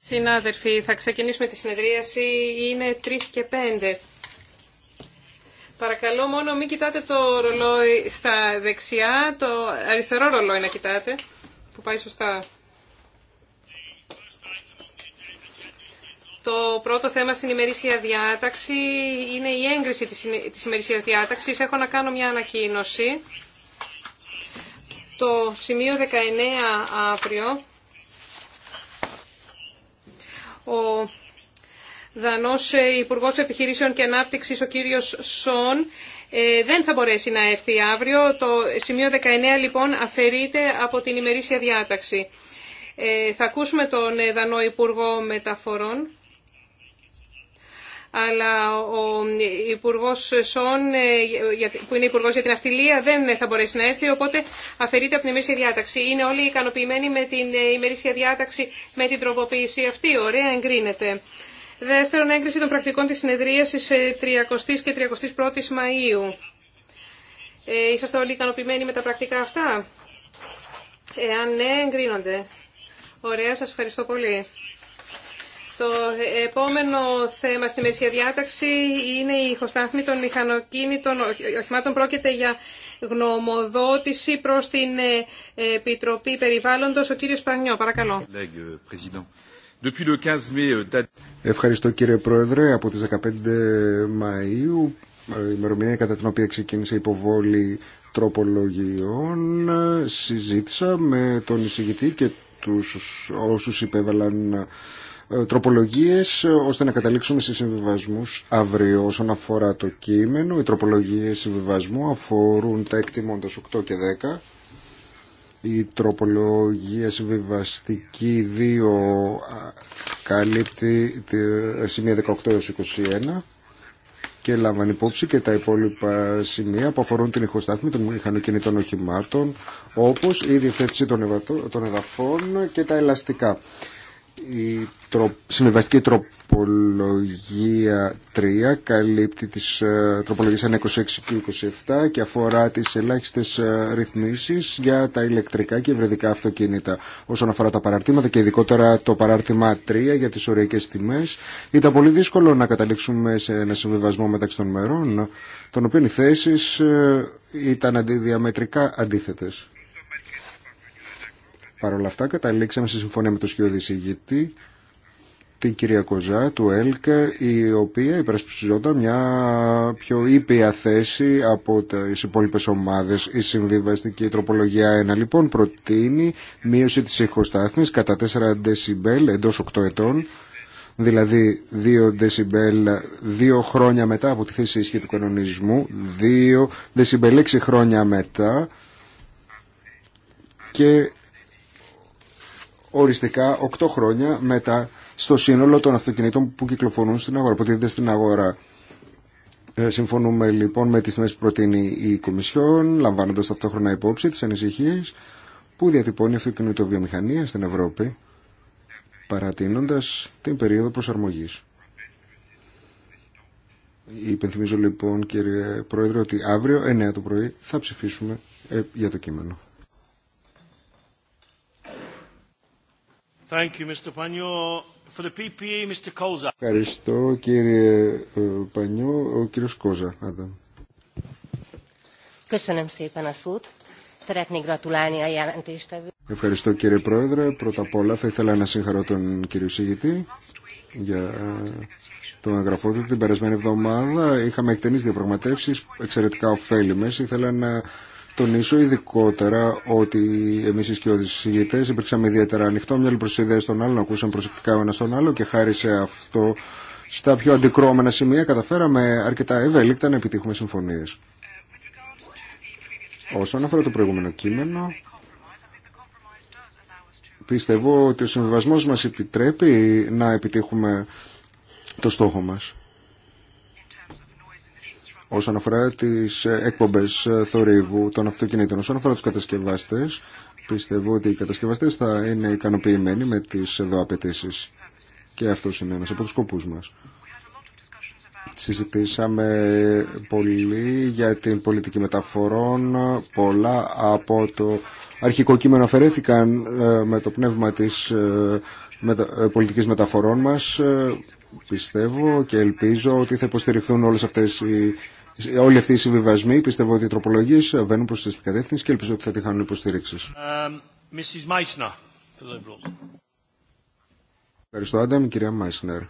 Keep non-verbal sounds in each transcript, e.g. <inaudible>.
Συνάδελφοι, θα ξεκινήσουμε τη συνεδρίαση. Είναι 3 και 5. Παρακαλώ μόνο μην κοιτάτε το ρολόι στα δεξιά, το αριστερό ρολόι να κοιτάτε, που πάει σωστά. Το πρώτο θέμα στην ημερήσια διάταξη είναι η έγκριση της ημερήσιας διάταξης. Έχω να κάνω μια ανακοίνωση το σημείο 19 αύριο ο Δανός Υπουργός Επιχειρήσεων και Ανάπτυξης, ο κύριος Σον, ε, δεν θα μπορέσει να έρθει αύριο. Το σημείο 19 λοιπόν αφαιρείται από την ημερήσια διάταξη. Ε, θα ακούσουμε τον Δανό Υπουργό Μεταφορών αλλά ο Υπουργό Σον, ε, που είναι Υπουργό για την Αυτιλία, δεν θα μπορέσει να έρθει, οπότε αφαιρείται από την ημερήσια διάταξη. Είναι όλοι ικανοποιημένοι με την ε, ημερήσια διάταξη, με την τροποποίηση αυτή. Ωραία, εγκρίνεται. Δεύτερον, έγκριση των πρακτικών της συνεδρίασης 30 ε, και 31 Μαΐου. Ε, είσαστε όλοι ικανοποιημένοι με τα πρακτικά αυτά. Εάν ναι, εγκρίνονται. Ωραία, σας ευχαριστώ πολύ. Το επόμενο θέμα στη μεσαία διάταξη είναι η ηχοστάθμη των μηχανοκίνητων οχημάτων. Πρόκειται για γνωμοδότηση προς την ε, Επιτροπή Περιβάλλοντος. Ο κύριος Παγνιό, παρακαλώ. Euh, euh, Ευχαριστώ κύριε Πρόεδρε. Από τις 15 Μαΐου, η ε, ημερομηνία κατά την οποία ξεκίνησε η υποβόλη τροπολογιών, ε, συζήτησα με τον εισηγητή και τους όσους υπέβαλαν ε, τροπολογίες ε, ώστε να καταλήξουμε σε συμβιβασμούς αύριο όσον αφορά το κείμενο. Οι τροπολογίες συμβιβασμού αφορούν τα εκτιμώντας 8 και 10. Η τροπολογία συμβιβαστική 2 καλύπτει τη ε, σημεία 18 έως 21 και λάμβανε υπόψη και τα υπόλοιπα σημεία που αφορούν την ηχοστάθμη των μηχανοκινητών οχημάτων, όπως η διευθέτηση των, των εδαφών και τα ελαστικά. Η τρο... συμβιβαστική τροπολογία 3 καλύπτει τις ε, τροπολογίες 26 και 27 και αφορά τις ελάχιστες ε, ρυθμίσεις για τα ηλεκτρικά και ευρεδικά αυτοκίνητα όσον αφορά τα παραρτήματα και ειδικότερα το παράρτημα 3 για τις οριακές τιμές. Ήταν πολύ δύσκολο να καταλήξουμε σε ένα συμβιβασμό μεταξύ των μερών, των οποίων οι θέσεις ε, ήταν αντιδιαμετρικά αντίθετες. Παρ' όλα αυτά καταλήξαμε σε συμφωνία με τον σκιώδη εισηγητή, την κυρία Κοζά του ΕΛΚ, η οποία υπερασπιζόταν μια πιο ήπια θέση από τις υπόλοιπε ομάδες. Η συμβιβαστική τροπολογία 1 λοιπόν προτείνει μείωση της ηχοστάθμης κατά 4 δεσιμπέλ εντός 8 ετών, δηλαδή 2 δεσιμπέλ 2 χρόνια μετά από τη θέση ισχύ του κανονισμού, 2 δεσιμπέλ 6 χρόνια μετά και οριστικά 8 χρόνια μετά στο σύνολο των αυτοκινήτων που κυκλοφορούν στην αγορά, που στην αγορά. Ε, συμφωνούμε λοιπόν με τις τιμές που προτείνει η Κομισιόν, λαμβάνοντας ταυτόχρονα υπόψη τις ανησυχίες που διατυπώνει η αυτοκινητοβιομηχανία στην Ευρώπη, παρατείνοντας την περίοδο προσαρμογής. Υπενθυμίζω λοιπόν κύριε Πρόεδρε ότι αύριο 9 το πρωί θα ψηφίσουμε ε, για το κείμενο. Ευχαριστώ κύριε Πανιό. Ε, Ο κύριος Κόζα. Ευχαριστώ κύριε Πρόεδρε. Πρώτα απ' όλα θα ήθελα να συγχαρώ τον κύριο Σιγητή για ε, το εγγραφό του. Την περασμένη εβδομάδα είχαμε εκτενείς διαπραγματεύσεις, εξαιρετικά ωφέλιμες. Ήθελα να τονίσω ειδικότερα ότι εμείς οι σκιώδεις συζητητές υπήρξαμε ιδιαίτερα ανοιχτό μυαλό προς ιδέες των άλλων, ακούσαμε προσεκτικά ο στον τον άλλο και χάρη σε αυτό στα πιο αντικρώμενα σημεία καταφέραμε αρκετά ευέλικτα να επιτύχουμε συμφωνίε. Όσον αφορά το προηγούμενο κείμενο, πιστεύω ότι ο συμβιβασμός μας επιτρέπει να επιτύχουμε το στόχο μας όσον αφορά τις ε, εκπομπέ ε, θορύβου των αυτοκινήτων. Όσον αφορά του κατασκευάστες, πιστεύω ότι οι κατασκευαστές θα είναι ικανοποιημένοι με τις εδώ απαιτήσει. Και αυτό είναι ένας από τους σκοπούς μας. Συζητήσαμε πολύ για την πολιτική μεταφορών. Πολλά από το αρχικό κείμενο αφαιρέθηκαν ε, με το πνεύμα της πολιτικής μεταφορών μας Πιστεύω και ελπίζω ότι θα υποστηριχθούν όλες αυτές οι, όλοι αυτοί οι συμβιβασμοί. Πιστεύω ότι οι τροπολογίε βαίνουν προ την κατεύθυνση και ελπίζω ότι θα τη χάνουν υποστηρίξει. Um, ε, Ευχαριστώ, κυρία Μάισνερ.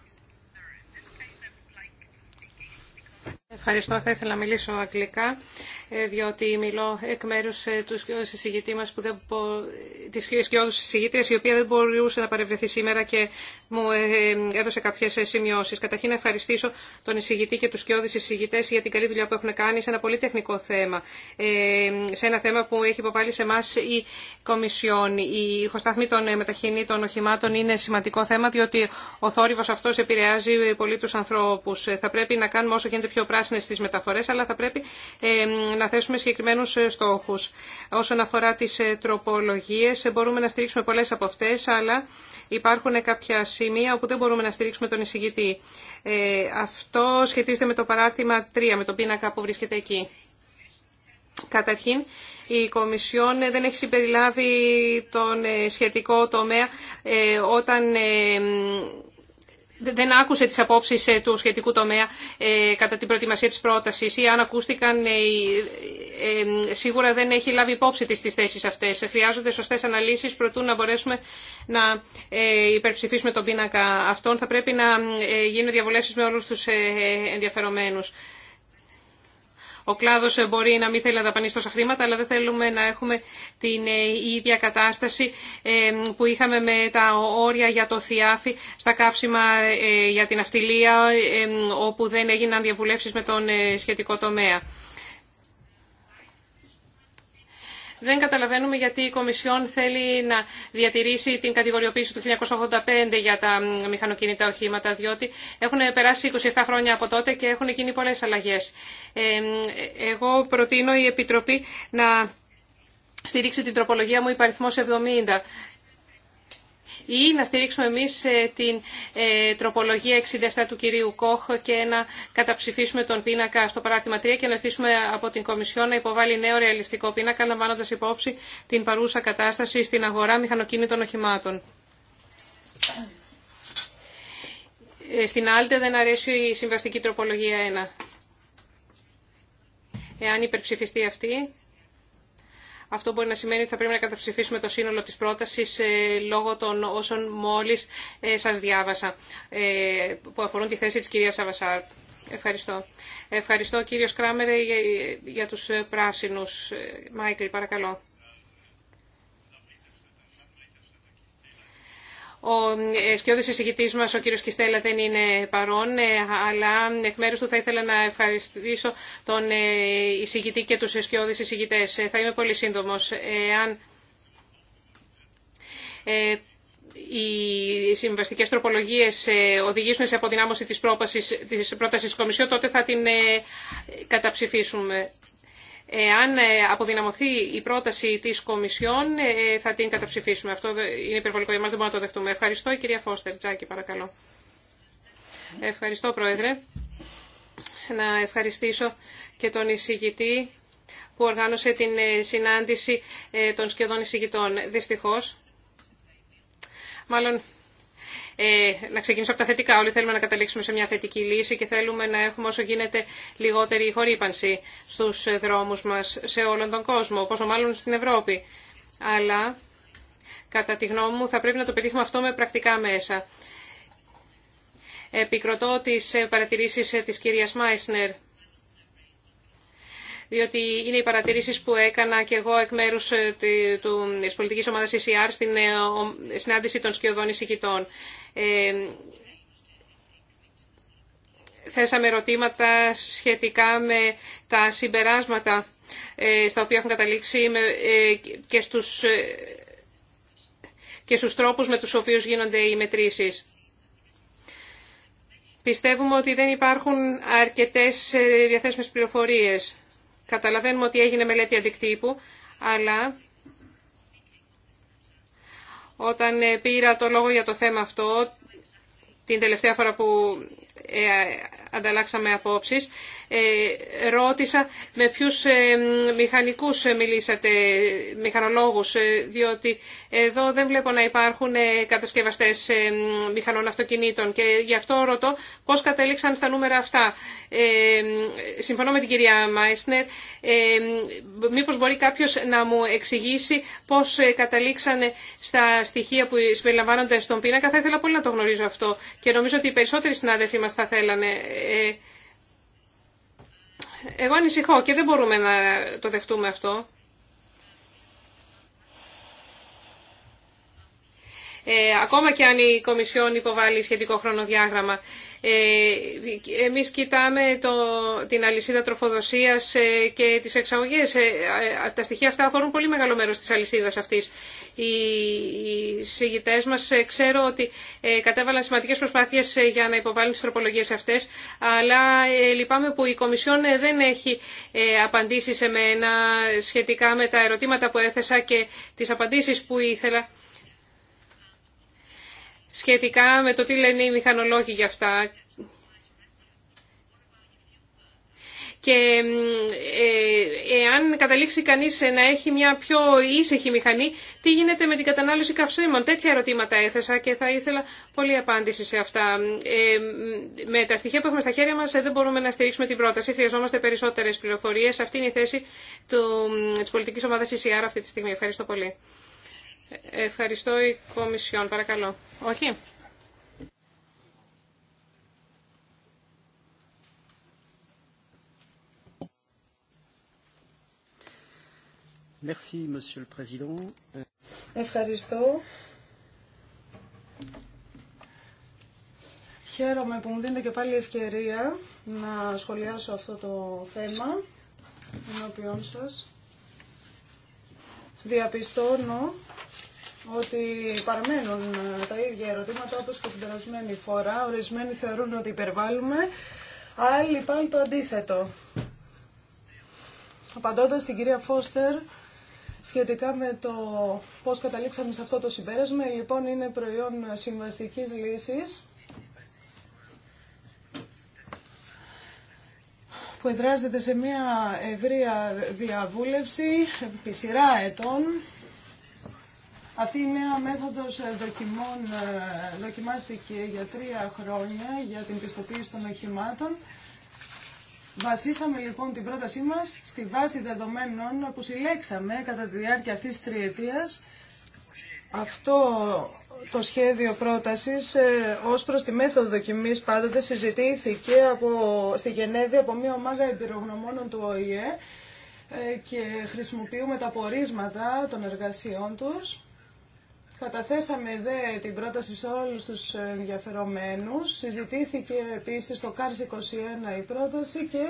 Ευχαριστώ, θα ήθελα να μιλήσω αγγλικά ε, διότι μιλώ εκ μέρους ε, του συζητή μας, που δεν μπο... της σκιώδους συζητήτριας, η οποία δεν μπορούσε να παρευρεθεί σήμερα και μου ε, έδωσε κάποιες σημειώσεις. Καταρχήν να ευχαριστήσω τον εισηγητή και τους σκιώδους συζητητές για την καλή δουλειά που έχουν κάνει σε ένα πολύ τεχνικό θέμα. σε ένα θέμα που έχει υποβάλει σε εμά η Κομισιόν. Η ηχοσταθμή των μεταχυνήτων οχημάτων είναι σημαντικό θέμα, διότι ο θόρυβος αυτός επηρεάζει πολύ του ανθρώπου. Θα πρέπει να κάνουμε όσο γίνεται πιο πράσινε τις μεταφορές, αλλά θα πρέπει να να θέσουμε συγκεκριμένου ε, στόχους. Όσον αφορά τι ε, τροπολογίε, ε, μπορούμε να στηρίξουμε πολλέ από αυτέ, αλλά υπάρχουν κάποια σημεία όπου δεν μπορούμε να στηρίξουμε τον εισηγητή. αυτό σχετίζεται με το παράρτημα 3, με τον πίνακα που βρίσκεται εκεί. Καταρχήν, η Κομισιόν δεν έχει συμπεριλάβει τον σχετικό τομέα όταν δεν άκουσε τις απόψεις ε, του σχετικού τομέα ε, κατά την προετοιμασία της πρότασης ή αν ακούστηκαν ε, σίγουρα δεν έχει λάβει υπόψη της τις θέσεις αυτές. Χρειάζονται σωστές αναλύσεις προτού να μπορέσουμε να υπερψηφίσουμε τον πίνακα αυτών. Θα πρέπει να γίνουν διαβουλεύσεις με όλους τους ενδιαφερομένους. Ο κλάδος ε, μπορεί να μην θέλει να δαπανίσει τόσα χρήματα, αλλά δεν θέλουμε να έχουμε την ε, ίδια κατάσταση ε, που είχαμε με τα όρια για το θιάφι στα καύσιμα για την αυτιλία, όπου δεν έγιναν διαβουλεύσεις με τον σχετικό τομέα. Δεν καταλαβαίνουμε γιατί η Κομισιόν θέλει να διατηρήσει την κατηγοριοποίηση του 1985 για τα μηχανοκίνητα οχήματα, διότι έχουν περάσει 27 χρόνια από τότε και έχουν γίνει πολλές αλλαγές. Εγώ προτείνω η Επιτροπή να στηρίξει την τροπολογία μου υπαριθμός 70 ή να στηρίξουμε εμείς ε, την ε, τροπολογία 67 του κυρίου Κόχ και να καταψηφίσουμε τον πίνακα στο παράρτημα 3 και να ζητήσουμε από την Κομισιό να υποβάλει νέο ρεαλιστικό πίνακα λαμβάνοντας υπόψη την παρούσα κατάσταση στην αγορά μηχανοκίνητων οχημάτων. Ε, στην άλλη δεν αρέσει η συμβαστική τροπολογία 1. Εάν υπερψηφιστεί αυτή, αυτό μπορεί να σημαίνει ότι θα πρέπει να καταψηφίσουμε το σύνολο της πρότασης ε, λόγω των όσων μόλις ε, σας διάβασα ε, που αφορούν τη θέση της κυρίας Σαβασάρ. Ευχαριστώ. Ευχαριστώ κύριο Κράμερε για τους πράσινους. Μάικλ, παρακαλώ. Ο ε, σκιώδης εισηγητής μας, ο κύριος Κιστέλα, δεν είναι παρόν, ε, αλλά εκ μέρους του θα ήθελα να ευχαριστήσω τον ε, εισηγητή και τους σκιώδης εισηγητές. Θα είμαι πολύ σύντομος. Εάν οι συμβαστικές τροπολογίες οδηγήσουν σε αποδυνάμωση της πρότασης της Κομισιό, τότε θα την καταψηφίσουμε. Εάν ε, αποδυναμωθεί η πρόταση της Κομισιόν, ε, θα την καταψηφίσουμε. Αυτό είναι υπερβολικό για μας, δεν μπορούμε να το δεχτούμε. Ευχαριστώ, κυρία Φώστερ. Τζάκη, παρακαλώ. Ευχαριστώ, Πρόεδρε. Να ευχαριστήσω και τον εισηγητή που οργάνωσε την ε, συνάντηση των σχεδόν εισηγητών. Δυστυχώ. μάλλον ε, να ξεκινήσω από τα θετικά. Όλοι θέλουμε να καταλήξουμε σε μια θετική λύση και θέλουμε να έχουμε όσο γίνεται λιγότερη χορύπανση στου δρόμου μα σε όλον τον κόσμο, πόσο μάλλον στην Ευρώπη. Αλλά, κατά τη γνώμη μου, θα πρέπει να το πετύχουμε αυτό με πρακτικά μέσα. Επικροτώ τις παρατηρήσεις της κυρίας Μάισνερ διότι είναι οι παρατηρήσεις που έκανα και εγώ εκ μέρους ε, της πολιτικής ομάδας ECR στην ε, συνάντηση των σκιωδών εισηγητών. Ε, θέσαμε ερωτήματα σχετικά με τα συμπεράσματα στα οποία έχουν καταλήξει και στους, και στους τρόπους με τους οποίους γίνονται οι μετρήσεις. Πιστεύουμε ότι δεν υπάρχουν αρκετές διαθέσιμες πληροφορίες. Καταλαβαίνουμε ότι έγινε μελέτη αντικτύπου, αλλά όταν πήρα το λόγο για το θέμα αυτό, την τελευταία φορά που ε, ανταλλάξαμε απόψεις. Ε, ρώτησα με ποιους ε, μηχανικούς μιλήσατε, μηχανολόγους, διότι εδώ δεν βλέπω να υπάρχουν κατασκευαστές μηχανών αυτοκινήτων και γι' αυτό ρωτώ πώς κατέληξαν στα νούμερα αυτά. Συμφωνώ με την κυρία Μάισνερ. Μήπως μπορεί κάποιος να μου εξηγήσει πώς καταλήξαν στα στοιχεία που συμπεριλαμβάνονται στον πίνακα. Θα ήθελα πολύ να το γνωρίζω αυτό και νομίζω ότι οι περισσότεροι συνάδελφοι μας θα θέλανε. Ε, εγώ ανησυχώ και δεν μπορούμε να το δεχτούμε αυτό. Ε, ακόμα και αν η Κομισιόν υποβάλλει σχετικό χρονοδιάγραμμα. Ε, εμείς κοιτάμε το, την αλυσίδα τροφοδοσίας ε, και τις εξαγωγές. Ε, τα στοιχεία αυτά αφορούν πολύ μεγάλο μέρος της αλυσίδας αυτής. Οι, οι μας ξέρω ότι κατέβαλαν σημαντικές προσπάθειες για να υποβάλουν τις τροπολογίες αυτές, αλλά λυπάμαι που η Κομισιόν δεν έχει απαντήσει σε μένα σχετικά με τα ερωτήματα που έθεσα και τις απαντήσεις που ήθελα σχετικά με το τι λένε οι μηχανολόγοι για αυτά. Και ε, ε, εάν καταλήξει κανείς να έχει μια πιο ήσυχη μηχανή, τι γίνεται με την κατανάλωση καυσίμων. Τέτοια ερωτήματα έθεσα και θα ήθελα πολλή απάντηση σε αυτά. Ε, με τα στοιχεία που έχουμε στα χέρια μας ε, δεν μπορούμε να στηρίξουμε την πρόταση. Χρειαζόμαστε περισσότερες πληροφορίες. Αυτή είναι η θέση του, της πολιτικής ομάδας ECR αυτή τη στιγμή. Ευχαριστώ πολύ. Ευχαριστώ η Κομισιόν, παρακαλώ. Όχι. Merci, Monsieur le Président. Ευχαριστώ. Χαίρομαι που μου δίνετε και πάλι ευκαιρία να σχολιάσω αυτό το θέμα ενώπιόν σας διαπιστώνω ότι παραμένουν ε, τα ίδια ερωτήματα όπως και την περασμένη φορά. Ορισμένοι θεωρούν ότι υπερβάλλουμε, άλλοι πάλι το αντίθετο. Απαντώντας την κυρία Φώστερ, σχετικά με το πώς καταλήξαμε σε αυτό το συμπέρασμα, λοιπόν είναι προϊόν συμβαστικής λύσης που εδράζεται σε μια ευρεία διαβούλευση επί σειρά ετών. Αυτή η νέα μέθοδος ε, δοκιμών ε, δοκιμάστηκε για τρία χρόνια για την πιστοποίηση των οχημάτων. Βασίσαμε λοιπόν την πρότασή μας στη βάση δεδομένων που συλλέξαμε κατά τη διάρκεια αυτής της τριετίας. Αυτό το σχέδιο πρότασης ε, ως προς τη μέθοδο δοκιμής πάντοτε συζητήθηκε από, στη Γενέβη από μια ομάδα εμπειρογνωμόνων του ΟΗΕ ε, και χρησιμοποιούμε τα πορίσματα των εργασιών τους. Καταθέσαμε δε την πρόταση σε όλους τους ενδιαφερομένους. Συζητήθηκε επίσης στο ΚΑΡΣ 21 η πρόταση και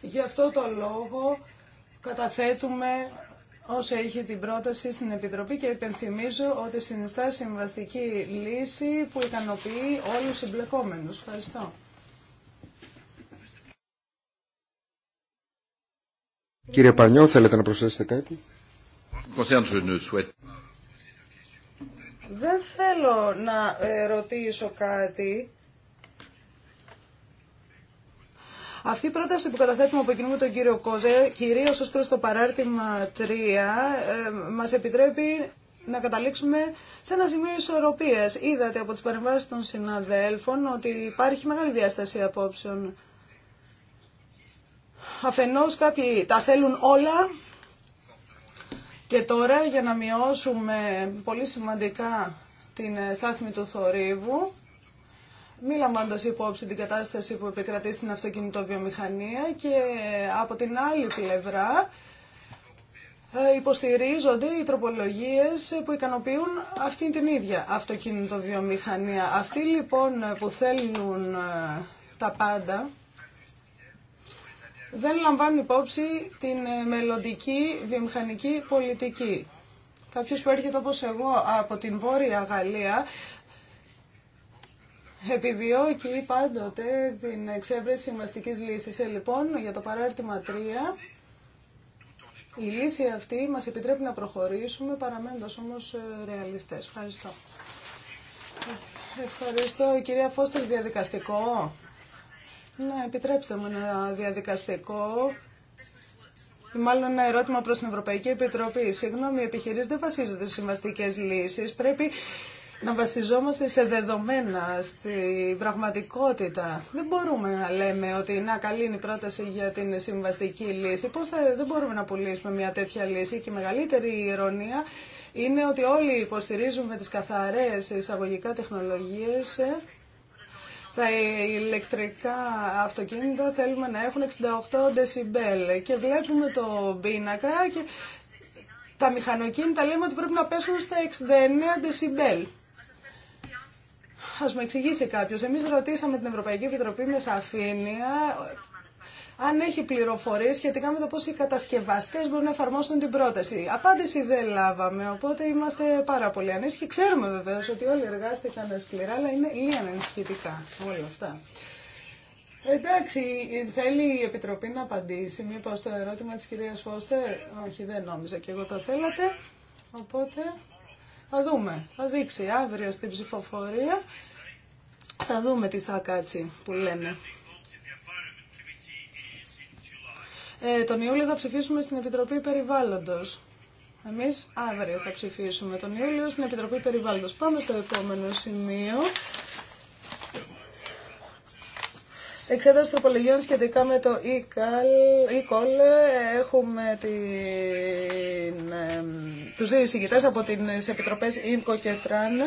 γι' αυτό το λόγο καταθέτουμε όσο είχε την πρόταση στην Επιτροπή και υπενθυμίζω ότι συνιστά συμβαστική λύση που ικανοποιεί όλους τους εμπλεκόμενους. Ευχαριστώ. Κύριε Πανιό, θέλετε να προσθέσετε κάτι. Δεν θέλω να ε, ρωτήσω κάτι. Αυτή η πρόταση που καταθέτουμε από κοινού με τον κύριο Κόζε, κυρίως ως προς το παράρτημα 3, ε, μας επιτρέπει να καταλήξουμε σε ένα σημείο ισορροπίας. Είδατε από τις παρεμβάσεις των συναδέλφων ότι υπάρχει μεγάλη διάσταση απόψεων. Αφενός κάποιοι τα θέλουν όλα και τώρα για να μειώσουμε πολύ σημαντικά την ε, στάθμη του θορύβου μη λαμβάνοντα υπόψη την κατάσταση που επικρατεί στην αυτοκινητοβιομηχανία και από την άλλη πλευρά ε, υποστηρίζονται οι τροπολογίες που ικανοποιούν αυτή την ίδια αυτοκινητοβιομηχανία. Αυτοί λοιπόν που θέλουν ε, τα πάντα δεν λαμβάνουν υπόψη την ε, μελλοντική βιομηχανική πολιτική. Κάποιος που έρχεται όπως εγώ από την Βόρεια Γαλλία επιδιώκει πάντοτε την εξέβρεση μαστικής λύσης. Ε, λοιπόν, για το παράρτημα 3, η λύση αυτή μας επιτρέπει να προχωρήσουμε, παραμένοντας όμως ε, ρεαλιστές. Ευχαριστώ. Ευχαριστώ. Κυρία Φώστελ, διαδικαστικό. Ναι, επιτρέψτε μου ένα διαδικαστικό. Μάλλον ένα ερώτημα προς την Ευρωπαϊκή Επιτροπή. Συγγνώμη, οι επιχειρήσεις δεν βασίζονται σε συμβαστικές λύσεις. Πρέπει να βασιζόμαστε σε δεδομένα, στην πραγματικότητα. Δεν μπορούμε να λέμε ότι να καλή είναι η πρόταση για την συμβαστική λύση. Πώς δεν μπορούμε να πουλήσουμε μια τέτοια λύση και η μεγαλύτερη ηρωνία είναι ότι όλοι υποστηρίζουμε τις καθαρές εισαγωγικά τεχνολογίες τα ηλεκτρικά αυτοκίνητα θέλουμε να έχουν 68 δεσιμπέλ και βλέπουμε το πίνακα και τα μηχανοκίνητα λέμε ότι πρέπει να πέσουν στα 69 δεσιμπέλ. Α με εξηγήσει κάποιο. Εμεί ρωτήσαμε την Ευρωπαϊκή Επιτροπή με σαφήνεια αν έχει πληροφορίε σχετικά με το πώ οι κατασκευαστέ μπορούν να εφαρμόσουν την πρόταση. Απάντηση δεν λάβαμε, οπότε είμαστε πάρα πολύ ανήσυχοι. Ξέρουμε βεβαίω ότι ότι όλοι εργάστηκαν σκληρά, αλλά είναι η ανησυχητικά όλα αυτά. Εντάξει, θέλει η Επιτροπή να απαντήσει, μήπως το ερώτημα της κυρίας Φώστερ. Όχι, δεν νόμιζα και εγώ το θέλατε, οπότε θα δούμε. Θα δείξει αύριο στην ψηφοφορία θα δούμε τι θα κάτσει που λένε. Ε, τον Ιούλιο θα ψηφίσουμε στην Επιτροπή Περιβάλλοντος. Εμείς αύριο θα ψηφίσουμε τον Ιούλιο στην Επιτροπή Περιβάλλοντος. Πάμε στο επόμενο σημείο. Εξέταση τροπολογιών σχετικά με το e-call. Έχουμε την, τους δύο εισηγητές από τις Επιτροπές ΙΜΚΟ και ΤΡΑΝ.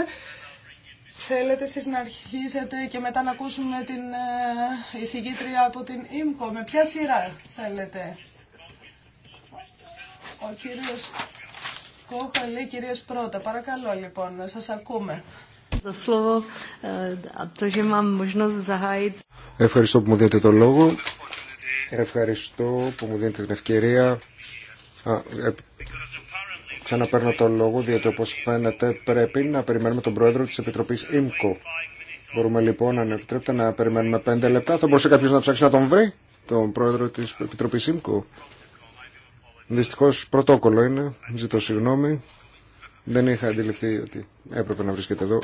Θέλετε εσείς να αρχίσετε και μετά να ακούσουμε την εισηγήτρια από την ΙΜΚΟ. Με ποια σειρά θέλετε. Ο κύριος λέει κυρίες πρώτα. Παρακαλώ λοιπόν, σας ακούμε. Ε, Ευχαριστώ που μου δίνετε το λόγο. Ευχαριστώ που μου δίνετε την ευκαιρία. Α, ε, ξαναπαίρνω τον λόγο, διότι όπως φαίνεται πρέπει να περιμένουμε τον πρόεδρο της Επιτροπής ΙΜΚΟ. Μπορούμε λοιπόν, αν επιτρέπετε, να περιμένουμε πέντε λεπτά. Θα μπορούσε κάποιος να ψάξει να τον βρει, τον πρόεδρο της Επιτροπής ΙΜΚΟ. Δυστυχώς πρωτόκολλο είναι, ζητώ συγγνώμη. Δεν είχα αντιληφθεί ότι έπρεπε να βρίσκεται εδώ.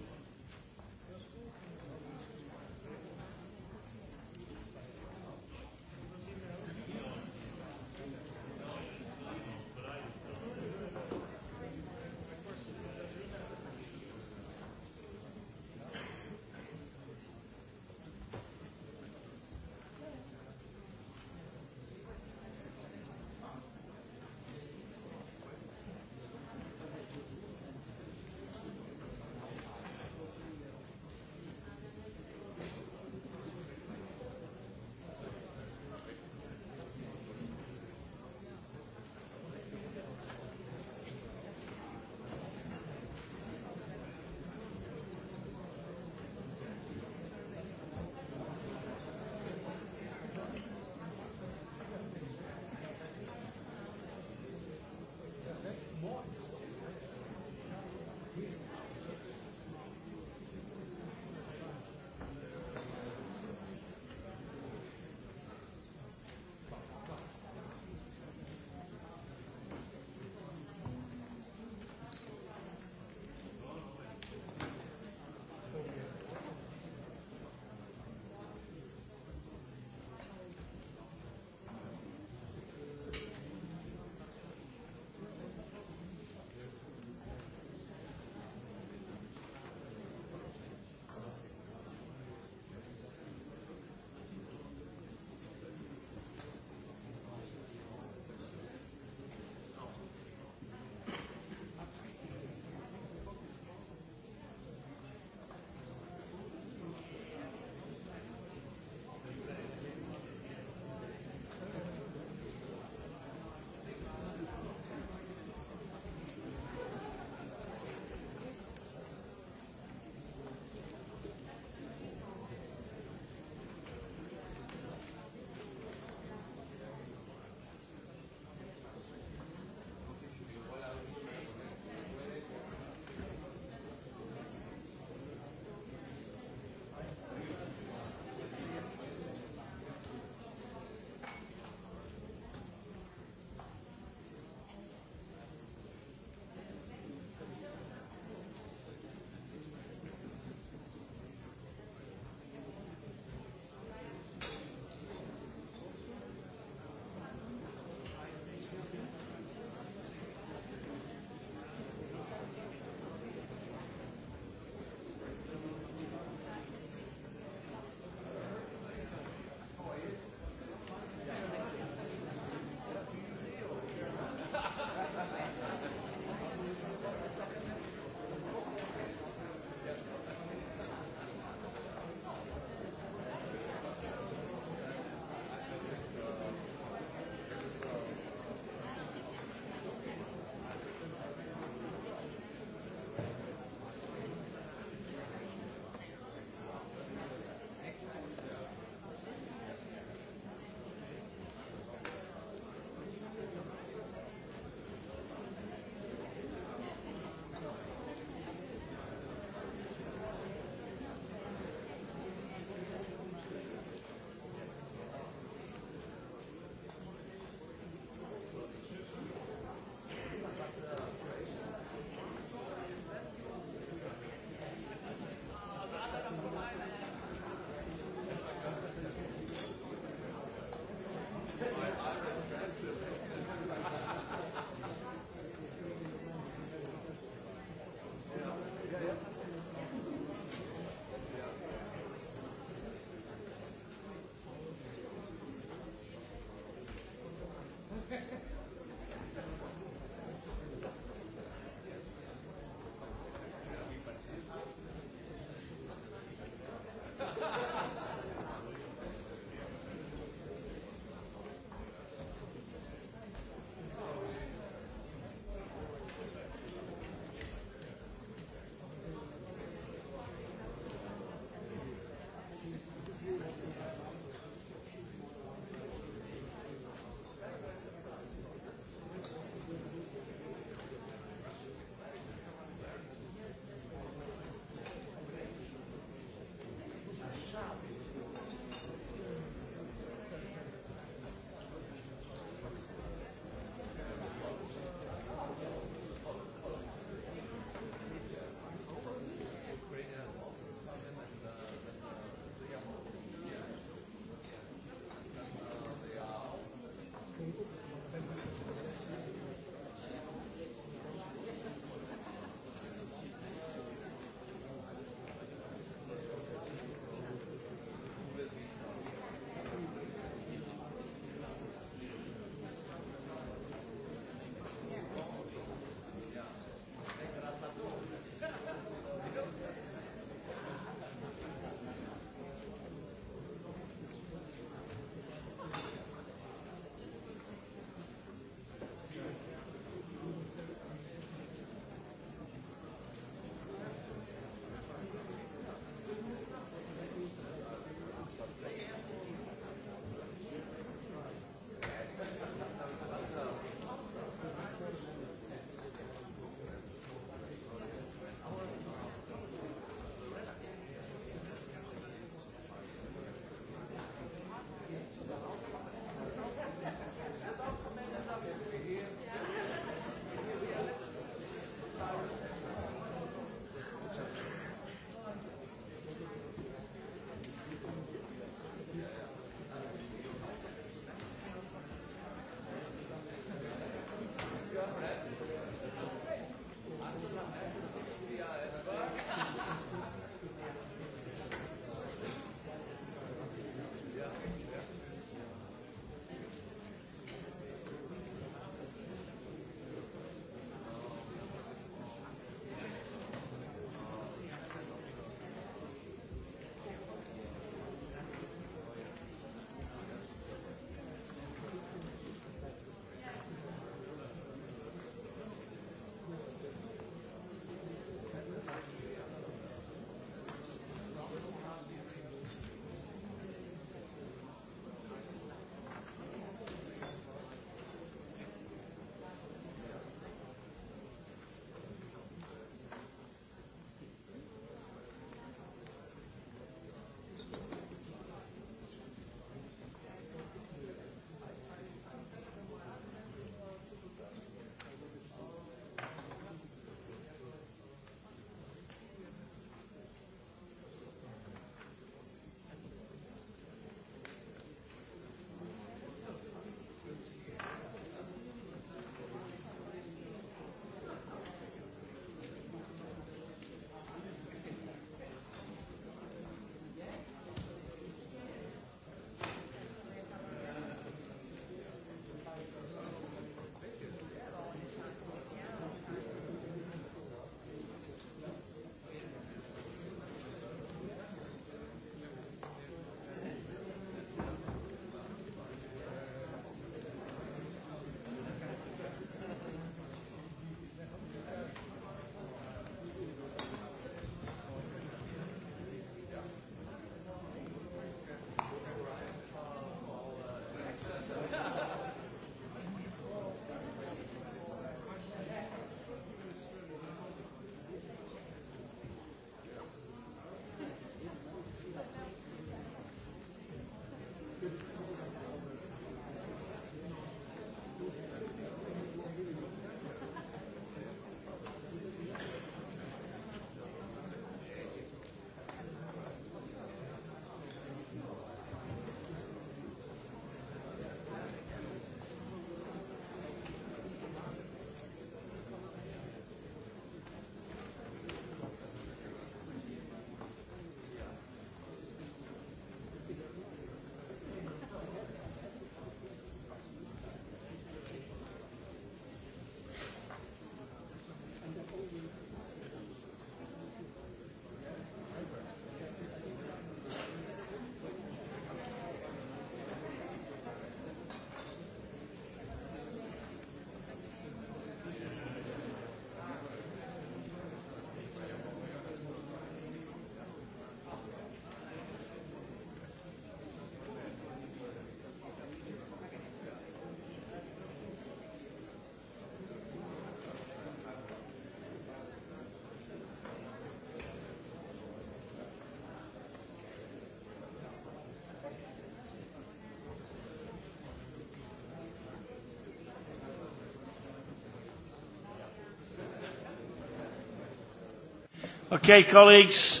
Okay, colleagues.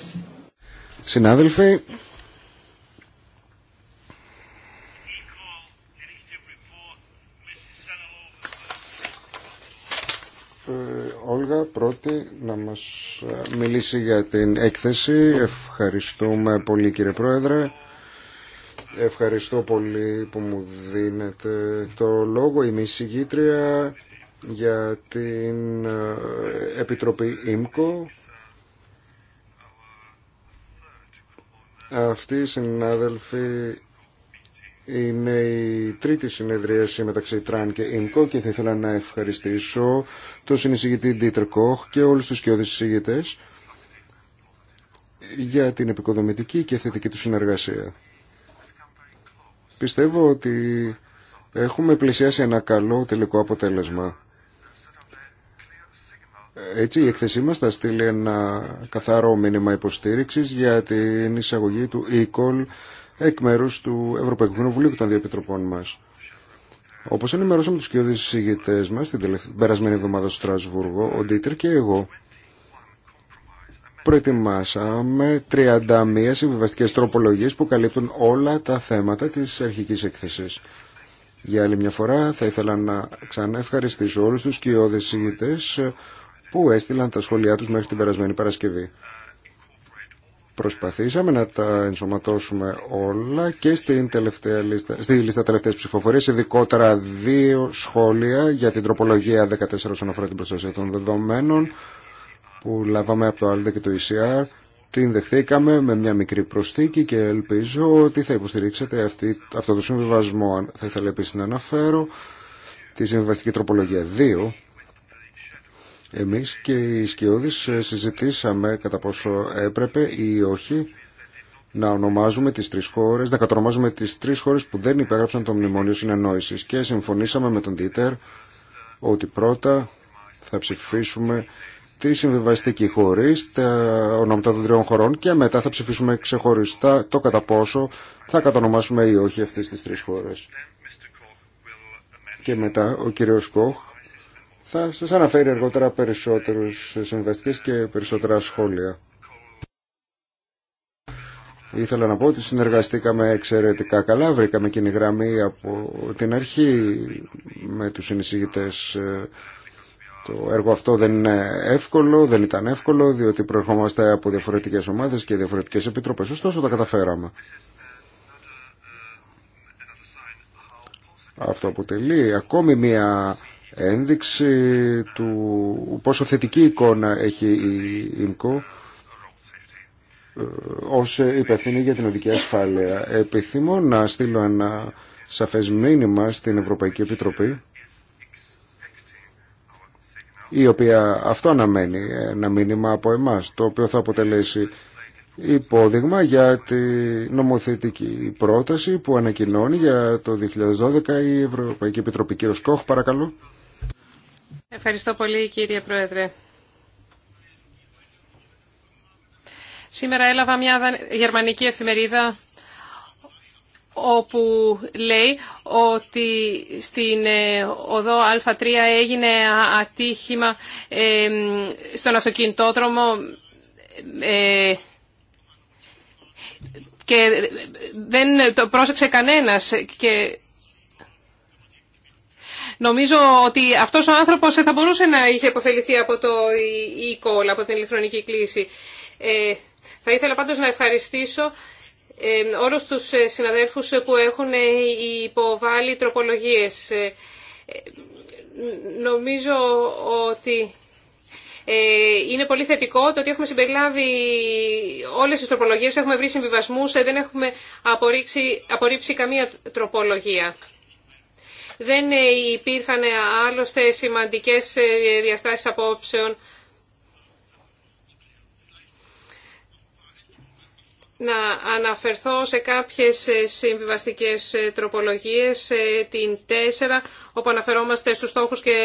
Συνάδελφοι, ε, Όλγα πρώτη να μας ε, μιλήσει για την έκθεση. Ευχαριστούμε πολύ κύριε Πρόεδρε. Ευχαριστώ πολύ που μου δίνετε το λόγο. Είμαι η συγγήτρια για την ε, Επιτροπή ΙΜΚΟ συνάδελφοι, είναι η τρίτη συνεδρίαση μεταξύ Τραν και ΙΜΚΟ και θα ήθελα να ευχαριστήσω τον συνεισηγητή Ντίτρ Κοχ και όλους τους κοιόδης συζηγητές για την επικοδομητική και θετική του συνεργασία. Πιστεύω ότι έχουμε πλησιάσει ένα καλό τελικό αποτέλεσμα. Έτσι η εκθεσή μας θα στείλει ένα καθαρό μήνυμα υποστήριξης για την εισαγωγή του e εκ μέρους του Ευρωπαϊκού Κοινοβουλίου και των Διεπιτροπών μας. Όπως ενημερώσαμε τους κοιόδης συζητητές μας την περασμένη εβδομάδα στο Στρασβούργο, ο Ντίτερ και εγώ προετοιμάσαμε 31 συμβιβαστικές τροπολογίες που καλύπτουν όλα τα θέματα της αρχικής έκθεσης. Για άλλη μια φορά θα ήθελα να ξανά ευχαριστήσω όλους τους κοιόδη που έστειλαν τα σχόλιά τους μέχρι την περασμένη Παρασκευή. Προσπαθήσαμε να τα ενσωματώσουμε όλα και στην τελευταία στη λίστα τελευταίες ψηφοφορίες, ειδικότερα δύο σχόλια για την τροπολογία 14 όσον αφορά την προστασία των δεδομένων που λάβαμε από το ΑΛΔΕ και το ECR. Την δεχθήκαμε με μια μικρή προσθήκη και ελπίζω ότι θα υποστηρίξετε αυτή, αυτό το συμβιβασμό. Θα ήθελα επίσης να αναφέρω τη συμβιβαστική τροπολογία 2 εμείς και οι Σκιώδης ε, συζητήσαμε κατά πόσο έπρεπε ή όχι να ονομάζουμε τις τρεις χώρες, να κατονομάζουμε τις τρεις χώρες που δεν υπέγραψαν το μνημόνιο συνεννόησης και συμφωνήσαμε με τον Τίτερ ότι πρώτα θα ψηφίσουμε τη συμβιβαστική χωρί τα ονόματα των τριών χωρών και μετά θα ψηφίσουμε ξεχωριστά το κατά πόσο θα κατονομάσουμε ή όχι αυτές τις τρεις χώρες. Και μετά ο κύριος Κοχ θα σα αναφέρει αργότερα περισσότερους συμβαστικέ και περισσότερα σχόλια. Ήθελα να πω ότι συνεργαστήκαμε εξαιρετικά καλά, βρήκαμε κοινή γραμμή από την αρχή με τους συνεισηγητές. Το έργο αυτό δεν είναι εύκολο, δεν ήταν εύκολο, διότι προερχόμαστε από διαφορετικές ομάδες και διαφορετικές επιτροπές. Ωστόσο τα καταφέραμε. Αυτό αποτελεί ακόμη μια ένδειξη του πόσο θετική εικόνα έχει η ΙΜΚΟ ε, ως υπευθύνη για την οδική ασφάλεια. Επιθυμώ να στείλω ένα σαφές μήνυμα στην Ευρωπαϊκή Επιτροπή η οποία αυτό αναμένει ένα μήνυμα από εμάς το οποίο θα αποτελέσει υπόδειγμα για τη νομοθετική πρόταση που ανακοινώνει για το 2012 η Ευρωπαϊκή Επιτροπή. Κύριο Κόχ, παρακαλώ. Ευχαριστώ πολύ κύριε Πρόεδρε. Σήμερα έλαβα μια γερμανική εφημερίδα όπου λέει ότι στην ε, οδό Α3 έγινε ατύχημα ε, στον αυτοκινητόδρομο ε, και δεν το πρόσεξε κανένας και Νομίζω ότι αυτός ο άνθρωπος θα μπορούσε να είχε υποφεληθεί από το e-call, από την ηλεκτρονική κλίση. Ε, θα ήθελα πάντως να ευχαριστήσω ε, όλους τους ε, συναδέλφους που έχουν ε, υποβάλει τροπολογίες. Ε, νομίζω ότι είναι πολύ θετικό το ότι έχουμε συμπεριλάβει όλες τις τροπολογίες, έχουμε βρει συμβιβασμούς, δεν έχουμε απορρίψει καμία τροπολογία. Δεν υπήρχαν άλλωστε σημαντικές ε, διαστάσεις απόψεων. να αναφερθώ σε κάποιες ε, συμβιβαστικές ε, τροπολογίες, την τέσσερα, όπου αναφερόμαστε στους στόχους και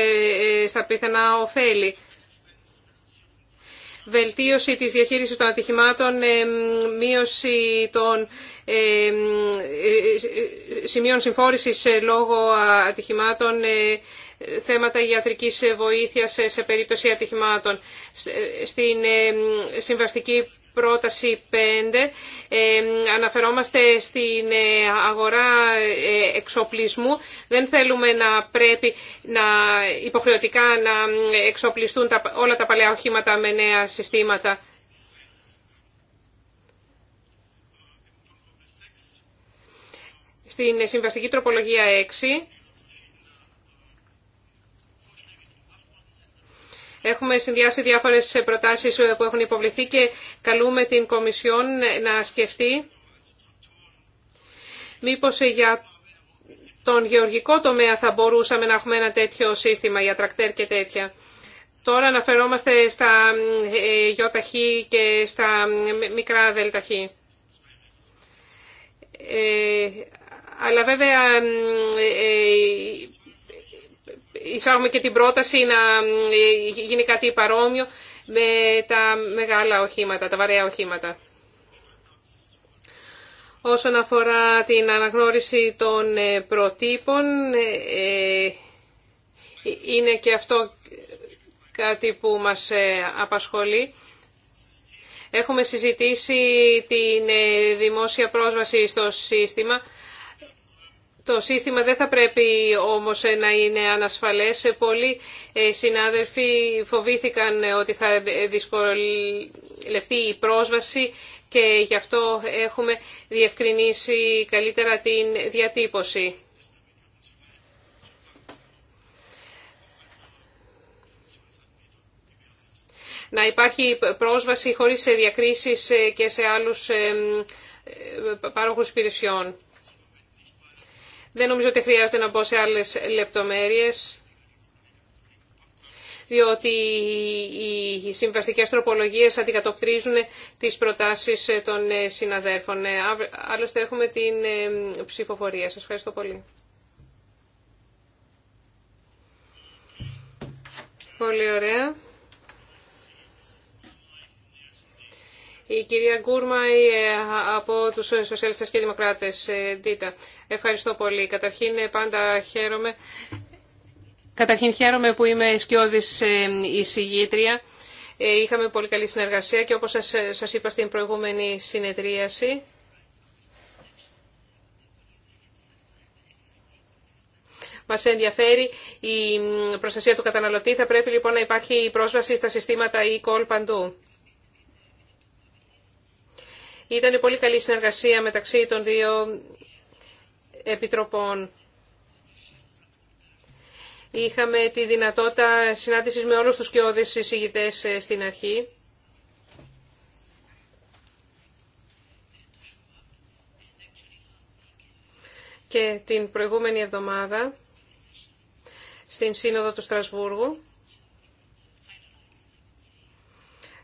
στα πιθανά ωφέλη. Βελτίωση της διαχείρισης των ατυχημάτων, μείωση των ε, ε, ε, σημείων συμφόρησης λόγω ατυχημάτων, θέματα ιατρικής βοήθειας σε περίπτωση ατυχημάτων. Στην συμβαστική πρόταση 5 αναφερόμαστε στην αγορά εξοπλισμού. Δεν θέλουμε να πρέπει να υποχρεωτικά να εξοπλιστούν όλα τα παλαιά οχήματα με νέα συστήματα. στην συμβαστική τροπολογία 6 Έχουμε συνδυάσει διάφορες προτάσεις που έχουν υποβληθεί και καλούμε την Κομισιόν να σκεφτεί μήπως για τον γεωργικό τομέα θα μπορούσαμε να έχουμε ένα τέτοιο σύστημα για τρακτέρ και τέτοια. Τώρα αναφερόμαστε στα ε, ΙΧ και στα μικρά ΔΕΛΤΑΧΗ. Ε, αλλά βέβαια ε, ε, εισάγουμε και την πρόταση να ε, γίνει κάτι παρόμοιο με τα μεγάλα οχήματα, τα βαρέα οχήματα. Όσον αφορά την αναγνώριση των προτύπων, είναι και αυτό κάτι που μας απασχολεί. Έχουμε συζητήσει την δημόσια πρόσβαση στο σύστημα, το σύστημα δεν θα πρέπει όμως να είναι ανασφαλές. Πολλοί ε, συνάδελφοι φοβήθηκαν ότι θα δυσκολευτεί η πρόσβαση και γι' αυτό έχουμε διευκρινίσει καλύτερα την διατύπωση. Να υπάρχει πρόσβαση χωρίς διακρίσεις και σε άλλους ε, ε, παρόχους υπηρεσιών. Δεν νομίζω ότι χρειάζεται να μπω σε άλλες λεπτομέρειες, διότι οι συμβαστικές τροπολογίες αντικατοπτρίζουν τις προτάσεις των συναδέρφων. Ε, άλλωστε έχουμε την ε, ψηφοφορία. Σας ευχαριστώ πολύ. Πολύ ωραία. Η κυρία Γκούρμα ε, από τους Σοσιαλιστές και Δημοκράτες. Ε, ΔΙΤΑ. ευχαριστώ πολύ. Καταρχήν ε, πάντα χαίρομαι. Καταρχήν χαίρομαι που είμαι σκιώδης εισηγήτρια. Είχαμε πολύ καλή συνεργασία και όπως σας, είπα στην προηγούμενη συνεδρίαση, Μα ενδιαφέρει η προστασία του καταναλωτή. Θα πρέπει λοιπόν να υπάρχει πρόσβαση στα συστήματα e-call παντού. Ήταν πολύ καλή συνεργασία μεταξύ των δύο επιτροπών. Είχαμε τη δυνατότητα συνάντησης με όλους τους κοιόδες εισηγητές ε, στην αρχή. Και την προηγούμενη εβδομάδα, στην Σύνοδο του Στρασβούργου,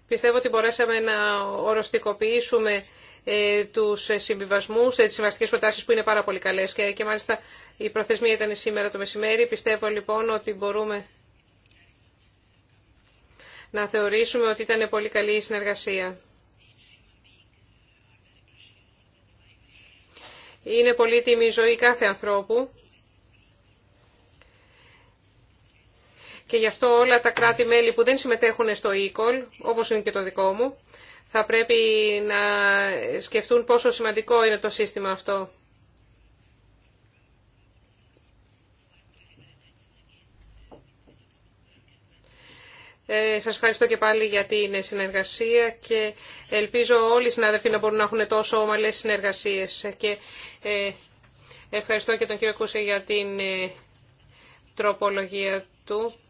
Πιστεύω ότι μπορέσαμε να οροστικοποιήσουμε ε, τους συμβιβασμούς, ε, τις συμβαστικές προτάσεις που είναι πάρα πολύ καλές και μάλιστα η προθεσμία ήταν σήμερα το μεσημέρι. Πιστεύω λοιπόν ότι μπορούμε να θεωρήσουμε ότι ήταν πολύ καλή η συνεργασία. Είναι πολύτιμη η ζωή κάθε ανθρώπου και γι' αυτό όλα τα κράτη-μέλη που δεν συμμετέχουν στο e-call, όπως είναι και το δικό μου, θα πρέπει να σκεφτούν πόσο σημαντικό είναι το σύστημα αυτό. Ε, σας ευχαριστώ και πάλι για την συνεργασία και ελπίζω όλοι οι συνάδελφοι να μπορούν να έχουν τόσο ομαλές συνεργασίες. Και ε, ευχαριστώ και τον κύριο Κούσε για την ε, τροπολογία του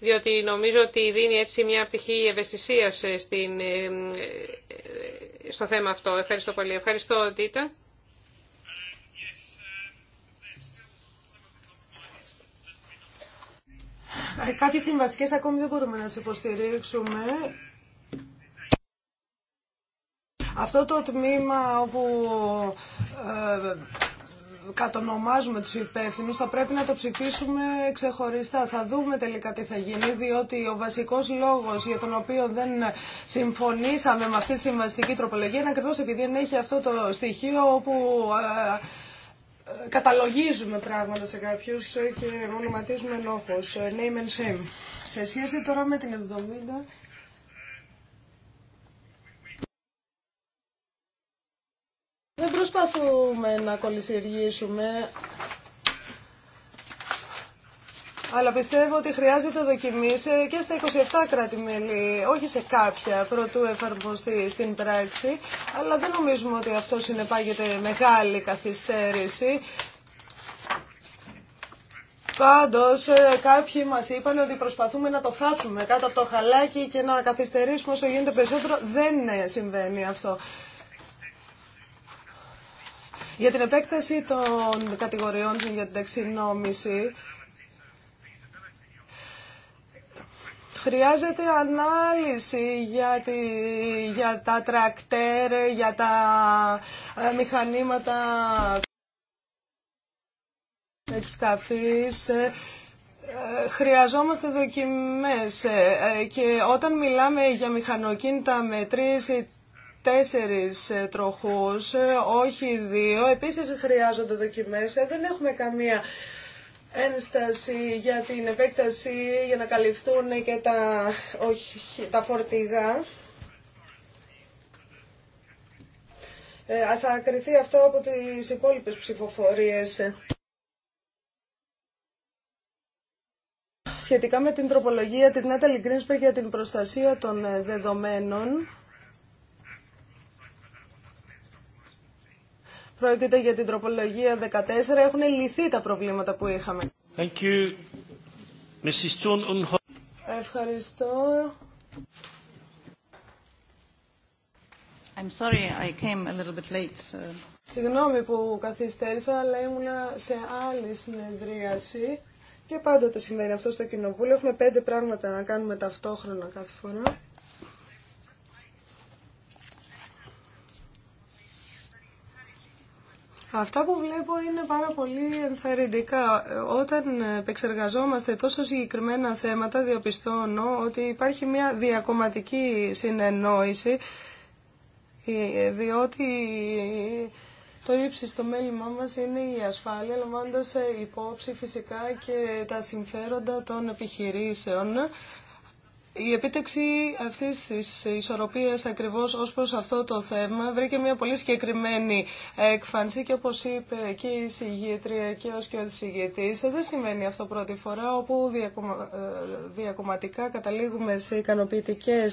διότι νομίζω ότι δίνει έτσι μια πτυχή ευαισθησία ε, ε, ε, στο θέμα αυτό. Ευχαριστώ πολύ. Ευχαριστώ, Τίτα. Κάποιες συμβαστικές ακόμη δεν μπορούμε να τις υποστηρίξουμε. Αυτό το τμήμα όπου κατονομάζουμε τους υπεύθυνου, θα πρέπει να το ψηφίσουμε ξεχωριστά. Θα δούμε τελικά τι θα γίνει, διότι ο βασικός λόγος για τον οποίο δεν συμφωνήσαμε με αυτή τη συμβαστική τροπολογία είναι ακριβώς επειδή έχει αυτό το στοιχείο όπου καταλογίζουμε πράγματα σε κάποιους και ονοματίζουμε λόγος. Ε, name and shame. Σε σχέση τώρα με την 70... Δεν προσπαθούμε να κολλησιεργήσουμε, αλλά πιστεύω ότι χρειάζεται δοκιμή ε, και στα 27 κράτη-μέλη, όχι σε κάποια, πρωτού εφαρμοστεί στην πράξη, αλλά δεν νομίζουμε ότι αυτό συνεπάγεται μεγάλη καθυστέρηση. Πάντω ε, κάποιοι μας είπαν ότι προσπαθούμε να το θάψουμε κάτω από το χαλάκι και να καθυστερήσουμε όσο γίνεται περισσότερο. Δεν ε, συμβαίνει αυτό. Για την επέκταση των κατηγοριών για την ταξινόμηση, Χρειάζεται ανάλυση για, τα τρακτέρ, για τα ε, μηχανήματα εξκαφής. Ε, χρειαζόμαστε δοκιμές ε, και όταν μιλάμε για μηχανοκίνητα με τέσσερις ε, τροχούς, ε, όχι δύο. Επίσης χρειάζονται δοκιμές. Ε, δεν έχουμε καμία ένσταση για την επέκταση για να καλυφθούν και τα, όχι, τα φορτηγά. Ε, θα ακριθεί αυτό από τις υπόλοιπες ψηφοφορίες. Σχετικά με την τροπολογία της Νέτα για την προστασία των δεδομένων, Πρόκειται για την τροπολογία 14. Έχουν λυθεί τα προβλήματα που είχαμε. Thank you. Mrs. Ευχαριστώ. I'm sorry I came a little bit late. Uh. Συγγνώμη που καθυστέρησα, αλλά ήμουνα σε άλλη συνεδρίαση. Και πάντοτε συμβαίνει αυτό στο κοινοβούλιο. Έχουμε πέντε πράγματα να κάνουμε ταυτόχρονα κάθε φορά. Αυτά που βλέπω είναι πάρα πολύ ενθαρρυντικά. Όταν επεξεργαζόμαστε τόσο συγκεκριμένα θέματα, διαπιστώνω ότι υπάρχει μια διακομματική συνεννόηση, ε, διότι το ύψιστο μέλημά μας είναι η ασφάλεια, λαμβάνοντας ε, υπόψη φυσικά και τα συμφέροντα των επιχειρήσεων. Η επίτευξη αυτή τη ισορροπία ακριβώ ω προ αυτό το θέμα βρήκε μια πολύ συγκεκριμένη έκφανση και όπω είπε και η συγγήτρια και ο και ο συγγητή, δεν σημαίνει αυτό πρώτη φορά όπου ε, διακομματικά καταλήγουμε σε ικανοποιητικέ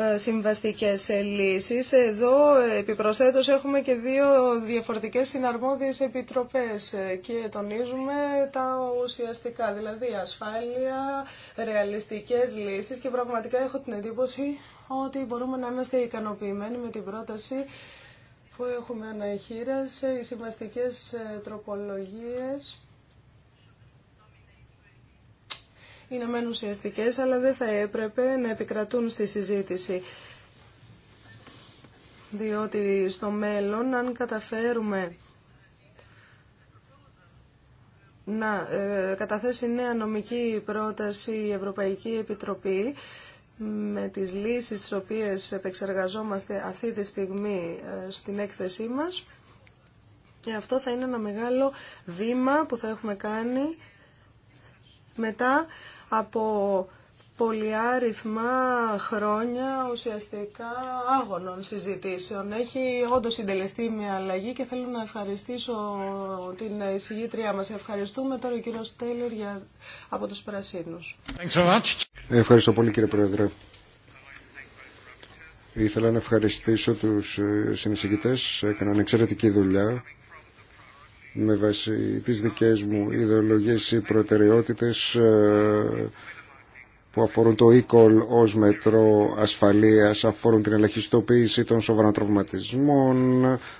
ε, συμβαστικές λύσεις. Εδώ ε, επιπροσθέτως έχουμε και δύο διαφορετικές συναρμόδιες επιτροπές ε, και τονίζουμε τα ουσιαστικά, δηλαδή ασφάλεια, ρεαλιστικές λύσεις και πραγματικά έχω την εντύπωση ότι μπορούμε να είμαστε ικανοποιημένοι με την πρόταση που έχουμε αναχείρας, σε συμβαστικές τροπολογίες είναι μεν ουσιαστικέ, αλλά δεν θα έπρεπε να επικρατούν στη συζήτηση. Διότι στο μέλλον, αν καταφέρουμε να ε, καταθέσει νέα νομική πρόταση η Ευρωπαϊκή Επιτροπή, με τις λύσεις τις οποίες επεξεργαζόμαστε αυτή τη στιγμή ε, στην έκθεσή μας. Και ε, αυτό θα είναι ένα μεγάλο βήμα που θα έχουμε κάνει μετά από πολυάριθμα χρόνια ουσιαστικά άγωνων συζητήσεων. Έχει όντως συντελεστεί μια αλλαγή και θέλω να ευχαριστήσω την εισηγήτριά μας. Ευχαριστούμε τώρα ο κύριος Τέλερ για... από τους Πρασίνους. Ευχαριστώ πολύ κύριε Πρόεδρε. Ήθελα να ευχαριστήσω τους ε, συνεισηγητές, έκαναν εξαιρετική δουλειά με βάση τις δικές μου ιδεολογίες ή προτεραιότητες ε, που αφορούν το e-call ως μέτρο ασφαλείας, αφορούν την ελαχιστοποίηση των σοβαρών τραυματισμών,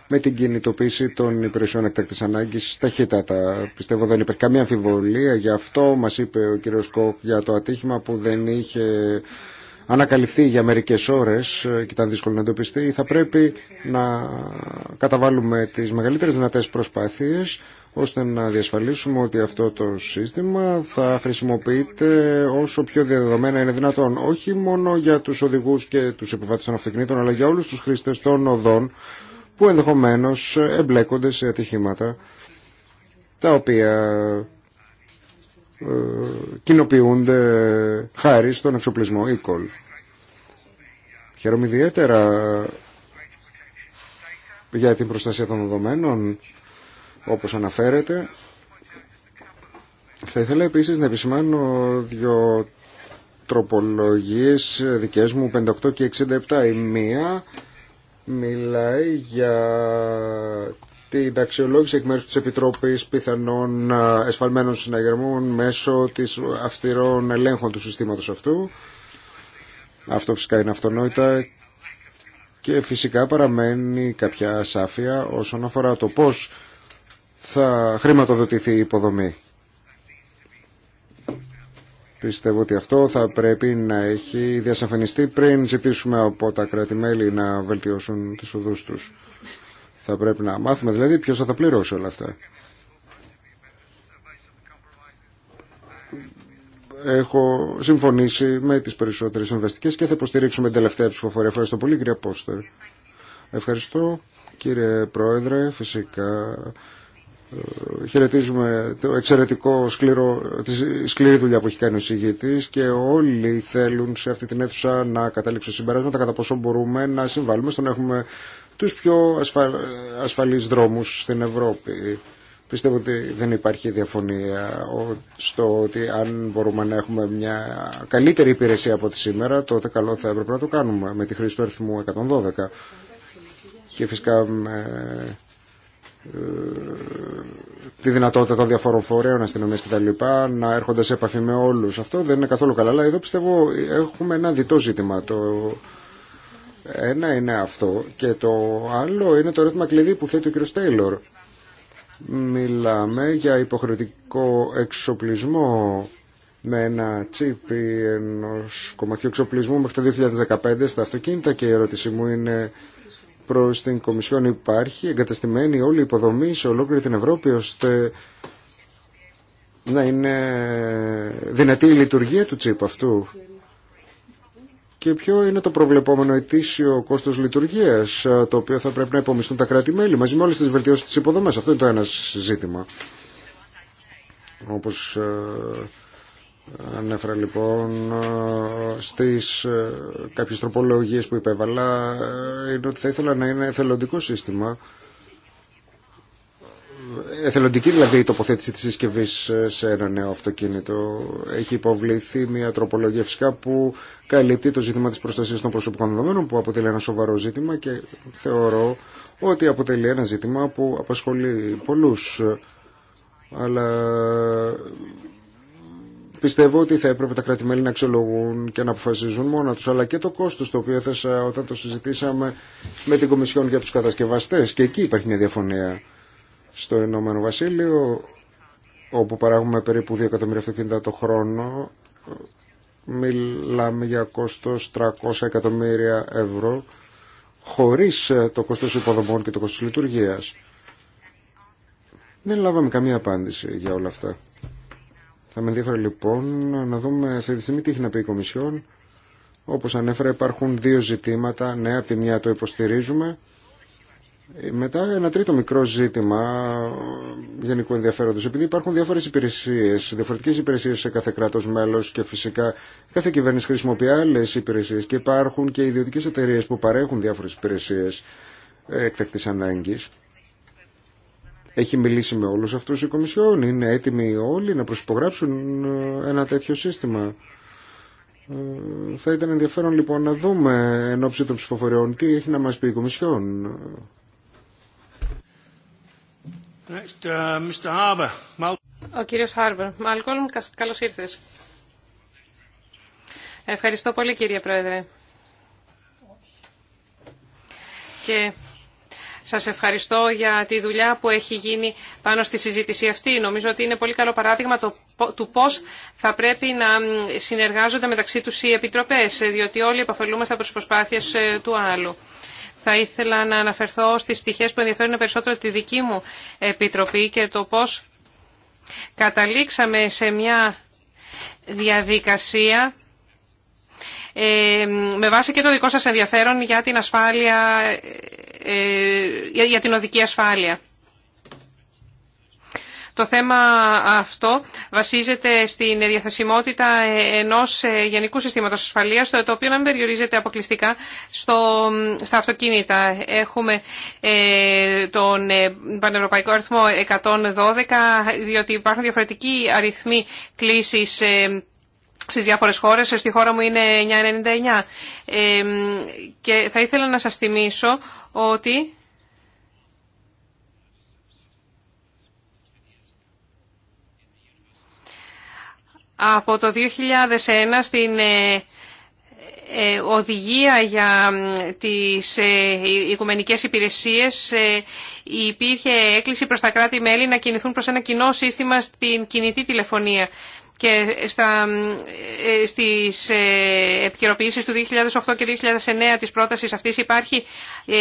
με την κινητοποίηση των υπηρεσιών εκτακτής ανάγκης ταχύτατα. Πιστεύω δεν υπήρχε καμία αμφιβολία, γι' αυτό μας είπε ο κύριος Κοκ για το ατύχημα που δεν είχε ανακαλυφθεί για μερικές ώρες ε, και ήταν δύσκολο να εντοπιστεί, θα πρέπει να καταβάλουμε τις μεγαλύτερες δυνατές προσπάθειες ώστε να διασφαλίσουμε ότι αυτό το σύστημα θα χρησιμοποιείται όσο πιο διαδεδομένα είναι δυνατόν. Όχι μόνο για τους οδηγούς και τους επιβάτες των αυτοκινήτων, αλλά για όλους τους χρήστες των οδών που ενδεχομένως εμπλέκονται σε ατυχήματα τα οποία κοινοποιούνται χάρη στον εξοπλισμό e-call. Χαίρομαι ιδιαίτερα για την προστασία των δεδομένων, όπως αναφέρεται. Θα ήθελα επίσης να επισημάνω δύο τροπολογίες δικές μου, 58 και 67. Η μία μιλάει για την αξιολόγηση εκ μέρους της Επιτροπής πιθανών εσφαλμένων συναγερμών μέσω της αυστηρών ελέγχων του συστήματος αυτού. Αυτό φυσικά είναι αυτονόητα και φυσικά παραμένει κάποια ασάφεια όσον αφορά το πώς θα χρηματοδοτηθεί η υποδομή. Πιστεύω ότι αυτό θα πρέπει να έχει διασαφενιστεί πριν ζητήσουμε από τα κράτη-μέλη να βελτιώσουν τις οδούς τους. Θα πρέπει να μάθουμε δηλαδή ποιο θα τα πληρώσει όλα αυτά. Έχω συμφωνήσει με τις περισσότερες συμβαστικές και θα υποστηρίξουμε την τελευταία ψηφοφορία. Ευχαριστώ πολύ κύριε Πόστερ. Ευχαριστώ κύριε Πρόεδρε. Φυσικά ε, χαιρετίζουμε το εξαιρετικό σκληρό, τη σκληρή δουλειά που έχει κάνει ο συγγητής και όλοι θέλουν σε αυτή την αίθουσα να καταλήξουν συμπεράσματα κατά πόσο μπορούμε να συμβάλλουμε στο να έχουμε τους πιο ασφαλείς δρόμους στην Ευρώπη. Πιστεύω ότι δεν υπάρχει διαφωνία στο ότι αν μπορούμε να έχουμε μια καλύτερη υπηρεσία από τη σήμερα, τότε καλό θα έπρεπε να το κάνουμε με τη χρήση του αριθμού 112. Και φυσικά με ε, τη δυνατότητα των διαφορών φορέων, αστυνομία κτλ. να έρχονται σε επαφή με όλου. Αυτό δεν είναι καθόλου καλά, αλλά εδώ πιστεύω έχουμε ένα διτό ζήτημα. Το ένα είναι αυτό και το άλλο είναι το ερώτημα κλειδί που θέτει ο κ. Στέιλορ. Μιλάμε για υποχρεωτικό εξοπλισμό με ένα τσίπι ενό κομματιού εξοπλισμού μέχρι το 2015 στα αυτοκίνητα και η ερώτησή μου είναι προς την Κομισιόν υπάρχει εγκαταστημένη όλη η υποδομή σε ολόκληρη την Ευρώπη ώστε να είναι δυνατή η λειτουργία του τσίπ αυτού και ποιο είναι το προβλεπόμενο ετήσιο κόστος λειτουργίας ε, το οποίο θα πρέπει να υπομισθούν τα κράτη-μέλη μαζί με όλες τις βελτιώσεις της υποδομές. Αυτό είναι το ένα ζήτημα. Όπως ε, ανέφερα λοιπόν ε, στις κάποιες τροπολογίες που υπέβαλα είναι ότι θα ήθελα να είναι εθελοντικό σύστημα εθελοντική δηλαδή η τοποθέτηση της συσκευή ε, σε ένα νέο αυτοκίνητο. Έχει υποβληθεί μια τροπολογία φυσικά που καλύπτει το ζήτημα της προστασίας των προσωπικών δεδομένων που αποτελεί ένα σοβαρό ζήτημα και θεωρώ ότι αποτελεί ένα ζήτημα που απασχολεί πολλούς. Αλλά πιστεύω ότι θα έπρεπε τα κράτη-μέλη να αξιολογούν και να αποφασίζουν μόνα τους, αλλά και το κόστος το οποίο έθεσα όταν το συζητήσαμε με την Κομισιόν για τους κατασκευαστές. Και εκεί υπάρχει μια διαφωνία στο Ηνωμένο Βασίλειο όπου παράγουμε περίπου 2 εκατομμύρια αυτοκίνητα το χρόνο μιλάμε για κόστος 300 εκατομμύρια ευρώ χωρίς ε, το κόστος υποδομών και το κόστος λειτουργίας. Δεν λάβαμε καμία απάντηση για όλα αυτά. Θα με ενδιαφέρει λοιπόν να δούμε αυτή τη στιγμή τι έχει να πει η Κομισιόν. Όπως ανέφερα υπάρχουν δύο ζητήματα. Ναι, από τη μια το υποστηρίζουμε ε, μετά ένα τρίτο μικρό ζήτημα ε, γενικού ενδιαφέροντος. Επειδή υπάρχουν διάφορες υπηρεσίες, διαφορετικές υπηρεσίες σε κάθε κράτος μέλος και φυσικά κάθε κυβέρνηση χρησιμοποιεί άλλες υπηρεσίες και υπάρχουν και ιδιωτικές εταιρείες που παρέχουν διάφορες υπηρεσίες ε, εκτεκτής ανάγκης. Έχει μιλήσει με όλους αυτούς οι Κομισιόν, είναι έτοιμοι όλοι να προσυπογράψουν ένα τέτοιο σύστημα. Θα ήταν ενδιαφέρον λοιπόν να δούμε εν ώψη των ψηφοφοριών τι έχει να μας πει η Κομισιόν Uh, Ο κύριος Χάρμπερ. Μάλκολμ, καλώς ήρθες. Ευχαριστώ πολύ κύριε Πρόεδρε. Και σας ευχαριστώ για τη δουλειά που έχει γίνει πάνω στη συζήτηση αυτή. Νομίζω ότι είναι πολύ καλό παράδειγμα του πώς θα πρέπει να συνεργάζονται μεταξύ τους οι επιτροπές, διότι όλοι επαφελούμαστε από τις προσπάθειες ε, του άλλου θα ήθελα να αναφερθώ στις πτυχές που ενδιαφέρουν περισσότερο τη δική μου επιτροπή και το πώς καταλήξαμε σε μια διαδικασία ε, με βάση και το δικό σας ενδιαφέρον για την, ασφάλεια, ε, για την οδική ασφάλεια. Το θέμα αυτό βασίζεται στην διαθεσιμότητα ενός ε, γενικού συστήματος ασφαλείας, το οποίο να μην περιορίζεται αποκλειστικά στο, στα αυτοκίνητα. Έχουμε ε, τον ε, πανευρωπαϊκό αριθμό 112, διότι υπάρχουν διαφορετικοί αριθμοί κλήσης στις διάφορες χώρες, στη χώρα μου είναι 999. και θα ήθελα να σας θυμίσω ότι από το 2001 στην ε, ε, οδηγία για τις ε, οικουμενικές υπηρεσίες υπήρχε έκκληση προς τα κράτη-μέλη να κινηθούν προς ένα κοινό σύστημα στην κινητή τηλεφωνία και στα, ε, στις ε, επικαιροποιήσεις του 2008 και 2009 της πρότασης αυτής υπάρχει ε,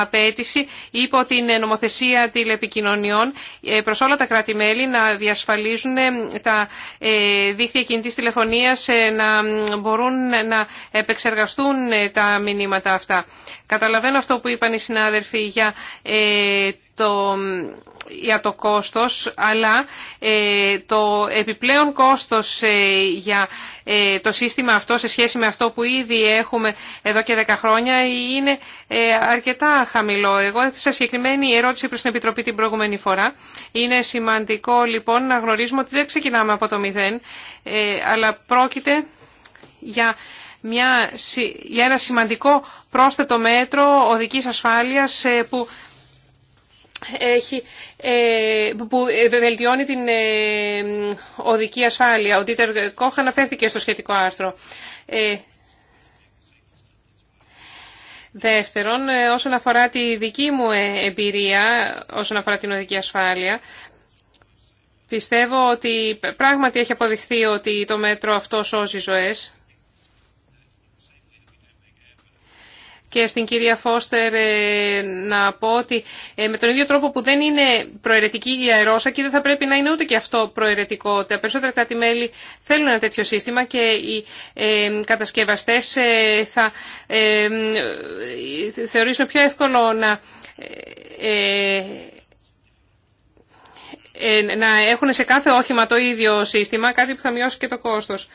απέτηση υπό την νομοθεσία τηλεπικοινωνιών προς όλα τα κράτη-μέλη να διασφαλίζουν τα δίχτυα κινητής τηλεφωνίας να μπορούν να επεξεργαστούν τα μηνύματα αυτά. Καταλαβαίνω αυτό που είπαν οι συνάδελφοι για το, για το κόστος, αλλά ε, το επιπλέον κόστος ε, για ε, το σύστημα αυτό σε σχέση με αυτό που ήδη έχουμε εδώ και 10 χρόνια είναι αρκετά χαμηλό. Εγώ έθεσα συγκεκριμένη ερώτηση προς την Επιτροπή την προηγούμενη φορά. Είναι σημαντικό λοιπόν να γνωρίζουμε ότι δεν ξεκινάμε από το μηδέν, αλλά πρόκειται για μια, για ένα σημαντικό πρόσθετο μέτρο οδικής ασφάλειας που έχει, ε, που ε, βελτιώνει την ε, οδική ασφάλεια. Ο Ντίτερ Κόχ αναφέρθηκε στο σχετικό άρθρο. Δεύτερον, όσον αφορά τη δική μου εμπειρία, όσον αφορά την οδική ασφάλεια, πιστεύω ότι πράγματι έχει αποδειχθεί ότι το μέτρο αυτό σώζει ζωές. και στην κυρία Φώστερ ε, να πω ότι ε, με τον ίδιο τρόπο που δεν είναι προαιρετική η και δεν θα πρέπει να είναι ούτε και αυτό προαιρετικό. Τα περισσότερα κράτη-μέλη θέλουν ένα τέτοιο σύστημα και οι ε, κατασκευαστές θα θεωρήσουν πιο εύκολο να να έχουν σε κάθε όχημα το ίδιο σύστημα, κάτι που θα μειώσει και το κόστος.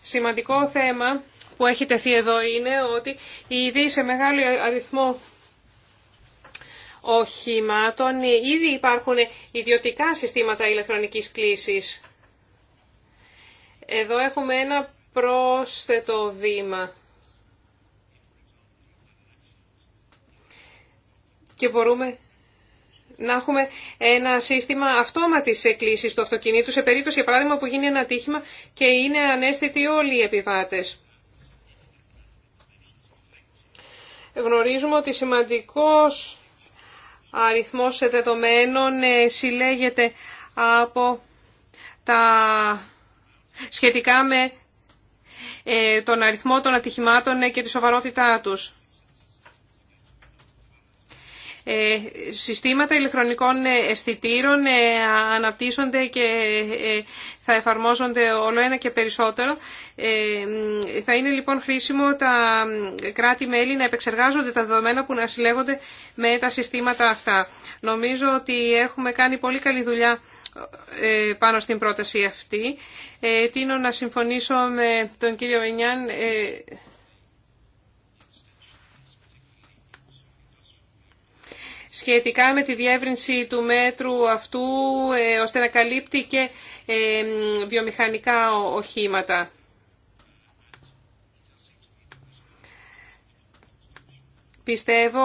Σημαντικό θέμα που έχει τεθεί εδώ είναι ότι ήδη σε μεγάλο αριθμό οχημάτων ήδη υπάρχουν ιδιωτικά συστήματα ηλεκτρονικής κλήσης. Εδώ έχουμε ένα πρόσθετο βήμα. Και μπορούμε να έχουμε ένα σύστημα αυτόματης εκκλήσης του αυτοκινήτου σε περίπτωση, για παράδειγμα, που γίνει ένα τύχημα και είναι ανέστητοι όλοι οι επιβάτες. γνωρίζουμε ότι σημαντικός αριθμός δεδομένων ε, συλλέγεται από τα σχετικά με ε, τον αριθμό των ατυχημάτων ε, και τη σοβαρότητά τους. Ε, συστήματα ηλεκτρονικών ε, αισθητήρων ε, αναπτύσσονται και θα εφαρμόζονται όλο ένα και περισσότερο. Θα είναι λοιπόν χρήσιμο τα κράτη-μέλη να επεξεργάζονται τα δεδομένα που να συλλέγονται με τα συστήματα αυτά. Νομίζω ότι έχουμε κάνει πολύ καλή δουλειά πάνω στην πρόταση αυτή. Τίνω να συμφωνήσω με τον κύριο Μενιάν. σχετικά με τη διεύρυνση του μέτρου αυτού ε, ώστε να καλύπτει και ε, βιομηχανικά οχήματα. Πιστεύω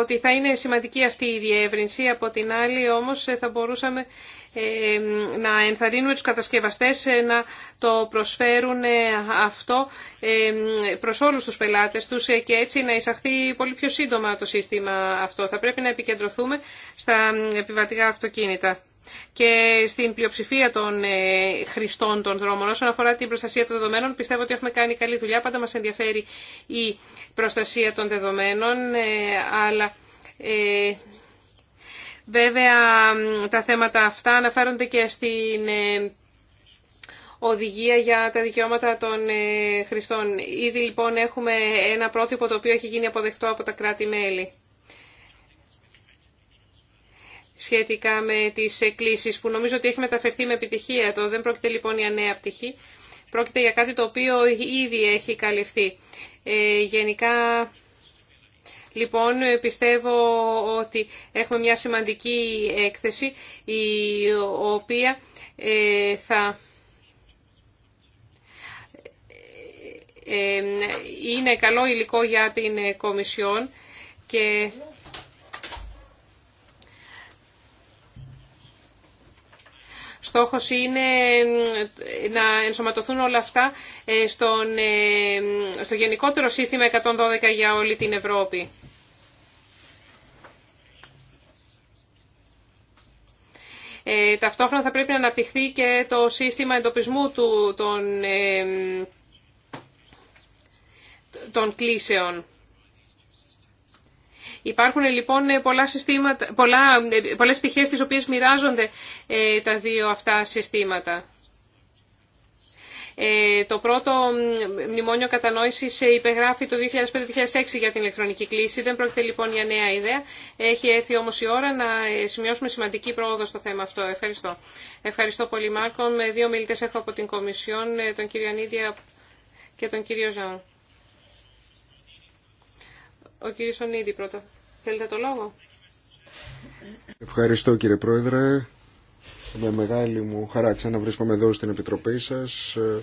ότι θα είναι σημαντική αυτή η διεύρυνση. Από την άλλη όμως θα μπορούσαμε ε, να ενθαρρύνουμε τους κατασκευαστές ε, να το προσφέρουν ε, αυτό προς όλους τους πελάτες τους και έτσι να εισαχθεί πολύ πιο σύντομα το σύστημα αυτό. Θα πρέπει να επικεντρωθούμε στα επιβατικά αυτοκίνητα και στην πλειοψηφία των ε, χρηστών των δρόμων. Όσον αφορά την προστασία των δεδομένων, πιστεύω ότι έχουμε κάνει καλή δουλειά. Πάντα μας ενδιαφέρει η προστασία των δεδομένων, ε, αλλά... Ε, βέβαια, τα θέματα αυτά αναφέρονται και στην οδηγία για τα δικαιώματα των χρηστών. Ήδη λοιπόν έχουμε ένα πρότυπο το οποίο έχει γίνει αποδεκτό από τα κράτη-μέλη σχετικά με τις εκκλήσει, που νομίζω ότι έχει μεταφερθεί με επιτυχία. Το δεν πρόκειται λοιπόν για νέα πτυχή, πρόκειται για κάτι το οποίο ήδη έχει καλυφθεί. Ε, γενικά Λοιπόν, πιστεύω ότι έχουμε μια σημαντική έκθεση η οποία ε, θα ε, ε, είναι καλό υλικό για την Κομισιόν και Στόχος είναι να ενσωματωθούν όλα αυτά ε, στον, ε, στο γενικότερο σύστημα 112 για όλη την Ευρώπη. Ε, ταυτόχρονα θα πρέπει να αναπτυχθεί και το σύστημα εντοπισμού του, των, των κλήσεων. Υπάρχουν λοιπόν πολλά, συστήματα, πολλά, πολλές πτυχές τις οποίες μοιράζονται ε, τα δύο αυτά συστήματα. Ε, το πρώτο μνημόνιο κατανόησης ε, υπεγράφει το 2005-2006 για την ηλεκτρονική κλίση. Δεν πρόκειται λοιπόν για νέα ιδέα. Έχει έρθει όμως η ώρα να σημειώσουμε σημαντική πρόοδο στο θέμα αυτό. Ευχαριστώ. Ευχαριστώ πολύ Μάρκο. Με δύο μιλητές έχω από την Κομισιόν, τον κύριο Ανίδια και τον κύριο Ζαν. Ο κύριος Ονίδη πρώτα. Θέλετε το λόγο. Ευχαριστώ κύριε Πρόεδρε. Με μεγάλη μου χαρά ξαναβρίσκομαι εδώ στην Επιτροπή σας ε,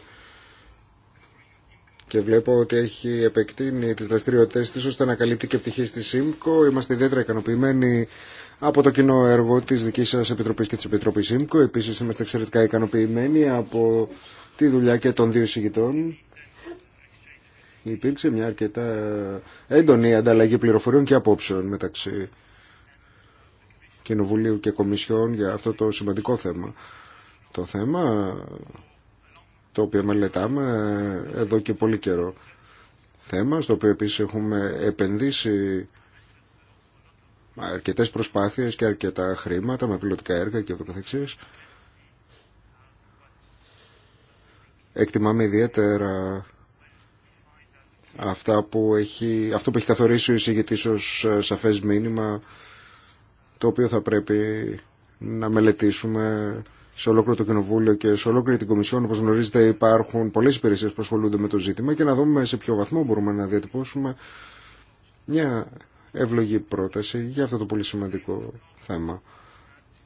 και βλέπω ότι έχει επεκτείνει τις δραστηριότητες της ώστε να καλύπτει και πτυχή στη ΣΥΜΚΟ. Είμαστε ιδιαίτερα ικανοποιημένοι από το κοινό έργο της δικής σας Επιτροπής και της Επιτροπής ΣΥΜΚΟ. Επίσης είμαστε εξαιρετικά ικανοποιημένοι από τη δουλειά και των δύο συγκητών υπήρξε μια αρκετά έντονη ανταλλαγή πληροφοριών και απόψεων μεταξύ Κοινοβουλίου και Κομισιών για αυτό το σημαντικό θέμα. Το θέμα το οποίο μελετάμε εδώ και πολύ καιρό. Θέμα στο οποίο επίσης έχουμε επενδύσει αρκετές προσπάθειες και αρκετά χρήματα με πιλωτικά έργα και ούτω έκτιμα Εκτιμάμε ιδιαίτερα Αυτά που έχει, αυτό που έχει καθορίσει ο εισηγητής ως ε, σαφές μήνυμα το οποίο θα πρέπει να μελετήσουμε σε ολόκληρο το Κοινοβούλιο και σε ολόκληρη την Κομισιόν. Όπως γνωρίζετε, υπάρχουν πολλές υπηρεσίε που ασχολούνται με το ζήτημα και να δούμε σε ποιο βαθμό μπορούμε να διατυπώσουμε μια εύλογη πρόταση για αυτό το πολύ σημαντικό θέμα.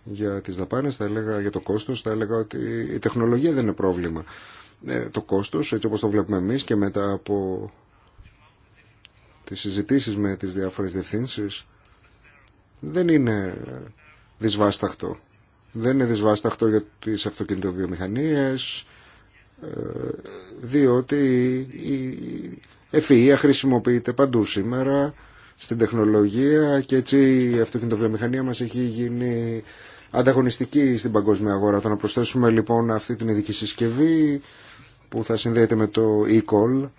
Για τις δαπάνες, θα έλεγα, για το κόστος, θα έλεγα ότι η τεχνολογία δεν είναι πρόβλημα. Ε, το κόστος, έτσι όπως το βλέπουμε εμείς και μετά από τις συζητήσεις με τις διάφορες διευθύνσεις δεν είναι δυσβάσταχτο. Δεν είναι δυσβάσταχτο για τις αυτοκινητοβιομηχανίες, ε, διότι η ευφυΐα χρησιμοποιείται παντού σήμερα στην τεχνολογία και έτσι η αυτοκινητοβιομηχανία μας έχει γίνει ανταγωνιστική στην παγκόσμια αγορά. Το να προσθέσουμε λοιπόν αυτή την ειδική συσκευή που θα συνδέεται με το e-call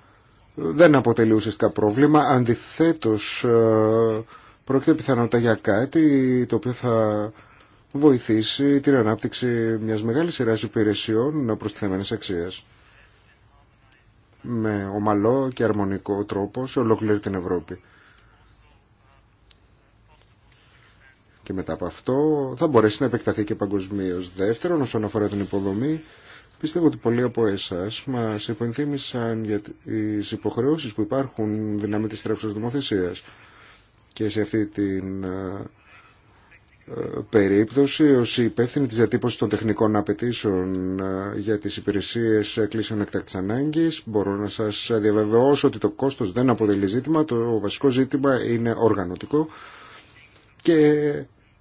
δεν αποτελεί ουσιαστικά πρόβλημα. Αντιθέτως, ε, πρόκειται πιθανότητα για κάτι το οποίο θα βοηθήσει την ανάπτυξη μιας μεγάλης σειράς υπηρεσιών προστιθέμενης αξία. με ομαλό και αρμονικό τρόπο σε ολόκληρη την Ευρώπη. Και μετά από αυτό θα μπορέσει να επεκταθεί και παγκοσμίω. Δεύτερον, όσον αφορά την υποδομή, Πιστεύω ότι πολλοί από εσά μα υπενθύμησαν για τι υποχρεώσει που υπάρχουν δυνάμει τη τρέχουσα νομοθεσία. Και σε αυτή την ε, ε, περίπτωση ως υπεύθυνη της διατύπωσης των τεχνικών απαιτήσεων ε, για τις υπηρεσίες κλείσεων εκτάκτης ανάγκης μπορώ να σας διαβεβαιώσω ότι το κόστος δεν αποτελεί ζήτημα το βασικό ζήτημα είναι οργανωτικό και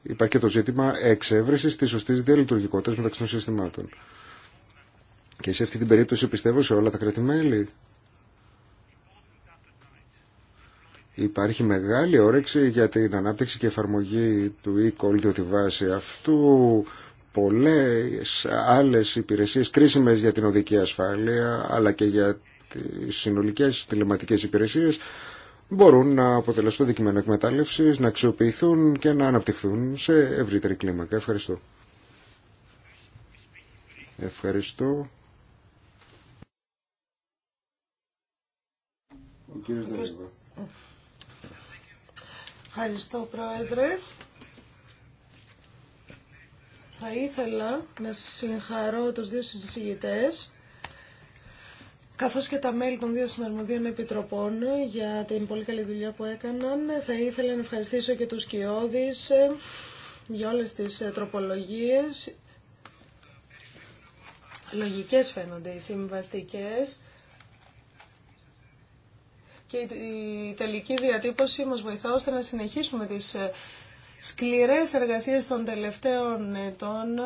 υπάρχει και το ζήτημα εξέβρεση της σωστής διαλειτουργικότητας μεταξύ των συστημάτων. Και σε αυτή την περίπτωση πιστεύω σε όλα τα κρατημέλη. Υπάρχει μεγάλη όρεξη για την ανάπτυξη και εφαρμογή του e-call, διότι βάσει αυτού πολλές άλλες υπηρεσίες κρίσιμες για την οδική ασφάλεια, αλλά και για τις συνολικές τηλεματικές υπηρεσίες, μπορούν να αποτελεστούν δικημένο εκμετάλλευση, να αξιοποιηθούν και να αναπτυχθούν σε ευρύτερη κλίμακα. Ευχαριστώ. Ευχαριστώ. κύριος Ευχαριστώ Πρόεδρε. Θα ήθελα να συγχαρώ τους δύο συζητητές καθώς και τα μέλη των δύο συναρμοδίων επιτροπών για την πολύ καλή δουλειά που έκαναν. Θα ήθελα να ευχαριστήσω και τους Κιώδης ε, για όλες τις ε, τροπολογίες. Λογικές φαίνονται οι συμβαστικές και η τελική διατύπωση μας βοηθά ώστε να συνεχίσουμε τις ε, σκληρές εργασίες των τελευταίων ετών ε,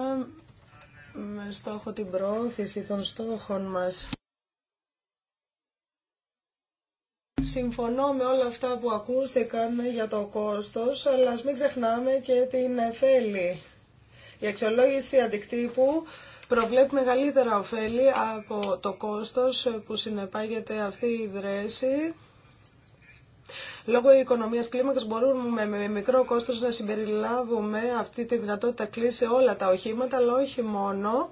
με στόχο την προώθηση των στόχων μας. Συμφωνώ με όλα αυτά που ακούστηκαν για το κόστος, αλλά ας μην ξεχνάμε και την εφέλη. Η αξιολόγηση αντικτύπου προβλέπει μεγαλύτερα ωφέλη από το κόστος που συνεπάγεται αυτή η δρέση. Λόγω οικονομία κλίμακα μπορούμε με μικρό κόστο να συμπεριλάβουμε αυτή τη δυνατότητα κλίση όλα τα οχήματα, αλλά όχι μόνο.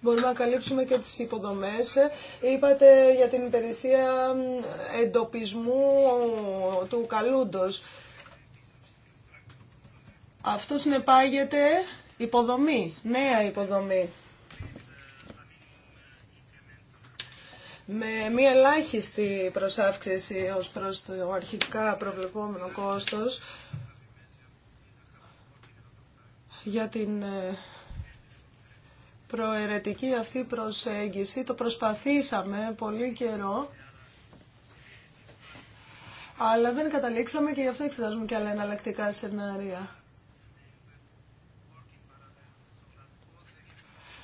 Μπορούμε να καλύψουμε και τις υποδομές. Είπατε για την υπηρεσία εντοπισμού του καλούντος. Αυτό συνεπάγεται υποδομή, νέα υποδομή. με μία ελάχιστη προσάυξηση ως προς το αρχικά προβλεπόμενο κόστος για την ε, προαιρετική αυτή προσέγγιση. Το προσπαθήσαμε πολύ καιρό, αλλά δεν καταλήξαμε και γι' αυτό εξετάζουμε και άλλα εναλλακτικά σενάρια.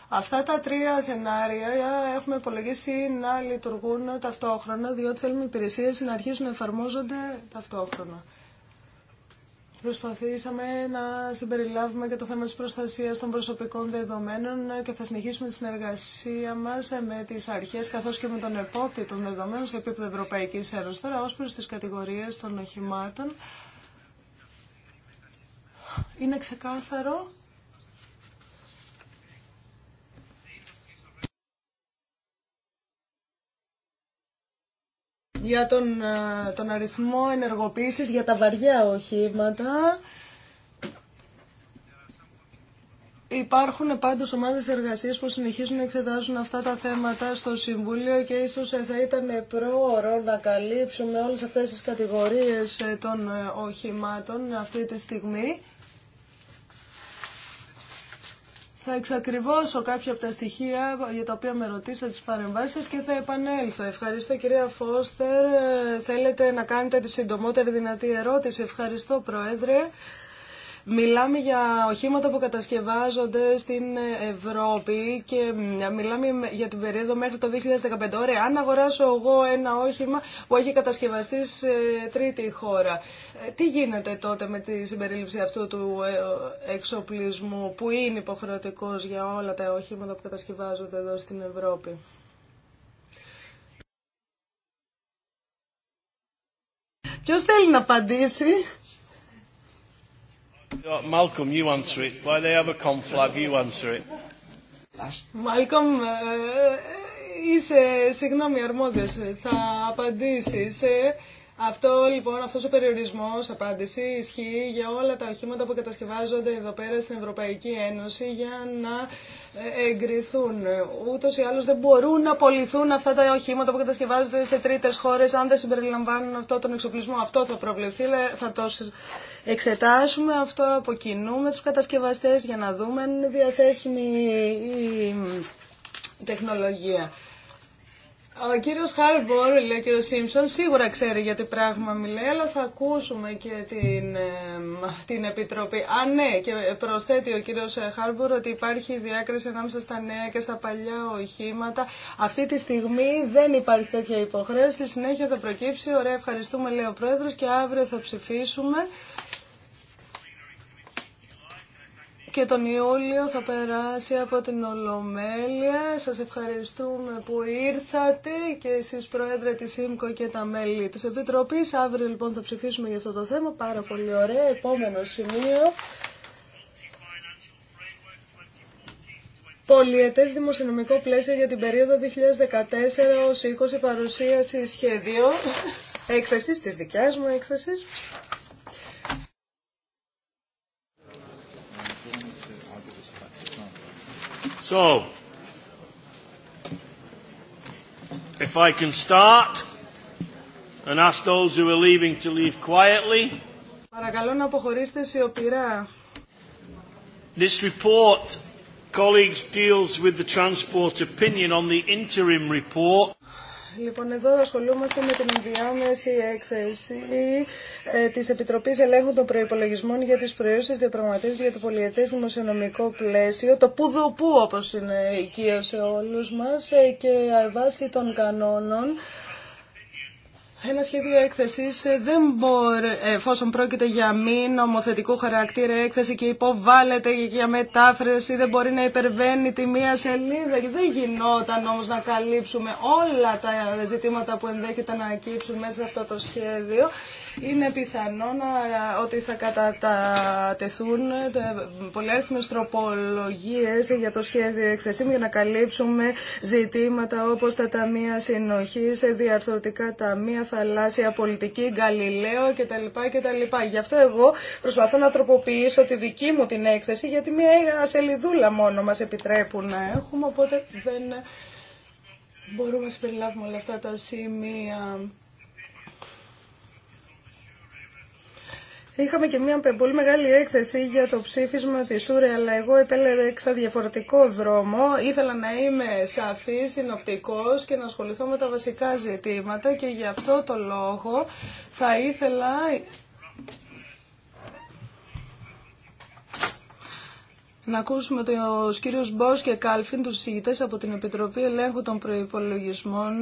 Αυτά τα τρία σενάρια έχουμε υπολογίσει να λειτουργούν ταυτόχρονα, διότι θέλουμε οι υπηρεσίε να αρχίσουν να εφαρμόζονται ταυτόχρονα. Προσπαθήσαμε να συμπεριλάβουμε και το θέμα της προστασίας των προσωπικών δεδομένων και θα συνεχίσουμε τη συνεργασία μας με τις αρχές καθώς και με τον επόπτη των δεδομένων σε επίπεδο Ευρωπαϊκής Ένωση Τώρα ως προς τις κατηγορίες των οχημάτων είναι ξεκάθαρο για τον, ε, τον αριθμό ενεργοποίησης για τα βαριά οχήματα. Υπάρχουν πάντως ομάδες εργασίας που συνεχίζουν να εξετάζουν αυτά τα θέματα στο Συμβούλιο και ίσως ε, θα ήταν πρόωρο να καλύψουμε όλες αυτές τις κατηγορίες ε, των οχημάτων αυτή τη στιγμή. Θα εξακριβώσω κάποια από τα στοιχεία για τα οποία με ρωτήσατε τις παρεμβάσεις και θα επανέλθω. Ευχαριστώ κυρία Φώστερ. Ε, θέλετε να κάνετε τη συντομότερη δυνατή ερώτηση. Ευχαριστώ Πρόεδρε. Μιλάμε για οχήματα που κατασκευάζονται στην Ευρώπη και μιλάμε για την περίοδο μέχρι το 2015. Ωραία, αν αγοράσω εγώ ένα όχημα που έχει κατασκευαστεί σε τρίτη χώρα, ε, τι γίνεται τότε με τη συμπερίληψη αυτού του ε, εξοπλισμού που είναι υποχρεωτικός για όλα τα οχήματα που κατασκευάζονται εδώ στην Ευρώπη. Ποιος θέλει να απαντήσει. Malcolm, you answer it. Why they have a conflag, you answer it. Malcolm, ε, ε, είσαι, συγγνώμη, αρμόδιος, θα απαντήσεις. Ε. Αυτό λοιπόν, αυτός ο περιορισμός απάντηση ισχύει για όλα τα οχήματα που κατασκευάζονται εδώ πέρα στην Ευρωπαϊκή Ένωση για να εγκριθούν. Ούτως ή άλλως δεν μπορούν να απολυθούν αυτά τα οχήματα που κατασκευάζονται σε τρίτες χώρες αν δεν συμπεριλαμβάνουν αυτό τον εξοπλισμό. Αυτό θα προβλεφθεί, θα το εξετάσουμε αυτό από κοινού με τους κατασκευαστές για να δούμε αν είναι διαθέσιμη η τεχνολογία. Ο κύριος Χάρμπορ, λέει ο κύριος Σίμψον, σίγουρα ξέρει για τι πράγμα μιλάει, αλλά θα ακούσουμε και την, ε, την Επιτροπή. Α, ναι, και προσθέτει ο κύριος Χάρμπορ ότι υπάρχει διάκριση ανάμεσα στα νέα και στα παλιά οχήματα. Αυτή τη στιγμή δεν υπάρχει τέτοια υποχρέωση, στη συνέχεια θα προκύψει. Ωραία, ευχαριστούμε, λέει ο Πρόεδρος, και αύριο θα ψηφίσουμε. και τον Ιούλιο θα περάσει από την Ολομέλεια. Σας ευχαριστούμε που ήρθατε και εσείς Πρόεδρε της ΣΥΜΚΟ και τα μέλη της Επιτροπής. Αύριο λοιπόν θα ψηφίσουμε για αυτό το θέμα. Πάρα πολύ ωραία. Επόμενο σημείο. Πολιετές δημοσιονομικό πλαίσιο για την περίοδο 2014 2014-2020 παρουσίαση σχέδιο. <laughs> έκθεση, της δικιάς μου έκθεσης. So, if I can start and ask those who are leaving to leave quietly. This report, colleagues, deals with the transport opinion on the interim report. Λοιπόν, εδώ ασχολούμαστε με την ενδιάμεση έκθεση ε, τη Επιτροπή Ελέγχου των Προπολογισμών για τι Προϊόντες Διαπραγματεύσει για το Πολιετέ Δημοσιονομικό Πλαίσιο, το που όπω είναι οικείο σε όλου μα, ε, και βάσει των κανόνων ένα σχέδιο έκθεση ε, δεν μπορεί, εφόσον πρόκειται για μη νομοθετικού χαρακτήρα έκθεση και υποβάλλεται για μετάφραση, δεν μπορεί να υπερβαίνει τη μία σελίδα. Δεν γινόταν όμως να καλύψουμε όλα τα ζητήματα που ενδέχεται να ακύψουν μέσα σε αυτό το σχέδιο είναι πιθανό ότι θα κατατεθούν ε, πολυάριθμες τροπολογίες για το σχέδιο εκθεσίμου για να καλύψουμε ζητήματα όπως τα ταμεία συνοχής, ε, διαρθρωτικά ταμεία, θαλάσσια πολιτική, γκαλιλαίο κτλ. κτλ. Γι' αυτό εγώ προσπαθώ να τροποποιήσω τη δική μου την έκθεση γιατί μια σελιδούλα μόνο μας επιτρέπουν να έχουμε οπότε δεν μπορούμε να συμπεριλάβουμε όλα αυτά τα σημεία. Είχαμε και μια πολύ μεγάλη έκθεση για το ψήφισμα τη Σούρε, αλλά εγώ επέλεξα διαφορετικό δρόμο. Ήθελα να είμαι σαφή, συνοπτικό και να ασχοληθώ με τα βασικά ζητήματα και γι' αυτό το λόγο θα ήθελα να ακούσουμε τους κύριο Μπό και Κάλφιν, του συζητητέ από την Επιτροπή Ελέγχου των Προϋπολογισμών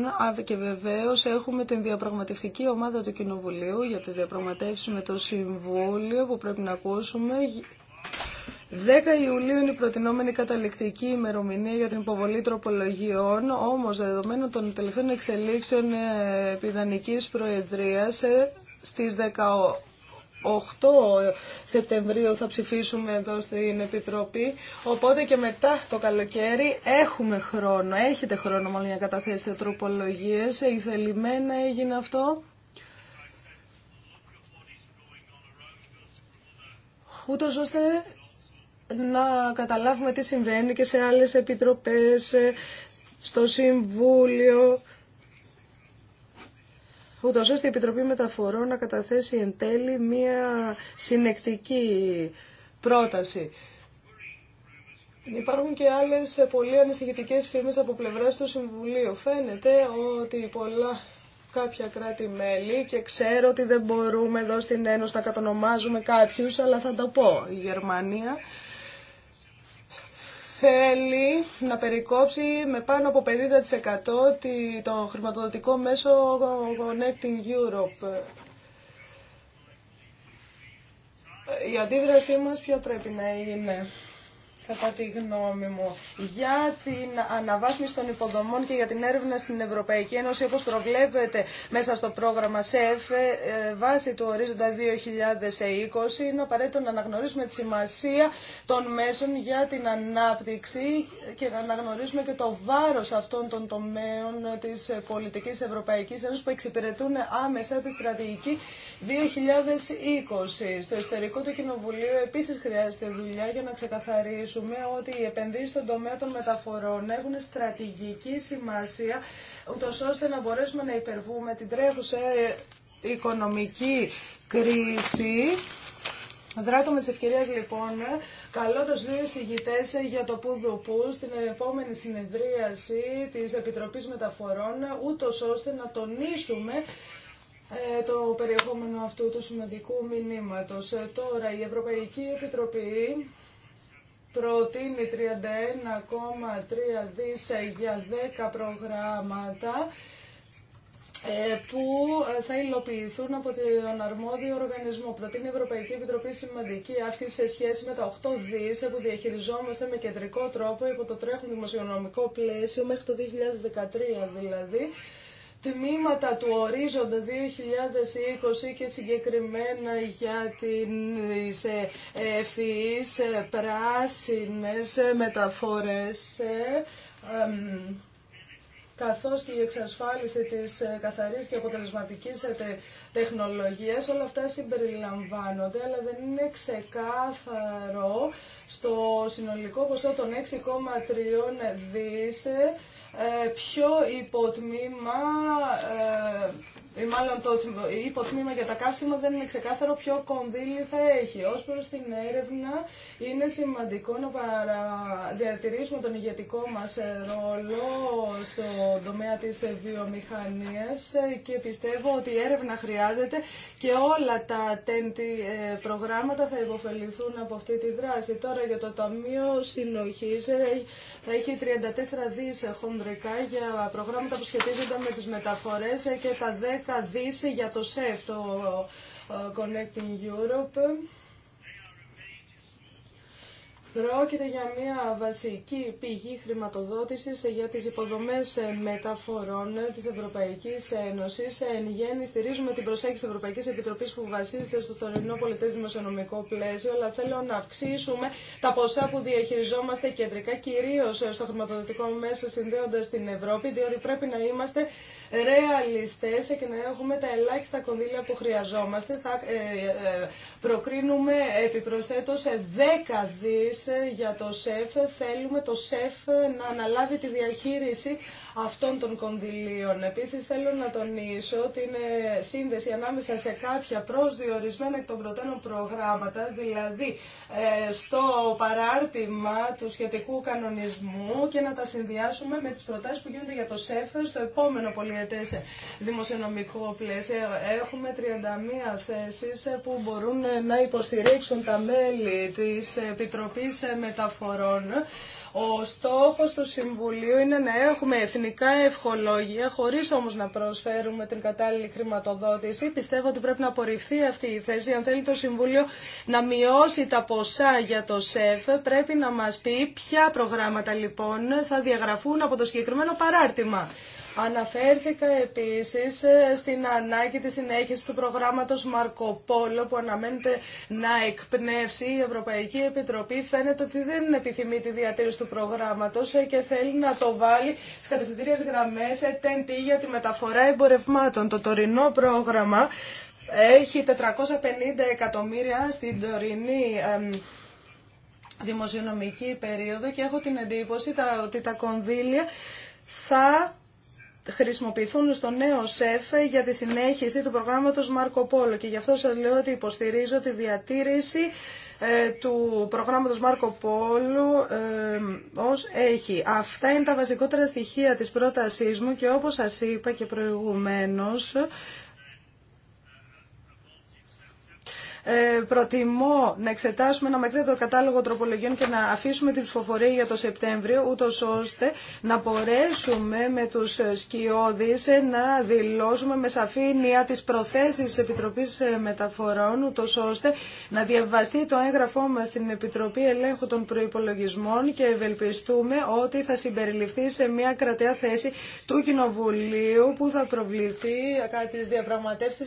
και βεβαίω έχουμε την διαπραγματευτική ομάδα του Κοινοβουλίου για τι διαπραγματεύσει με το Συμβούλιο που πρέπει να ακούσουμε 10 Ιουλίου είναι η προτινόμενη καταληκτική ημερομηνία για την υποβολή τροπολογιών, όμω δεδομένων των τελευταίων εξελίξεων ε, επιδανικής προεδρίας ε, στι 18 8 Σεπτεμβρίου θα ψηφίσουμε εδώ στην Επιτροπή. Οπότε και μετά το καλοκαίρι έχουμε χρόνο, έχετε χρόνο μόνο για να καταθέσετε τροπολογίες. θέλημένα έγινε αυτό. Ούτω ώστε να καταλάβουμε τι συμβαίνει και σε άλλες επιτροπές, στο Συμβούλιο ούτω ώστε η Επιτροπή Μεταφορών να καταθέσει εν τέλει μία συνεκτική πρόταση. Υπάρχουν και άλλε πολύ ανησυχητικέ φήμες από πλευρά του Συμβουλίου. Φαίνεται ότι πολλά κάποια κράτη-μέλη και ξέρω ότι δεν μπορούμε εδώ στην Ένωση να κατονομάζουμε κάποιους, αλλά θα το πω. Η Γερμανία θέλει να περικόψει με πάνω από 50% το χρηματοδοτικό μέσο Connecting Europe. Η αντίδρασή μας ποια πρέπει να είναι κατά τη γνώμη μου, για την αναβάθμιση των υποδομών και για την έρευνα στην Ευρωπαϊκή Ένωση, όπως προβλέπετε μέσα στο πρόγραμμα ΣΕΦ, ε, βάσει του ορίζοντα 2020, είναι απαραίτητο να αναγνωρίσουμε τη σημασία των μέσων για την ανάπτυξη και να αναγνωρίσουμε και το βάρος αυτών των τομέων της πολιτικής Ευρωπαϊκής Ένωσης που εξυπηρετούν άμεσα τη στρατηγική 2020. Στο εσωτερικό του Κοινοβουλίου επίσης χρειάζεται δουλειά για να ξεκαθαρίσουμε ότι οι επενδύσει στον τομέα των μεταφορών έχουν στρατηγική σημασία, ούτω ώστε να μπορέσουμε να υπερβούμε την τρέχουσα οικονομική κρίση. Δράτω με τι ευκαιρίες λοιπόν, καλώ τους δύο εισηγητές για το πού Πουδουπού στην επόμενη συνεδρίαση της Επιτροπής Μεταφορών, ούτως ώστε να τονίσουμε ε, το περιεχόμενο αυτού του σημαντικού μηνύματος. Ε, τώρα η Ευρωπαϊκή Επιτροπή προτείνει 31,3 δις ε, για 10 προγράμματα ε, που ε, θα υλοποιηθούν από τον αρμόδιο οργανισμό. Προτείνει η Ευρωπαϊκή Επιτροπή σημαντική αύξηση σε σχέση με τα 8 δις που διαχειριζόμαστε με κεντρικό τρόπο υπό το τρέχον δημοσιονομικό πλαίσιο μέχρι το 2013 δηλαδή τμήματα του ορίζοντα 2020 και συγκεκριμένα για τις ε, ευφυείς ε, πράσινες μεταφορές ε, καθώς και η εξασφάλιση της καθαρής και αποτελεσματικής τεχνολογίας. Όλα αυτά συμπεριλαμβάνονται, αλλά δεν είναι ξεκάθαρο στο συνολικό ποσό των 6,3 δις ε, πιο υποτμήμα ε, ή μάλλον το υποτμήμα για τα καύσιμα δεν είναι ξεκάθαρο ποιο κονδύλι θα έχει. Ως προς την έρευνα είναι σημαντικό να παρα... διατηρήσουμε τον ηγετικό μας ε, ρόλο στο τομέα της ε, βιομηχανίας ε, και πιστεύω ότι η έρευνα χρειάζεται και όλα τα τέντη προγράμματα θα υποφεληθούν από αυτή τη δράση. Τώρα για το Ταμείο Συνοχής θα έχει 34 δις χοντρικά για προγράμματα που σχετίζονται με τις μεταφορές και τα 10 δις για το ΣΕΦ, το Connecting Europe. Πρόκειται για μια βασική πηγή χρηματοδότησης για τις υποδομές μεταφορών της Ευρωπαϊκής Ένωσης. Εν γέννη στηρίζουμε την προσέγγιση της Ευρωπαϊκής Επιτροπής που βασίζεται στο τωρινό πολιτές δημοσιονομικό πλαίσιο, αλλά θέλω να αυξήσουμε τα ποσά που διαχειριζόμαστε κεντρικά, κυρίως στο χρηματοδοτικό μέσο συνδέοντας την Ευρώπη, διότι πρέπει να είμαστε ρεαλιστές και να έχουμε τα ελάχιστα κονδύλια που χρειαζόμαστε. Θα ε, ε, προκρίνουμε επιπροσθέτως 10 δις ε, για το ΣΕΦ. Θέλουμε το ΣΕΦ να αναλάβει τη διαχείριση αυτών των κονδυλίων. Επίσης θέλω να τονίσω την σύνδεση ανάμεσα σε κάποια προσδιορισμένα εκ των προτέρων προγράμματα, δηλαδή ε, στο παράρτημα του σχετικού κανονισμού και να τα συνδυάσουμε με τις προτάσεις που γίνονται για το ΣΕΦΕ στο επόμενο πολιετέ δημοσιονομικό πλαίσιο. Έχουμε 31 θέσει που μπορούν να υποστηρίξουν τα μέλη της Επιτροπής Μεταφορών ο στόχος του Συμβουλίου είναι να έχουμε εθνικά ευχολόγια, χωρίς όμως να προσφέρουμε την κατάλληλη χρηματοδότηση. Πιστεύω ότι πρέπει να απορριφθεί αυτή η θέση. Αν θέλει το Συμβούλιο να μειώσει τα ποσά για το ΣΕΦ, πρέπει να μας πει ποια προγράμματα λοιπόν θα διαγραφούν από το συγκεκριμένο παράρτημα. Αναφέρθηκα επίσης ε, στην ανάγκη της συνέχισης του προγράμματος Μαρκοπόλο που αναμένεται να εκπνεύσει η Ευρωπαϊκή Επιτροπή. Φαίνεται ότι δεν επιθυμεί τη διατήρηση του προγράμματος ε, και θέλει να το βάλει στις κατευθυντήριες γραμμές ε, για τη μεταφορά εμπορευμάτων. Το τωρινό πρόγραμμα έχει 450 εκατομμύρια στην τωρινή δημοσιονομική περίοδο και έχω την εντύπωση ότι τα κονδύλια θα χρησιμοποιηθούν στο νέο ΣΕΦ για τη συνέχιση του προγράμματος Μάρκο Πόλο και γι' αυτό σας λέω ότι υποστηρίζω τη διατήρηση ε, του προγράμματος Μάρκο Πόλου ε, ως έχει. Αυτά είναι τα βασικότερα στοιχεία της πρότασής μου και όπως σας είπα και προηγουμένως Ε, προτιμώ να εξετάσουμε ένα μακρύτερο κατάλογο τροπολογιών και να αφήσουμε την ψηφοφορία για το Σεπτέμβριο, ούτω ώστε να μπορέσουμε με του σκιώδει να δηλώσουμε με σαφήνεια τι προθέσει τη Επιτροπή ε, Μεταφορών, ούτω ώστε να διαβαστεί το έγγραφό μα στην Επιτροπή Ελέγχου των Προπολογισμών και ευελπιστούμε ότι θα συμπεριληφθεί σε μια κρατέα θέση του Κοινοβουλίου που θα προβληθεί κατά τι διαπραγματεύσει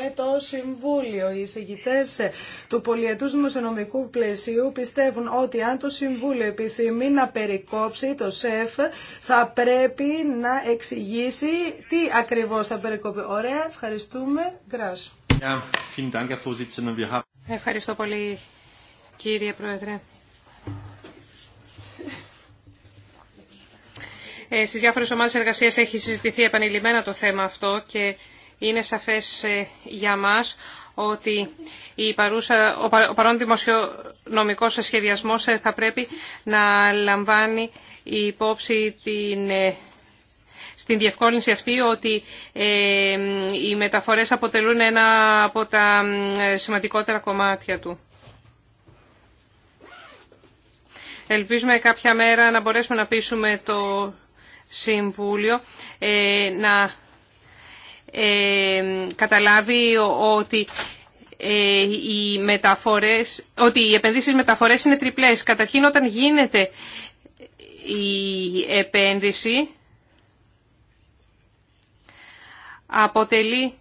με το Συμβούλιο του πολιετούς δημοσιονομικού πλαισίου πιστεύουν ότι αν το Συμβούλιο επιθυμεί να περικόψει το ΣΕΦ θα πρέπει να εξηγήσει τι ακριβώς θα περικόψει. Ωραία, ευχαριστούμε. Γκράς. Ευχαριστώ πολύ κύριε Πρόεδρε. Ε, στις διάφορες ομάδες εργασίας έχει συζητηθεί επανειλημμένα το θέμα αυτό και είναι σαφές ε, για μας ότι ο παρόν δημοσιονομικός σχεδιασμός ε, θα πρέπει να λαμβάνει υπόψη την ε, στην διευκόλυνση αυτή ότι ε, οι μεταφορές αποτελούν ένα από τα σημαντικότερα κομμάτια του. Ελπίζουμε κάποια μέρα να μπορέσουμε να πείσουμε το Συμβούλιο να καταλάβει ότι ε, οι μεταφορές, ότι οι επενδύσεις μεταφορές είναι τριπλές. Καταρχήν όταν γίνεται η επένδυση αποτελεί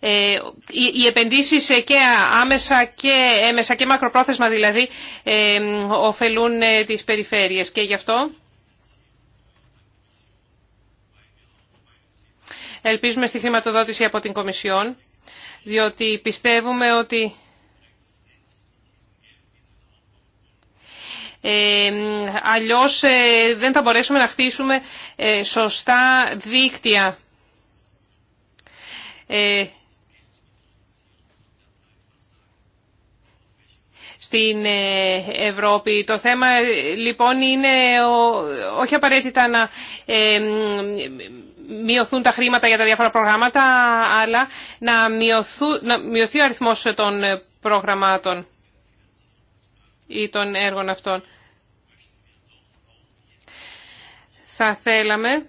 ε, οι, οι επενδύσεις και άμεσα και έμεσα και μακροπρόθεσμα δηλαδή ε, ωφελούν ε, τις περιφέρειες και γι' αυτό Ελπίζουμε στη χρηματοδότηση από την Κομισιόν, διότι πιστεύουμε ότι Ε, αλλιώς ε, δεν θα μπορέσουμε να χτίσουμε ε, σωστά δίκτυα. Ε, στην Ευρώπη το θέμα λοιπόν είναι ο, όχι απαραίτητα να μειωθούν τα χρήματα για τα διάφορα προγράμματα, αλλά να, μειωθού, να μειωθεί ο αριθμός των προγραμμάτων ή των έργων αυτών. Θα θέλαμε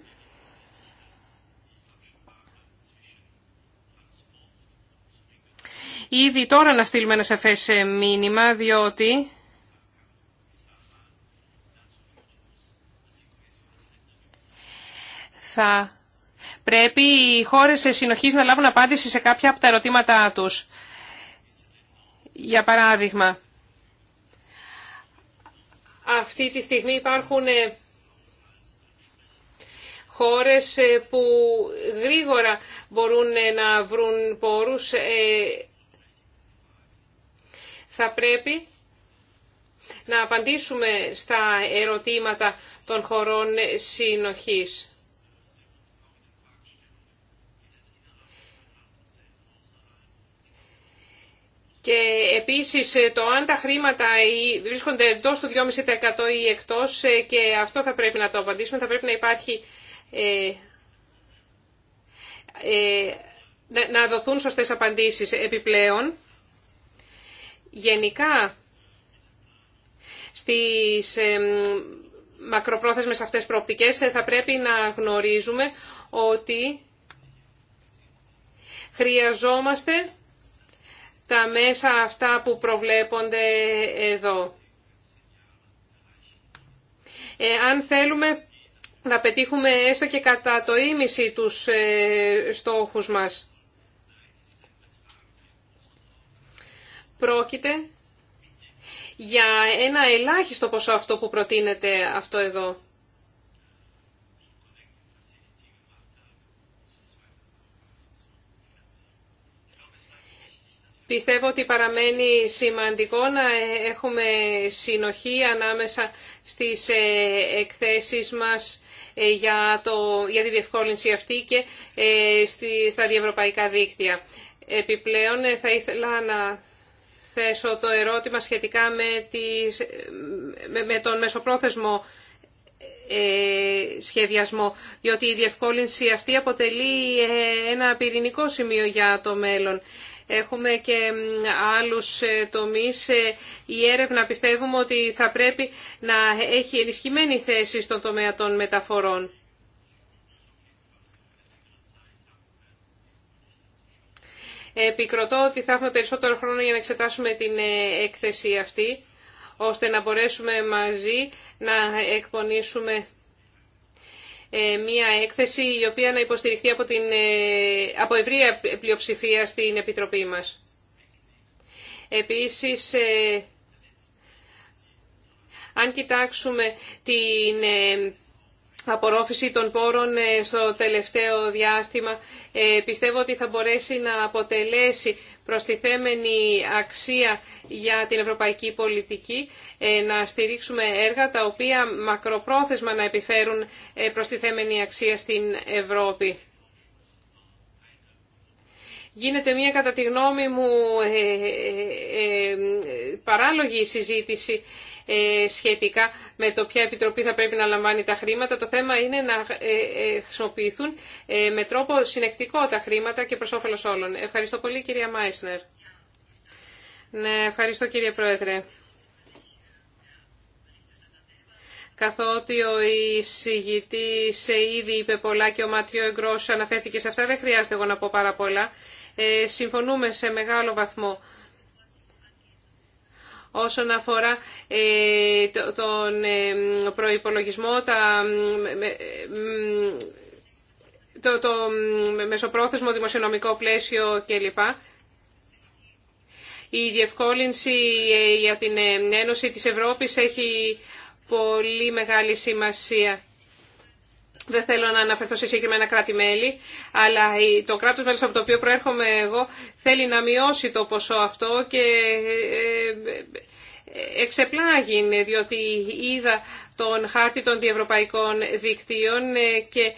ήδη τώρα να στείλουμε ένα σαφές μήνυμα, διότι... θα πρέπει οι χώρες συνοχής να λάβουν απάντηση σε κάποια από τα ερωτήματά τους. Για παράδειγμα, αυτή τη στιγμή υπάρχουν ε, χώρες ε, που γρήγορα μπορούν ε, να βρουν πόρους. Θα πρέπει να απαντήσουμε στα ερωτήματα των χωρών συνοχής. Και επίσης ε, το αν τα χρήματα βρίσκονται εντό του 2,5% ή εκτός ε, και αυτό θα πρέπει να το απαντήσουμε, θα πρέπει να υπάρχει ε, να δοθούν σωστές απαντήσεις επιπλέον. Γενικά, στις ε, μακροπρόθεσμες αυτές προοπτικές θα πρέπει να γνωρίζουμε ότι χρειαζόμαστε τα μέσα αυτά που προβλέπονται εδώ. Ε, αν θέλουμε να πετύχουμε έστω και κατά το ίμιση τους ε, στόχους μας. Πρόκειται για ένα ελάχιστο ποσό αυτό που προτείνεται αυτό εδώ. Πιστεύω ότι παραμένει σημαντικό να έχουμε συνοχή ανάμεσα στις ε, εκθέσεις μας ε, για, το, για τη διευκόλυνση αυτή και ε, στα διευρωπαϊκά δίκτυα. Επιπλέον θα ήθελα να θέσω το ερώτημα σχετικά με, τις, με τον μεσοπρόθεσμο σχεδιασμό, διότι η διευκόλυνση αυτή αποτελεί ένα πυρηνικό σημείο για το μέλλον. Έχουμε και άλλους ε, τομείς. Ε, η έρευνα πιστεύουμε ότι θα πρέπει να έχει ενισχυμένη θέση στον τομέα των μεταφορών. Ε, επικροτώ ότι θα έχουμε περισσότερο χρόνο για να εξετάσουμε την έκθεση αυτή, ώστε να μπορέσουμε μαζί να εκπονήσουμε ε, μία έκθεση η οποία να υποστηριχθεί από, την, ε, από ευρία πλειοψηφία στην Επιτροπή μας. Επίσης, ε, αν κοιτάξουμε την απορρόφηση των πόρων ε, στο τελευταίο διάστημα. Ε, πιστεύω ότι θα μπορέσει να αποτελέσει προστιθέμενη αξία για την ευρωπαϊκή πολιτική, ε, να στηρίξουμε έργα τα οποία μακροπρόθεσμα να επιφέρουν προστιθέμενη αξία στην Ευρώπη. Γίνεται μια κατά τη γνώμη μου παράλογη συζήτηση ε, σχετικά με το ποια επιτροπή θα πρέπει να λαμβάνει τα χρήματα. Το θέμα είναι να ε, ε, χρησιμοποιηθούν με τρόπο συνεκτικό τα χρήματα και προ όφελο όλων. Ευχαριστώ πολύ κυρία Μάισνερ. Ναι, ευχαριστώ κύριε Πρόεδρε. Καθότι ο σε ήδη είπε πολλά και ο Ματιό Εγκρό αναφέρθηκε σε αυτά, δεν χρειάζεται εγώ να πω πάρα πολλά. Ε, συμφωνούμε σε μεγάλο βαθμό όσον αφορά ε, τον ε, προϋπολογισμό, τα, το, το μεσοπρόθεσμο δημοσιονομικό πλαίσιο κλπ. Η διευκόλυνση ε, για την Ένωση της Ευρώπης έχει πολύ μεγάλη σημασία. Δεν θέλω να αναφερθώ σε συγκεκριμένα κράτη-μέλη, αλλά το κράτος μέλος από το οποίο προέρχομαι εγώ θέλει να μειώσει το ποσό αυτό και ε, ε, εξεπλάγει, διότι είδα τον χάρτη των διευρωπαϊκών δικτύων ε, και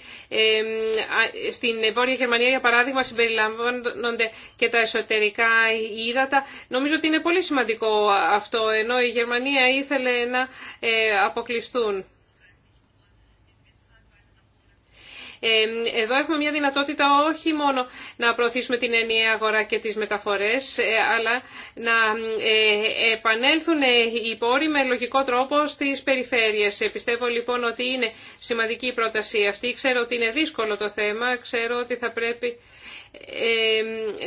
στην Βόρεια Γερμανία, για παράδειγμα, συμπεριλαμβάνονται και τα εσωτερικά ύδατα. Νομίζω ότι είναι πολύ σημαντικό αυτό, ενώ η Γερμανία ήθελε να αποκλειστούν. Εδώ έχουμε μια δυνατότητα όχι μόνο να προωθήσουμε την ενιαία αγορά και τις μεταφορές, ε, αλλά να ε, επανέλθουν ε, οι πόροι με λογικό τρόπο στις περιφέρειες. Πιστεύω λοιπόν ότι είναι σημαντική η πρόταση αυτή. Ξέρω ότι είναι δύσκολο το θέμα, ξέρω ότι θα πρέπει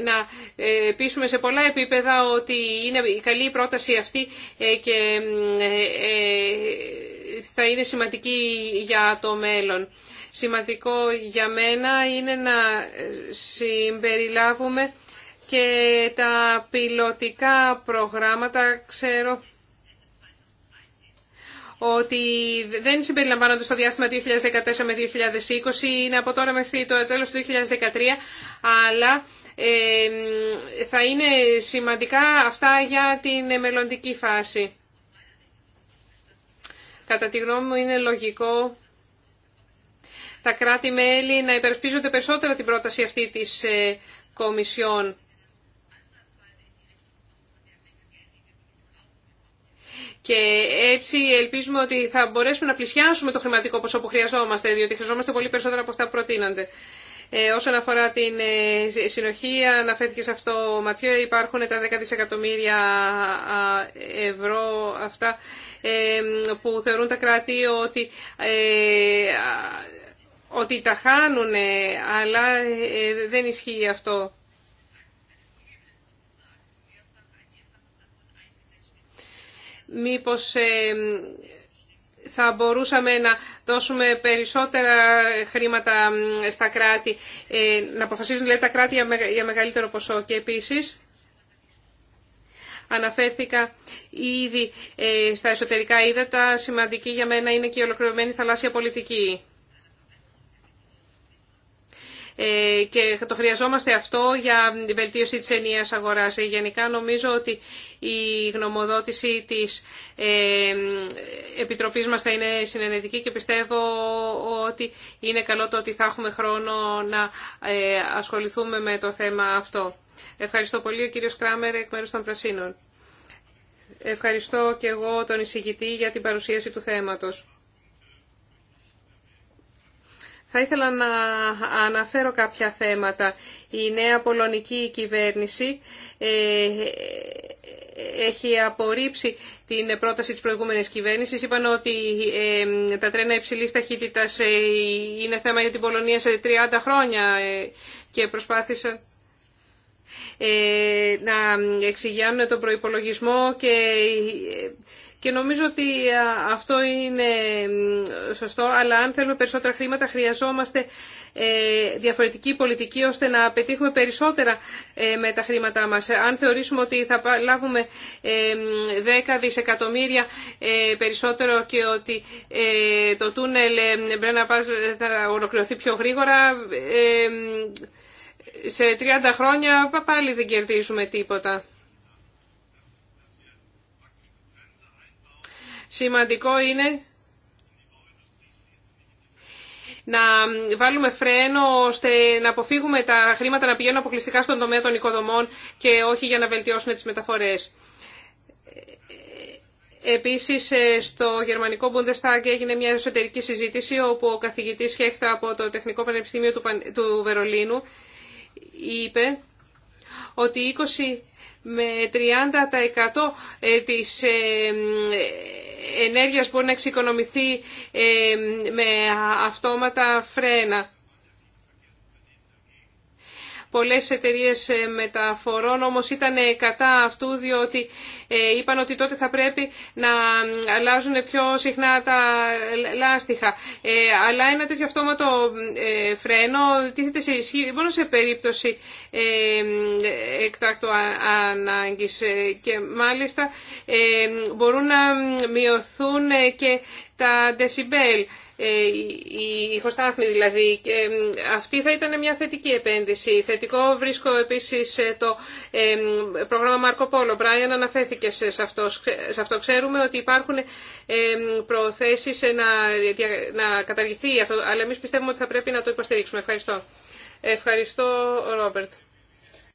να πείσουμε σε πολλά επίπεδα ότι είναι καλή η πρόταση αυτή και θα είναι σημαντική για το μέλλον. Σημαντικό για μένα είναι να συμπεριλάβουμε και τα πιλωτικά προγράμματα. Ξέρω ότι δεν συμπεριλαμβάνονται στο διάστημα 2014 με 2020, είναι από τώρα μέχρι το τέλος του 2013, αλλά θα είναι σημαντικά αυτά για την μελλοντική φάση. Κατά τη γνώμη μου είναι λογικό τα κράτη-μέλη να υπερασπίζονται περισσότερα την πρόταση αυτή της ε, Κομισιόν. Και έτσι ελπίζουμε ότι θα μπορέσουμε να πλησιάσουμε το χρηματικό ποσό που χρειαζόμαστε, διότι χρειαζόμαστε πολύ περισσότερα από αυτά που προτείνονται. Ε, όσον αφορά την ε, συνοχή, αναφέρθηκε σε αυτό ο Ματιό, υπάρχουν τα 10 δισεκατομμύρια ευρώ αυτά που θεωρούν τα κράτη ότι ότι τα χάνουν, αλλά ε, δεν ισχύει αυτό. Μήπως ε, θα μπορούσαμε να δώσουμε περισσότερα χρήματα στα κράτη, ε, να αποφασίζουν δηλαδή, τα κράτη για μεγαλύτερο ποσό. Και επίσης, αναφέρθηκα ήδη στα εσωτερικά ύδατα, σημαντική για μένα είναι και η ολοκληρωμένη θαλάσσια πολιτική. Ε, και το χρειαζόμαστε αυτό για την βελτίωση της ενίας αγοράς. Ε, γενικά νομίζω ότι η γνωμοδότηση της ε, Επιτροπής μας θα είναι συνενετική και πιστεύω ότι είναι καλό το ότι θα έχουμε χρόνο να ασχοληθούμε με το θέμα αυτό. Ευχαριστώ πολύ ο κύριος Κράμερ εκ μέρους των Πρασίνων. Ευχαριστώ και εγώ τον εισηγητή για την παρουσίαση του θέματος. Θα ήθελα να αναφέρω κάποια θέματα. Η νέα πολωνική κυβέρνηση ε, έχει απορρίψει την πρόταση της προηγούμενης κυβέρνησης. Είπαν ότι ε, τα τρένα υψηλής ταχύτητας ε, είναι θέμα για την Πολωνία σε 30 χρόνια και προσπάθησαν να εξηγιάνουν τον προϋπολογισμό και και νομίζω ότι αυτό είναι σωστό, αλλά αν θέλουμε περισσότερα χρήματα χρειαζόμαστε ε, διαφορετική πολιτική ώστε να πετύχουμε περισσότερα ε, με τα χρήματά μας. Αν θεωρήσουμε ότι θα λάβουμε 10 ε, δισεκατομμύρια περισσότερο και ότι το τούνελ πρέπει να θα ολοκληρωθεί πιο γρήγορα, σε 30 χρόνια πάλι δεν κερδίζουμε τίποτα. Σημαντικό είναι να βάλουμε φρένο ώστε να αποφύγουμε τα χρήματα να πηγαίνουν αποκλειστικά στον τομέα των οικοδομών και όχι για να βελτιώσουμε τις μεταφορές. Επίσης, ε, στο γερμανικό Bundestag έγινε μια εσωτερική συζήτηση όπου ο καθηγητής Χέχτα από το Τεχνικό Πανεπιστήμιο του Βερολίνου είπε ότι 20 με 30% ε, της ε, ε, ενέργειας μπορεί να εξοικονομηθεί με αυτόματα φρένα. Πολλές εταιρείες ε, μεταφορών όμως ήταν ε, κατά αυτού διότι ε, είπαν ότι τότε θα πρέπει να αλλάζουν πιο συχνά τα λάστιχα. Αλλά ένα τέτοιο αυτόματο φρένο τίθεται σε ισχύ μόνο σε περίπτωση εκτάκτου ανάγκης και μάλιστα μπορούν να μειωθούν και τα decibel. Ε, η ηχοστάθμη δηλαδή. Και αυτή θα ήταν μια θετική επένδυση. Θετικό βρίσκω επίσης ε, το πρόγραμμα Μάρκο Πόλο. Μπράιαν αναφέρθηκε σε αυτό. Σε αυτό ξέρουμε ότι υπάρχουν προθέσεις ε, να καταργηθεί αυτό, αλλά εμείς πιστεύουμε ότι θα πρέπει να το υποστηρίξουμε. Ευχαριστώ. Ευχαριστώ, Ρόμπερτ.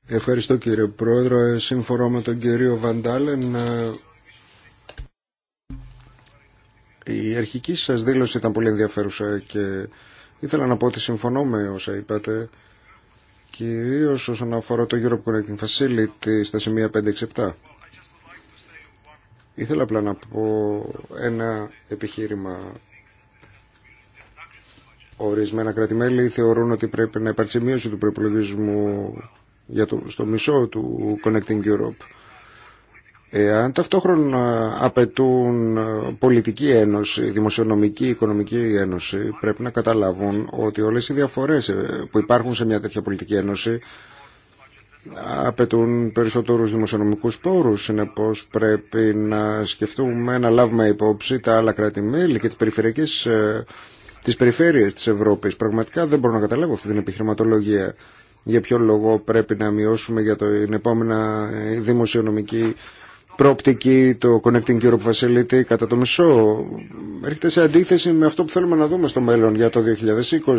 Ευχαριστώ κύριε Πρόεδρο. Σύμφωνα με τον κύριο Βαντάλεν, η αρχική σας δήλωση ήταν πολύ ενδιαφέρουσα και ήθελα να πω ότι συμφωνώ με όσα είπατε κυρίω όσον αφορά το Europe Connecting Facility στα σημεία Ήθελα απλά να πω ένα επιχείρημα. Ορισμένα κρατημέλη θεωρούν ότι πρέπει να υπάρξει μείωση του προπολογισμού για το, στο μισό του Connecting Europe. Εάν ταυτόχρονα απαιτούν ε, πολιτική ένωση, δημοσιονομική, οικονομική ένωση, πρέπει να καταλάβουν ότι όλες οι διαφορές ε, που υπάρχουν σε μια τέτοια πολιτική ένωση απαιτούν περισσότερους δημοσιονομικούς πόρους. Συνεπώς πρέπει να σκεφτούμε, να λάβουμε υπόψη τα άλλα κράτη-μέλη και τις περιφερειακές ε, τις περιφέρειες της Ευρώπης. Πραγματικά δεν μπορώ να καταλάβω αυτή την επιχειρηματολογία. Για ποιο λόγο πρέπει να μειώσουμε για την επόμενα δημοσιονομική προοπτική το Connecting Europe Facility κατά το μισό έρχεται σε αντίθεση με αυτό που θέλουμε να δούμε στο μέλλον για το 2020.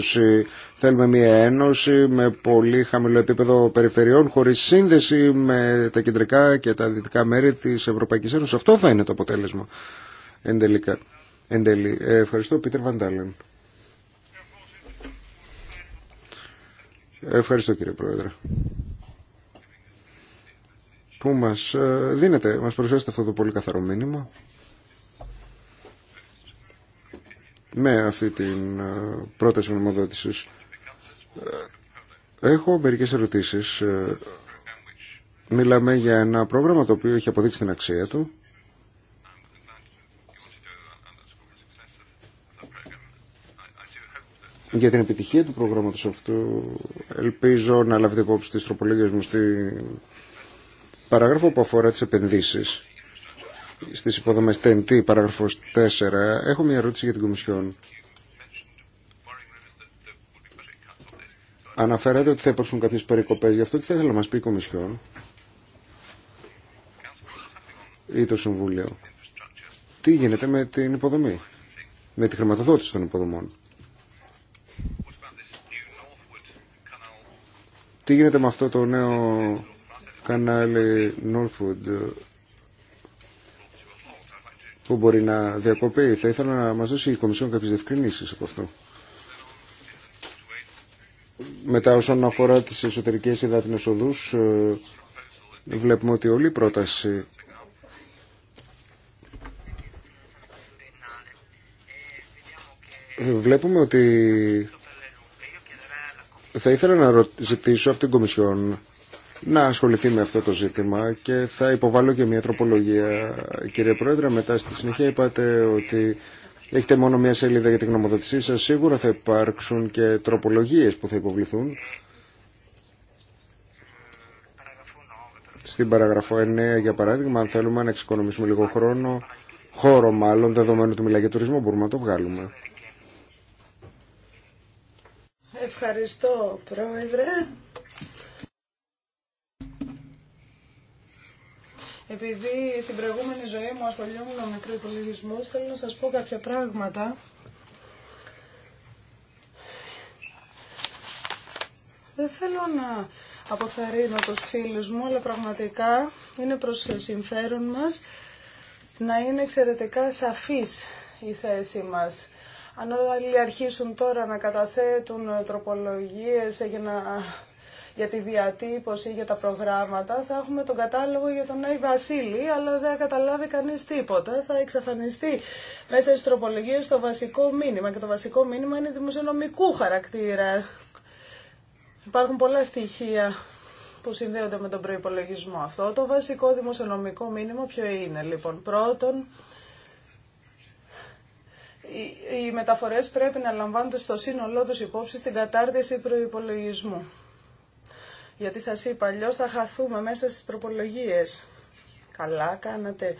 Θέλουμε μια ένωση με πολύ χαμηλό επίπεδο περιφερειών χωρίς σύνδεση με τα κεντρικά και τα δυτικά μέρη της Ευρωπαϊκής Ένωσης. Αυτό θα είναι το αποτέλεσμα Εντελικά. τελικά. Ε, ευχαριστώ Πίτερ Βαντάλεν. Ε, ευχαριστώ κύριε Πρόεδρε που μας ε, δίνετε, μας προσθέσετε αυτό το πολύ καθαρό μήνυμα με αυτή την ε, πρόταση νομοδότησης. Ε, έχω μερικές ερωτήσεις. Μιλάμε για ένα πρόγραμμα το οποίο έχει αποδείξει την αξία του. Για την επιτυχία του προγράμματος αυτού ελπίζω να λάβετε υπόψη τις τροπολογίες μου στη παράγραφο που αφορά τις επενδύσεις στις υποδομές TNT, παράγραφος 4, έχω μια ερώτηση για την Κομισιόν. Αναφέρατε ότι θα υπάρξουν κάποιες περικοπές, γι' αυτό τι θα ήθελα να μας πει η Κομισιόν ή το Συμβούλιο. Τι γίνεται με την υποδομή, με τη χρηματοδότηση των υποδομών. Τι γίνεται με αυτό το νέο κανάλι Northwood ε, που μπορεί να διακοπεί. Θα ήθελα να μας δώσει η Κομισιόν κάποιες διευκρινήσεις από αυτό. Μετά όσον αφορά τις εσωτερικές υδάτινες οδούς, ε, βλέπουμε ότι όλη η πρόταση ε, βλέπουμε ότι θα ήθελα να ζητήσω από την Κομισιόν να ασχοληθεί με αυτό το ζήτημα και θα υποβάλω και μια τροπολογία. Κύριε Πρόεδρε, μετά στη συνέχεια είπατε ότι έχετε μόνο μια σελίδα για την γνωμοδότησή σας. Σίγουρα θα υπάρξουν και τροπολογίες που θα υποβληθούν. Στην παραγραφό 9, για παράδειγμα, αν θέλουμε να εξοικονομήσουμε λίγο χρόνο, χώρο μάλλον, δεδομένου του μιλάει για τουρισμό, μπορούμε να το βγάλουμε. Ευχαριστώ, Πρόεδρε. Επειδή στην προηγούμενη ζωή μου ασχολιόμουν με μικροϋπολογισμούς, θέλω να σας πω κάποια πράγματα. Δεν θέλω να αποθαρρύνω τους φίλους μου, αλλά πραγματικά είναι προς συμφέρον μας να είναι εξαιρετικά σαφής η θέση μας. Αν όλοι αρχίσουν τώρα να καταθέτουν τροπολογίες για να για τη διατύπωση, για τα προγράμματα. Θα έχουμε τον κατάλογο για τον Άι Βασίλη, αλλά δεν θα καταλάβει κανεί τίποτα. Θα εξαφανιστεί μέσα στι τροπολογίε το βασικό μήνυμα. Και το βασικό μήνυμα είναι δημοσιονομικού χαρακτήρα. Υπάρχουν πολλά στοιχεία που συνδέονται με τον προϋπολογισμό αυτό. Το βασικό δημοσιονομικό μήνυμα ποιο είναι λοιπόν. Πρώτον, οι μεταφορές πρέπει να λαμβάνονται στο σύνολό τους υπόψη στην κατάρτιση προϋπολογισμού γιατί σας είπα, αλλιώ θα χαθούμε μέσα στις τροπολογίες. Καλά κάνατε.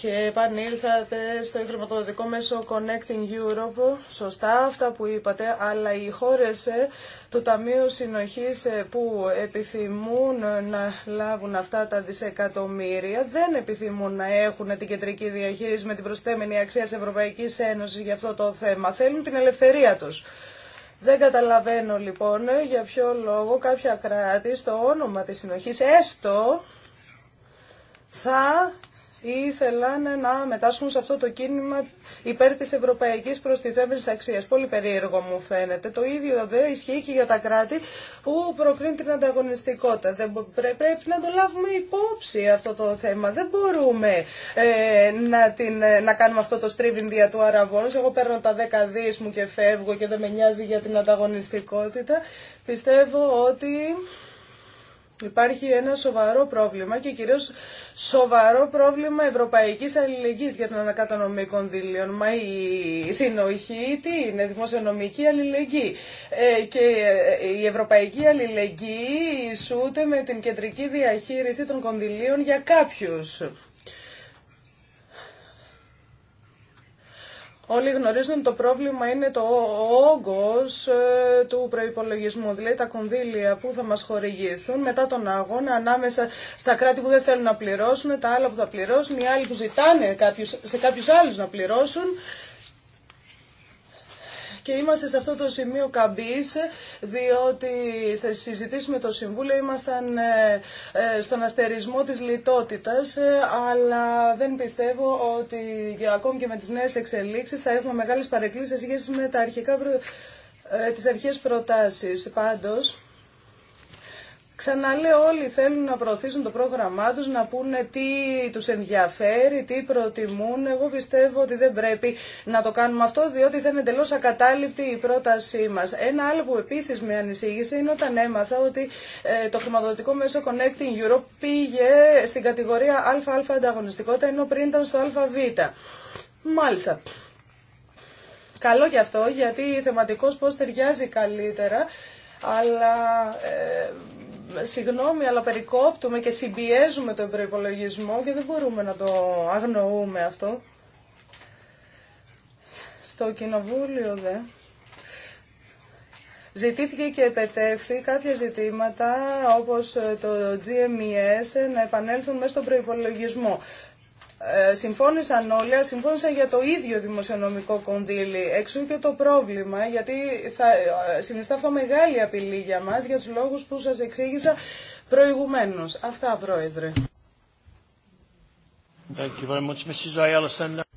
Και επανήλθατε στο χρηματοδοτικό μέσο Connecting Europe. Σωστά αυτά που είπατε, αλλά οι χώρες ε, του Ταμείου Συνοχής ε, που επιθυμούν να λάβουν αυτά τα δισεκατομμύρια δεν επιθυμούν να έχουν την κεντρική διαχείριση με την προστέμενη αξία της Ευρωπαϊκής Ένωσης για αυτό το θέμα. Θέλουν την ελευθερία τους. Δεν καταλαβαίνω λοιπόν για ποιο λόγο κάποια κράτη στο όνομα της συνοχής έστω θα ήθελαν να μετάσχουν σε αυτό το κίνημα υπέρ της ευρωπαϊκής προστιθέμενης αξίας. Πολύ περίεργο μου φαίνεται. Το ίδιο δε ισχύει και για τα κράτη που προκρίνει την ανταγωνιστικότητα. Δεν πρέπει να το λάβουμε υπόψη αυτό το θέμα. Δεν μπορούμε ε, να, την, ε, να κάνουμε αυτό το στρίβιν δια του αραβόνους. Εγώ παίρνω τα δέκα μου και φεύγω και δεν με νοιάζει για την ανταγωνιστικότητα. Πιστεύω ότι Υπάρχει ένα σοβαρό πρόβλημα και κυρίως σοβαρό πρόβλημα ευρωπαϊκής αλληλεγγύης για την ανακατανομή κονδύλιων. Μα η συνοχή τι είναι, δημοσιονομική αλληλεγγύη. Ε, και ε, η ευρωπαϊκή αλληλεγγύη ισούται με την κεντρική διαχείριση των κονδυλίων για κάποιους. Όλοι γνωρίζουν ότι το πρόβλημα είναι το όγκος ε, του προϋπολογισμού, δηλαδή τα κονδύλια που θα μας χορηγηθούν μετά τον αγώνα ανάμεσα στα κράτη που δεν θέλουν να πληρώσουν, τα άλλα που θα πληρώσουν, οι άλλοι που ζητάνε σε κάποιους άλλους να πληρώσουν. Και είμαστε σε αυτό το σημείο καμπής, διότι θα συζητήσεις με το Συμβούλιο ήμασταν ε, ε, στον αστερισμό της λιτότητας, ε, αλλά δεν πιστεύω ότι ακόμη και με τις νέες εξελίξεις θα έχουμε μεγάλες παρεκκλήσεις σε σχέση με τα αρχικά προ... τις προτάσεις. Πάντως, Ξαναλέω, όλοι θέλουν να προωθήσουν το πρόγραμμά τους, να πούνε τι τους ενδιαφέρει, τι προτιμούν. Εγώ πιστεύω ότι δεν πρέπει να το κάνουμε αυτό, διότι δεν είναι εντελώ ακατάληπτη η πρότασή μας. Ένα άλλο που επίσης με ανησύγησε είναι όταν έμαθα ότι ε, το χρηματοδοτικό μέσο Connecting Europe πήγε στην κατηγορία ΑΑ ανταγωνιστικότητα, ενώ πριν ήταν στο ΑΒ. Μάλιστα. Καλό και αυτό, γιατί θεματικός πώς ταιριάζει καλύτερα, αλλά... Ε, συγγνώμη, αλλά περικόπτουμε και συμπιέζουμε τον προπολογισμό και δεν μπορούμε να το αγνοούμε αυτό. Στο κοινοβούλιο δε. Ζητήθηκε και επετεύθη κάποια ζητήματα όπως το GMES να επανέλθουν μέσα στον προϋπολογισμό. Ε, συμφώνησαν όλοι, συμφώνησαν για το ίδιο δημοσιονομικό κονδύλι. έξω και το πρόβλημα, γιατί θα ε, συνιστά αυτό μεγάλη απειλή για μας, για τους λόγους που σας εξήγησα προηγουμένως. Αυτά, Πρόεδρε.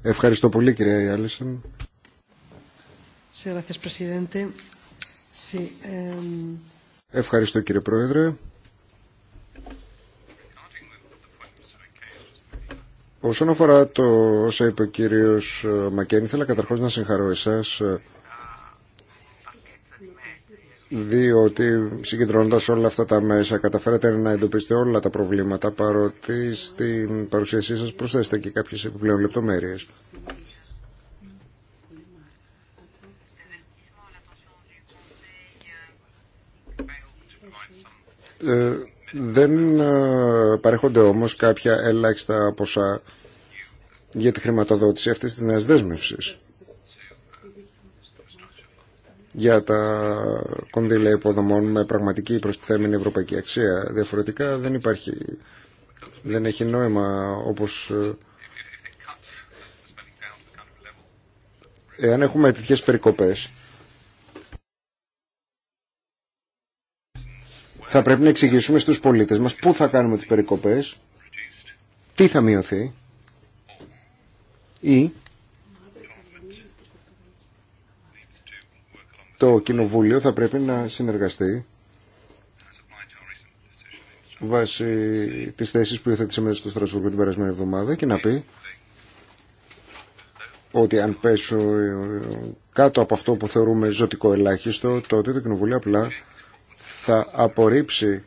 Ευχαριστώ πολύ, κυρία Ιάλισεν. Ευχαριστώ, κύριε Πρόεδρε. Όσον αφορά το όσα είπε ο κύριος ε, Μακένη, ήθελα καταρχώς να συγχαρώ εσάς ε, διότι συγκεντρώνοντας όλα αυτά τα μέσα καταφέρατε να εντοπίσετε όλα τα προβλήματα παρότι στην παρουσίασή σας προσθέσετε και κάποιες επιπλέον λεπτομέρειες. Ε, δεν ε, παρέχονται όμως κάποια ελάχιστα ποσά για τη χρηματοδότηση αυτής της νέας δέσμευσης για τα κονδύλια υποδομών με πραγματική προστιθέμενη ευρωπαϊκή αξία. Διαφορετικά δεν υπάρχει, δεν έχει νόημα όπως ε, εάν έχουμε τέτοιε περικοπές Θα πρέπει να εξηγήσουμε στους πολίτες μας πού θα κάνουμε τις περικοπές, τι θα μειωθεί ή το Κοινοβούλιο θα πρέπει να συνεργαστεί βάσει τις θέσεις που υιοθέτησε μέσα στο Στρασβούργο την περασμένη εβδομάδα και να πει ότι αν πέσω κάτω από αυτό που θεωρούμε ζωτικό ελάχιστο, τότε το Κοινοβούλιο απλά θα απορρίψει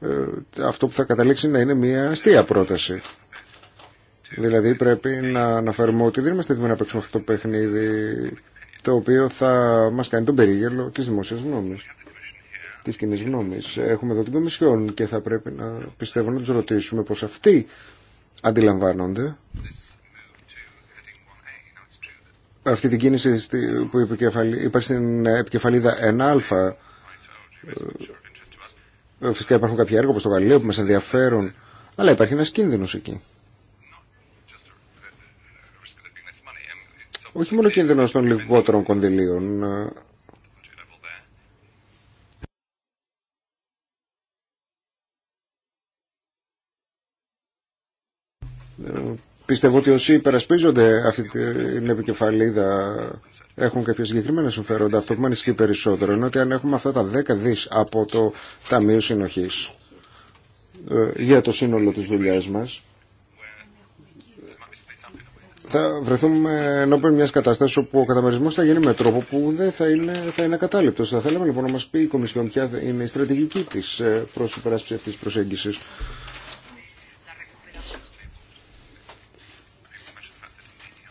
ε, αυτό που θα καταλήξει να είναι μια αστεία πρόταση. Δηλαδή πρέπει να αναφέρουμε ότι δεν είμαστε έτοιμοι να παίξουμε αυτό το παιχνίδι το οποίο θα μας κάνει τον περίγελο της δημόσιας γνώμης, της κοινή γνώμης. Έχουμε εδώ την Κομισιόν και θα πρέπει να πιστεύω να τους ρωτήσουμε πως αυτοί αντιλαμβάνονται αυτή την κίνηση που υπάρχει στην επικεφαλίδα 1α ε, φυσικά υπάρχουν κάποια έργα όπως το Γαλλίο που μας ενδιαφέρουν, αλλά υπάρχει ένας κίνδυνος εκεί. Όχι μόνο κίνδυνος των λιγότερων κονδυλίων, ε, Πιστεύω ότι όσοι υπερασπίζονται αυτή την επικεφαλίδα έχουν κάποια συγκεκριμένα συμφέροντα. Αυτό που με ανησυχεί περισσότερο είναι ότι αν έχουμε αυτά τα 10 δι από το Ταμείο Συνοχής ε, για το σύνολο τη δουλειά μα. θα βρεθούμε ενώπιον μια κατάσταση όπου ο καταμερισμό θα γίνει με τρόπο που δεν θα είναι, θα είναι Θα θέλαμε λοιπόν να μα πει η Κομισιόν ποια είναι η στρατηγική τη ε, προ υπεράσπιση αυτή τη προσέγγιση.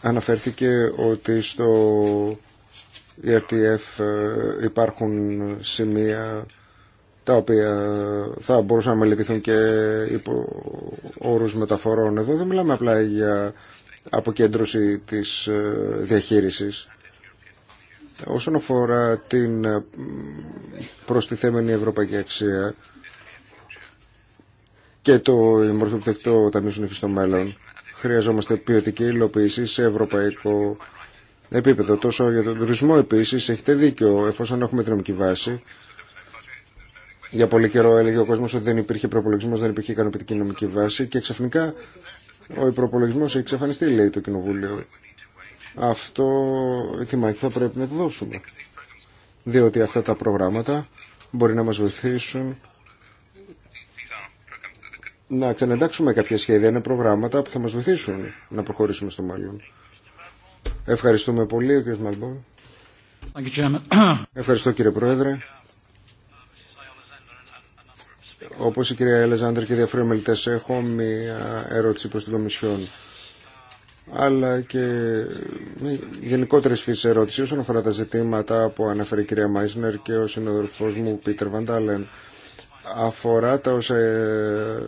Αναφέρθηκε ότι στο ERTF ε, υπάρχουν σημεία τα οποία θα μπορούσαν να μελετηθούν και υπό όρους μεταφορών. Εδώ δεν μιλάμε απλά για αποκέντρωση της ε, διαχείρισης. Όσον αφορά την ε, προστιθέμενη ευρωπαϊκή αξία και το μορφή που το Ταμείο το στο μέλλον, Χρειαζόμαστε ποιοτική υλοποίηση σε ευρωπαϊκό επίπεδο. Τόσο για τον τουρισμό επίσης έχετε δίκιο εφόσον έχουμε την νομική βάση. Για πολύ καιρό έλεγε ο κόσμος ότι δεν υπήρχε προπολογισμό, δεν υπήρχε ικανοποιητική νομική βάση και ξαφνικά ο προπολογισμό έχει εξαφανιστεί λέει το Κοινοβούλιο. Αυτό τη μάχη θα πρέπει να το δώσουμε. Διότι αυτά τα προγράμματα μπορεί να μας βοηθήσουν να ξανεντάξουμε κάποια σχέδια, είναι προγράμματα που θα μας βοηθήσουν να προχωρήσουμε στο μέλλον. Ευχαριστούμε πολύ, ο κ. <coughs> Ευχαριστώ κύριε Πρόεδρε. Όπως η κυρία Ελεζάνδρ και διαφορετικοί μελητές έχω μια ερώτηση προς την Κομισιόν αλλά και γενικότερη φύση ερώτηση όσον αφορά τα ζητήματα που αναφέρει η κυρία Μάισνερ και ο συνοδελφός μου Πίτερ Βαντάλεν αφορά τα όσα ε,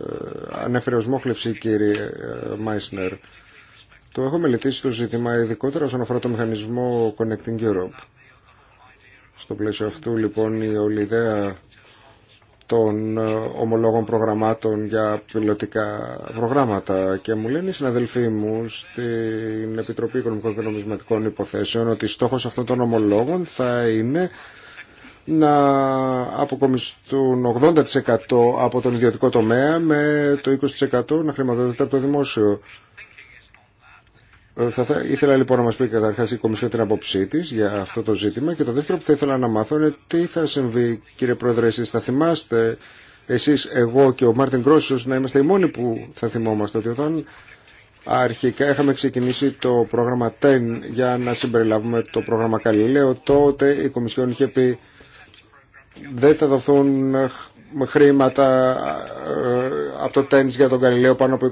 ανέφερε ως μόχλευση κύριε ε, Μάισνερ. Το έχω μελετήσει το ζήτημα ειδικότερα όσον αφορά το μηχανισμό Connecting Europe. Στο πλαίσιο αυτού λοιπόν η όλη ιδέα των ε, ομολόγων προγραμμάτων για πιλωτικά προγράμματα και μου λένε οι συναδελφοί μου στην Επιτροπή Οικονομικών και Νομισματικών Υποθέσεων ότι στόχος αυτών των ομολόγων θα είναι να αποκομιστούν 80% από τον ιδιωτικό τομέα με το 20% να χρηματοδοτείται από το δημόσιο. Ε, θα, θα, ήθελα λοιπόν να μας πει καταρχάς η Κομισιόν την απόψή τη για αυτό το ζήτημα και το δεύτερο που θα ήθελα να μάθω είναι τι θα συμβεί κύριε Πρόεδρε εσείς θα θυμάστε εσείς εγώ και ο Μάρτιν Κρόσιος να είμαστε οι μόνοι που θα θυμόμαστε ότι όταν αρχικά είχαμε ξεκινήσει το πρόγραμμα TEN για να συμπεριλάβουμε το πρόγραμμα Καλλιλέο τότε η Κομισιόν είχε πει δεν θα δοθούν χρήματα ε, από το τένις για τον Γαλιλαίο πάνω από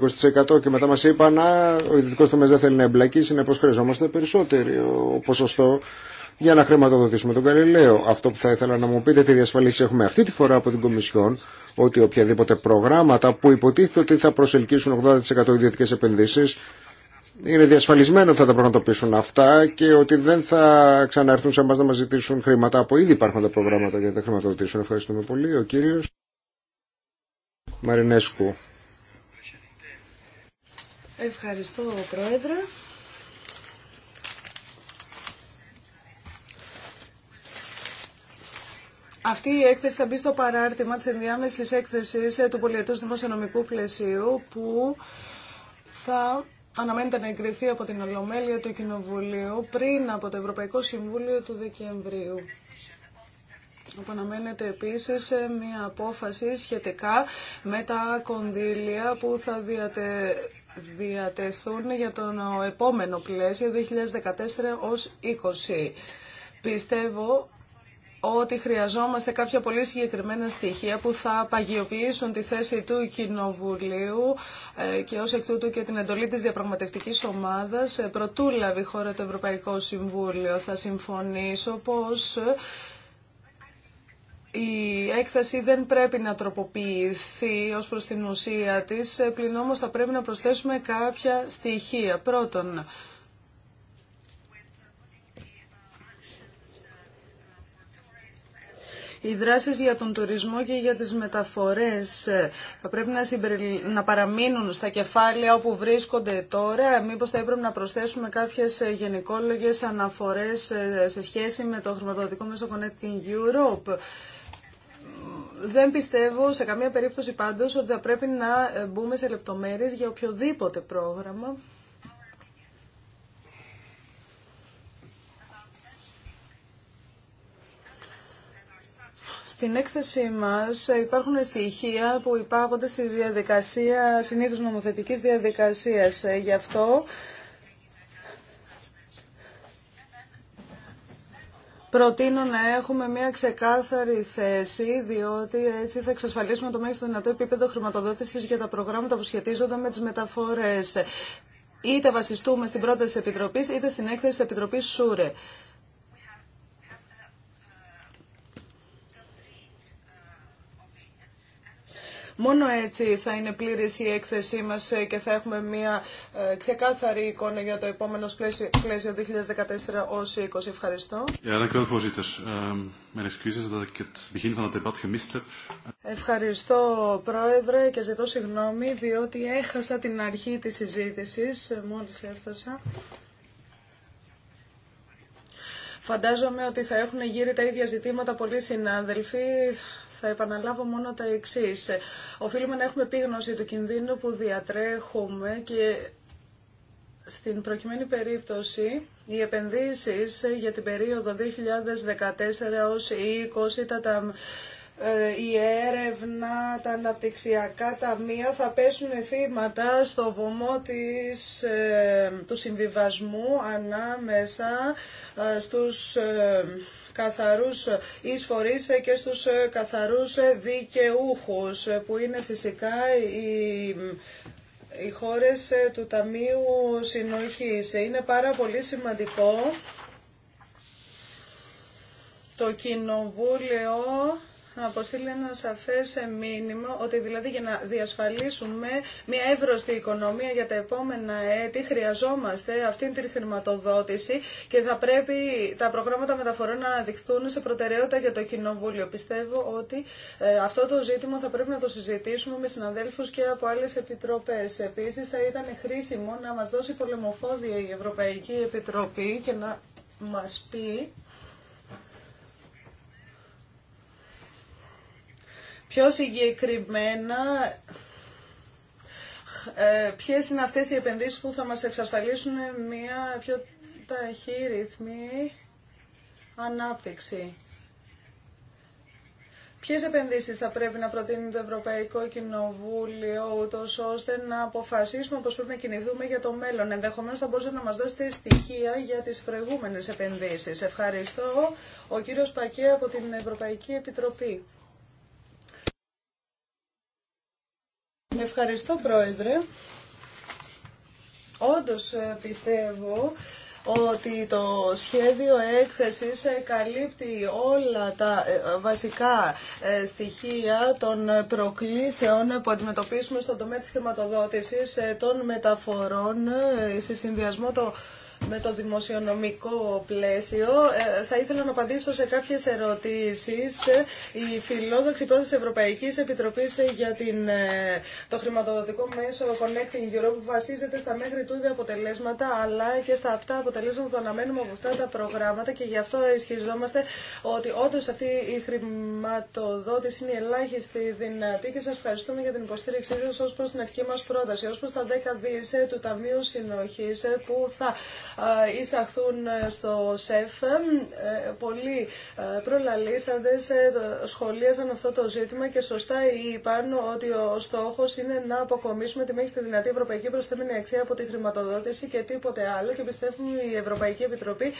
20% και μετά μας είπαν ο ιδιωτικός τομέας δεν θέλει να εμπλακεί συνεπώς χρειαζόμαστε περισσότερο ποσοστό για να χρηματοδοτήσουμε τον Γαλιλαίο. Αυτό που θα ήθελα να μου πείτε, τι διασφαλίσει έχουμε αυτή τη φορά από την Κομισιόν, ότι οποιαδήποτε προγράμματα που υποτίθεται ότι θα προσελκύσουν 80% ιδιωτικέ επενδύσει, είναι διασφαλισμένο ότι θα τα πραγματοποιήσουν αυτά και ότι δεν θα ξαναέρθουν σε εμά να μα ζητήσουν χρήματα από ήδη υπάρχοντα προγράμματα για να τα χρηματοδοτήσουν. Ευχαριστούμε πολύ. Ο κύριο Μαρινέσκου. Ευχαριστώ, Πρόεδρε. Αυτή η έκθεση θα μπει στο παράρτημα της ενδιάμεσης έκθεσης του πολιετούς δημοσιονομικού πλαισίου που θα αναμένεται να εγκριθεί από την Ολομέλεια του Κοινοβουλίου πριν από το Ευρωπαϊκό Συμβούλιο του Δεκεμβρίου. Αναμένεται επίσης μια απόφαση σχετικά με τα κονδύλια που θα διατεθούν για τον επόμενο πλαίσιο 2014 ως 20. Πιστεύω ότι χρειαζόμαστε κάποια πολύ συγκεκριμένα στοιχεία που θα παγιοποιήσουν τη θέση του Κοινοβουλίου ε, και ως εκ τούτου και την εντολή της διαπραγματευτικής ομάδας ε, προτού λάβει χώρα το Ευρωπαϊκό Συμβούλιο. Θα συμφωνήσω πως ε, η έκθεση δεν πρέπει να τροποποιηθεί ως προς την ουσία της, πλην όμως θα πρέπει να προσθέσουμε κάποια στοιχεία. Πρώτον, Οι δράσεις για τον τουρισμό και για τις μεταφορές ε, θα πρέπει να, συμπερι... να παραμείνουν στα κεφάλαια όπου βρίσκονται τώρα. Μήπως θα έπρεπε να προσθέσουμε κάποιες ε, γενικόλογες αναφορές ε, σε σχέση με το χρηματοδοτικό μέσο Connecting Europe. Δεν πιστεύω σε καμία περίπτωση πάντως ότι θα πρέπει να μπούμε σε λεπτομέρειες για οποιοδήποτε πρόγραμμα. Στην έκθεσή μας υπάρχουν στοιχεία που υπάγονται στη διαδικασία, συνήθως νομοθετικής διαδικασίας. Ε, γι' αυτό Προτείνω να έχουμε μια ξεκάθαρη θέση, διότι έτσι θα εξασφαλίσουμε το μέγιστο δυνατό επίπεδο χρηματοδότησης για τα προγράμματα που σχετίζονται με τις μεταφορές. Είτε βασιστούμε στην πρόταση της Επιτροπής, είτε στην έκθεση της Επιτροπής ΣΟΥΡΕ. Μόνο έτσι θα είναι πλήρη η έκθεσή μα και θα έχουμε μια ε, ξεκάθαρη εικόνα για το επόμενο πλαίσιο, 2014 ως 20. Ευχαριστώ. Ευχαριστώ, Πρόεδρε, και ζητώ συγγνώμη διότι έχασα την αρχή της συζήτησης μόλις έφτασα. Φαντάζομαι ότι θα έχουν γύρει τα ίδια ζητήματα πολλοί συνάδελφοι. Θα επαναλάβω μόνο τα εξή. Οφείλουμε να έχουμε επίγνωση του κινδύνου που διατρέχουμε και στην προκειμένη περίπτωση οι επενδύσεις για την περίοδο 2014 2020 τα ε, η έρευνα, τα αναπτυξιακά ταμεία θα πέσουν θύματα στο βωμό της, ε, του συμβιβασμού ανάμεσα ε, στους καθαρούς εισφορείς και στους καθαρούς δικαιούχους που είναι φυσικά οι οι χώρες του Ταμείου Συνοχής. Είναι πάρα πολύ σημαντικό το Κοινοβούλιο αποστείλει ένα σαφές μήνυμα ότι δηλαδή για να διασφαλίσουμε μια εύρωστη οικονομία για τα επόμενα έτη χρειαζόμαστε αυτή την χρηματοδότηση και θα πρέπει τα προγράμματα μεταφορών να αναδειχθούν σε προτεραιότητα για το Κοινοβούλιο. Πιστεύω ότι ε, αυτό το ζήτημα θα πρέπει να το συζητήσουμε με συναδέλφου και από άλλε επιτροπέ. Επίση, θα ήταν χρήσιμο να μα δώσει πολεμοφόδια η Ευρωπαϊκή Επιτροπή και να μα πει Πιο συγκεκριμένα, ε, ποιες είναι αυτές οι επενδύσεις που θα μας εξασφαλίσουν μια πιο ταχύ ρυθμή ανάπτυξη. Ποιες επενδύσεις θα πρέπει να προτείνει το Ευρωπαϊκό Κοινοβούλιο, ούτως ώστε να αποφασίσουμε πώς πρέπει να κινηθούμε για το μέλλον. Ενδεχομένως θα μπορούσατε να μας δώσετε στοιχεία για τις προηγούμενες επενδύσεις. Ευχαριστώ. Ο κύριος Πακέ από την Ευρωπαϊκή Επιτροπή. Ευχαριστώ, Πρόεδρε. Όντως ε, πιστεύω ότι το σχέδιο έκθεσης ε, καλύπτει όλα τα ε, βασικά στοιχεία των προκλήσεων που αντιμετωπίσουμε στον τομέα της χρηματοδότησης των μεταφορών σε συνδυασμό το με το δημοσιονομικό πλαίσιο. Ε, θα ήθελα να απαντήσω σε κάποιες ερωτήσεις. Ε, η φιλόδοξη πρόταση Ευρωπαϊκής Επιτροπής για την, ε, το χρηματοδοτικό μέσο Connecting Europe βασίζεται στα μέχρι τούδε αποτελέσματα αλλά και στα αυτά αποτελέσματα που αναμένουμε από αυτά τα προγράμματα και γι' αυτό ισχυριζόμαστε ότι όντω αυτή η χρηματοδότηση είναι ελάχιστη δυνατή και σας ευχαριστούμε για την υποστήριξή σα ω προς την αρχική μας πρόταση, ω προ τα 10 δις του Ταμείου συνοχή που θα εισαχθούν ε, στο ΣΕΦ. Ε, πολλοί ε, προλαλήσαντες σχολίασαν αυτό το ζήτημα και σωστά είπαν ότι ο στόχος είναι να αποκομίσουμε τη τη δυνατή ευρωπαϊκή προσθέμενη αξία από τη χρηματοδότηση και τίποτε άλλο και πιστεύουμε η Ευρωπαϊκή Επιτροπή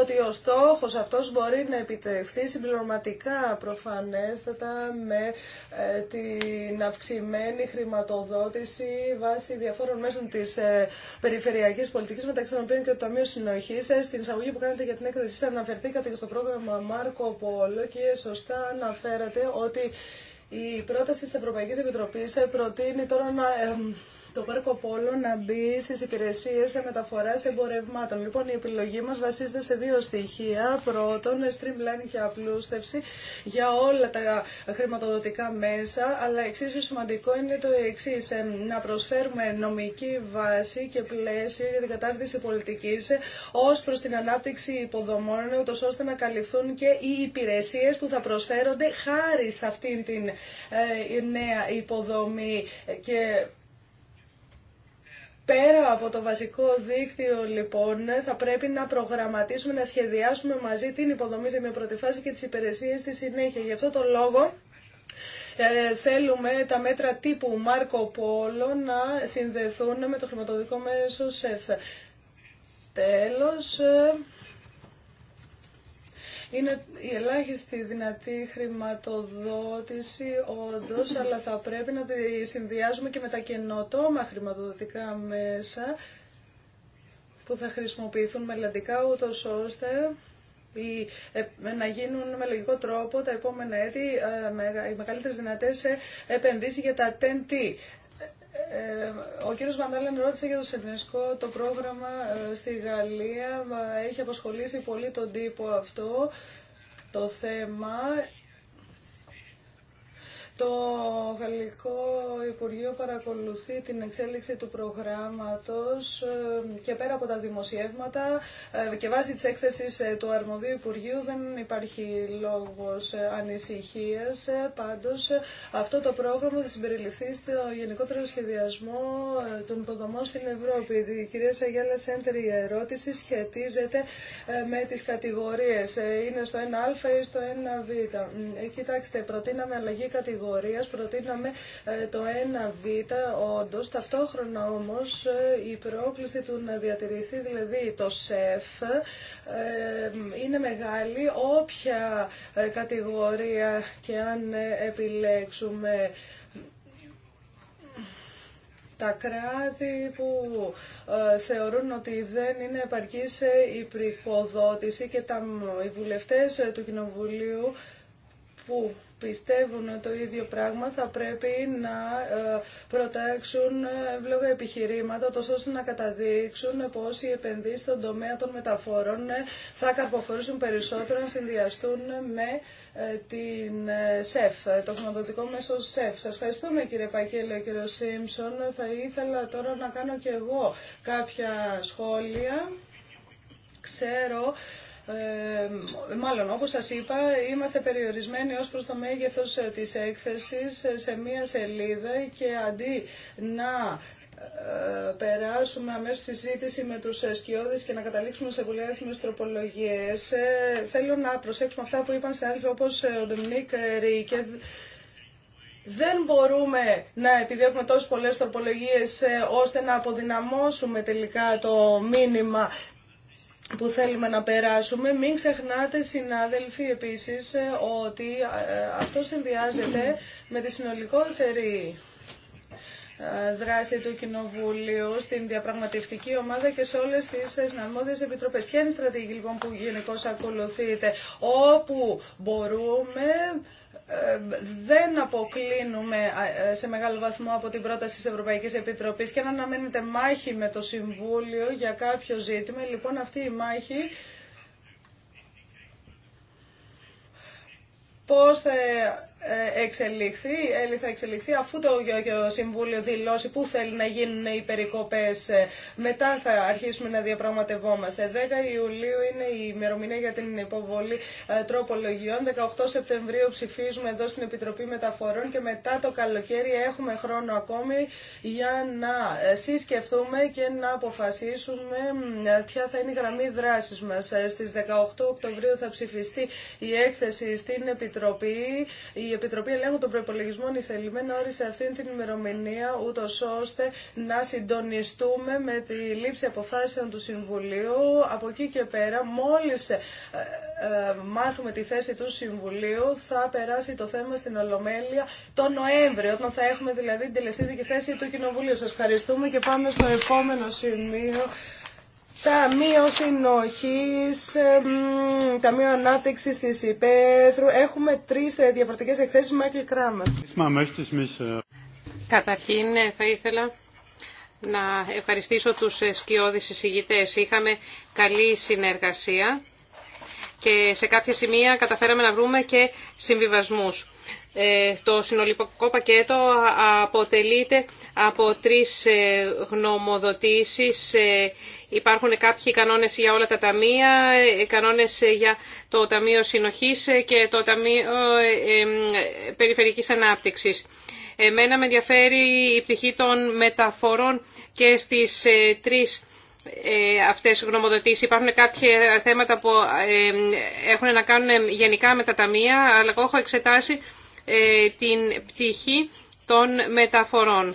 ότι ο στόχος αυτός μπορεί να επιτευχθεί συμπληρωματικά προφανέστατα με την αυξημένη χρηματοδότηση βάσει διαφόρων μέσων της περιφερειακής πολιτικής μεταξύ των οποίων και το Ταμείο Συνοχή. Ε, στην εισαγωγή που κάνετε για την έκθεση αναφερθήκατε και στο πρόγραμμα Μάρκο Πόλο και σωστά αναφέρατε ότι η πρόταση τη Ευρωπαϊκή Επιτροπή ε, προτείνει τώρα να το Πάρκο Πόλο να μπει στι υπηρεσίε μεταφορά εμπορευμάτων. Λοιπόν, η επιλογή μα βασίζεται σε δύο στοιχεία. Πρώτον, streamlining και απλούστευση για όλα τα χρηματοδοτικά μέσα, αλλά εξίσου σημαντικό είναι το εξή ε, να προσφέρουμε νομική βάση και πλαίσιο για την κατάρτιση πολιτική ω προ την ανάπτυξη υποδομών, ούτω ώστε να καλυφθούν και οι υπηρεσίε που θα προσφέρονται χάρη σε αυτήν την ε, νέα υποδομή και Πέρα από το βασικό δίκτυο, λοιπόν, θα πρέπει να προγραμματίσουμε, να σχεδιάσουμε μαζί την υποδομή σε μια πρώτη φάση και τις υπηρεσίες στη συνέχεια. Γι' αυτό το λόγο ε, θέλουμε τα μέτρα τύπου Μάρκο Πόλο να συνδεθούν με το χρηματοδοτικό μέσο ΣΕΦ. Τέλος... Ε, είναι η ελάχιστη δυνατή χρηματοδότηση όντω, <coughs> αλλά θα πρέπει να τη συνδυάζουμε και με τα καινοτόμα χρηματοδοτικά μέσα που θα χρησιμοποιηθούν μελλοντικά ούτω ώστε ε, να γίνουν με λογικό τρόπο τα επόμενα έτη ε, οι μεγαλύτερες δυνατές επενδύσεις για τα TEN-T. Ε, ο κύριος Βαντάλεν ρώτησε για το Σενέσκο. Το πρόγραμμα ε, στη Γαλλία έχει απασχολήσει πολύ τον τύπο αυτό το θέμα. Το Γαλλικό Υπουργείο παρακολουθεί την εξέλιξη του προγράμματος ε, και πέρα από τα δημοσιεύματα ε, και βάσει της έκθεσης ε, του Αρμοδίου Υπουργείου δεν υπάρχει λόγος ανησυχίας. Πάντως αυτό το πρόγραμμα θα συμπεριληφθεί στο γενικότερο σχεδιασμό των υποδομών στην Ευρώπη. Η κυρία Σαγέλα Σέντερ η ερώτηση σχετίζεται με τις κατηγορίες. Είναι στο 1α ή στο 1β. Κοιτάξτε, προτείναμε αλλαγή κατηγορία προτείναμε ε, το 1β όντω, Ταυτόχρονα όμως ε, η πρόκληση του να διατηρηθεί δηλαδή το ΣΕΦ ε, είναι μεγάλη όποια κατηγορία και αν επιλέξουμε τα κράτη που θεωρούν ότι δεν είναι επαρκή σε η και τα, οι βουλευτές του Κοινοβουλίου που πιστεύουν το ίδιο πράγμα θα πρέπει να ε, προτάξουν ευλόγα επιχειρήματα τόσο ώστε να καταδείξουν πως οι επενδύσεις στον τομέα των μεταφορών ε, θα καρποφορήσουν περισσότερο να συνδυαστούν με ε, την ΣΕΦ, το χρηματοδοτικό μέσο ΣΕΦ. Σας ευχαριστούμε κύριε Πακέλε, κύριο Σίμψον. Θα ήθελα τώρα να κάνω και εγώ κάποια σχόλια. Ξέρω ε, μάλλον, όπως σας είπα, είμαστε περιορισμένοι ως προς το μέγεθος ε, της έκθεσης ε, σε μία σελίδα και αντί να περάσουμε αμέσως στη συζήτηση με τους σκιώδεις και να καταλήξουμε σε πολλές τροπολογίες. Θέλω να προσέξουμε αυτά που είπαν συνάδελφοι όπως ο Ντομινίκ Ρίκε. Δεν μπορούμε να επιδιώκουμε τόσες πολλές τροπολογίες ώστε να αποδυναμώσουμε τελικά το μήνυμα που θέλουμε να περάσουμε. Μην ξεχνάτε συνάδελφοι επίσης ε, ότι ε, αυτό συνδυάζεται με τη συνολικότερη ε, δράση του Κοινοβουλίου στην διαπραγματευτική ομάδα και σε όλες τις συναρμόδιες επιτροπές. Ποια είναι η στρατηγική λοιπόν που γενικώ ακολουθείτε, όπου μπορούμε δεν αποκλίνουμε ε, σε μεγάλο βαθμό από την πρόταση της Ευρωπαϊκής Επιτροπής και να αναμένεται μάχη με το Συμβούλιο για κάποιο ζήτημα. Λοιπόν, αυτή η μάχη πώς θα ε, εξελιχθεί, ε, θα εξελιχθεί αφού το Συμβούλιο δηλώσει πού θέλει να γίνουν οι περικοπές. Ε, μετά θα αρχίσουμε να διαπραγματευόμαστε. 10 Ιουλίου είναι η ημερομηνία για την υποβολή τροπολογιών. 18 Σεπτεμβρίου ψηφίζουμε εδώ στην Επιτροπή Μεταφορών και μετά το καλοκαίρι έχουμε χρόνο ακόμη για να συσκεφθούμε και να αποφασίσουμε ποια θα είναι η γραμμή δράσης μας. Στις 18 Οκτωβρίου θα ψηφιστεί η έκθεση στην Επιτροπή. Η Επιτροπή Ελέγχου των Προπολογισμών Θελημένη όρισε αυτήν την ημερομηνία, ούτω ώστε να συντονιστούμε με τη λήψη αποφάσεων του Συμβουλίου. Από εκεί και πέρα, μόλι ε, ε, μάθουμε τη θέση του Συμβουλίου, θα περάσει το θέμα στην Ολομέλεια το Νοέμβριο, όταν θα έχουμε δηλαδή την τελεσίδικη θέση του Κοινοβουλίου. Σα ευχαριστούμε και πάμε στο επόμενο σημείο. Ταμείο τα Ταμείο ανάπτυξη τη Υπέθρου. Έχουμε τρεις διαφορετικές εκθέσεις, Μάικλ Κράμερ. Καταρχήν ε, θα ήθελα να ευχαριστήσω τους σκιώδει εισηγητές. Είχαμε καλή συνεργασία και σε κάποια σημεία καταφέραμε να βρούμε και συμβιβασμούς. Ε, το συνολικό πακέτο αποτελείται από τρεις ε, γνωμοδοτήσεις. Ε, υπάρχουν κάποιοι κανόνες για όλα τα ταμεία, κανόνες για το Ταμείο Συνοχής και το Ταμείο Περιφερικής Ανάπτυξης. Εμένα με ενδιαφέρει η πτυχή των μεταφορών και στις τρεις αυτές γνωμοδοτήσεις. Υπάρχουν κάποια θέματα που έχουν να κάνουν γενικά με τα ταμεία, αλλά έχω εξετάσει ε, την πτυχή των μεταφορών.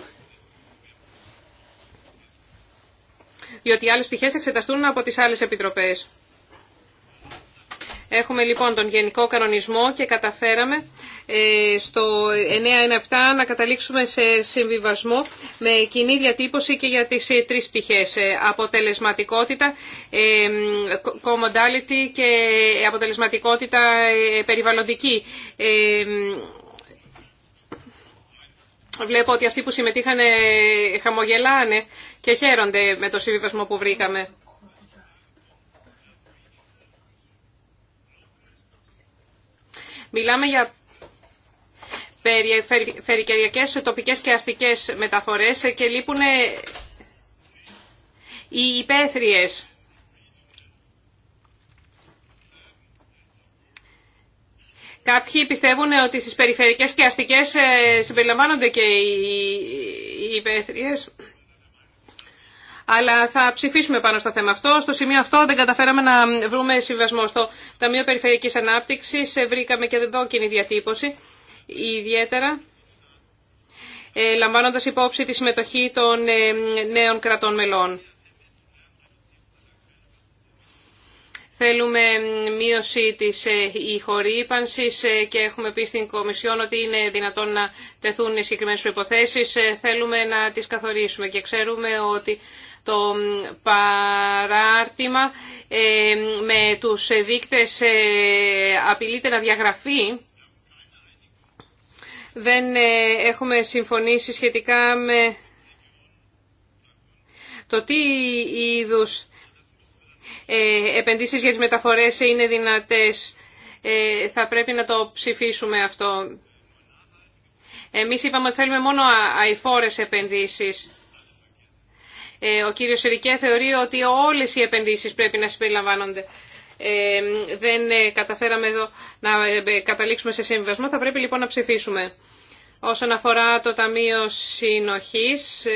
Διότι οι άλλες πτυχές εξεταστούν από τις άλλες επιτροπές. Έχουμε λοιπόν τον γενικό κανονισμό και καταφέραμε ε, στο 9-1-7 να καταλήξουμε σε συμβιβασμό με κοινή διατύπωση και για τις ε, τρεις πτυχές. Αποτελεσματικότητα, commodality και αποτελεσματικότητα περιβαλλοντική. Βλέπω ότι αυτοί που συμμετείχαν χαμογελάνε και χαίρονται με το συμβιβασμό που βρήκαμε. Μιλάμε για περιφερειακές, τοπικές και αστικές μεταφορές και λείπουν οι υπαίθριες. Κάποιοι πιστεύουν ότι στις περιφερειακές και αστικές ε, συμπεριλαμβάνονται και οι υπαίθριες. Αλλά θα ψηφίσουμε πάνω στο θέμα αυτό. Στο σημείο αυτό δεν καταφέραμε να βρούμε συμβασμό στο Ταμείο Περιφερειακής Ανάπτυξης. Ε, βρήκαμε και εδώ κοινή διατύπωση. Ιδιαίτερα ε, λαμβάνοντας υπόψη τη συμμετοχή των νέων κρατών μελών. Θέλουμε μείωση της ε, ηχορύπανσης ε, και έχουμε πει στην Κομισιόν ότι είναι δυνατόν να τεθούν συγκεκριμένε προϋποθέσεις. Ε, θέλουμε να τις καθορίσουμε και ξέρουμε ότι το παράρτημα με τους δείκτες απειλείται να διαγραφεί. Δεν έχουμε συμφωνήσει σχετικά με το τι είδους ε, επενδύσεις για τις μεταφορές είναι δυνατές. Ε, θα πρέπει να το ψηφίσουμε αυτό. Εμείς είπαμε ότι θέλουμε μόνο αηφόρες επενδύσεις. Ε, ο κύριος Σερικέ θεωρεί ότι όλες οι επενδύσεις πρέπει να συμπεριλαμβάνονται. Δεν καταφέραμε εδώ να καταλήξουμε σε συμβασμό. Θα πρέπει λοιπόν να ψηφίσουμε. Όσον αφορά το Ταμείο Συνοχής,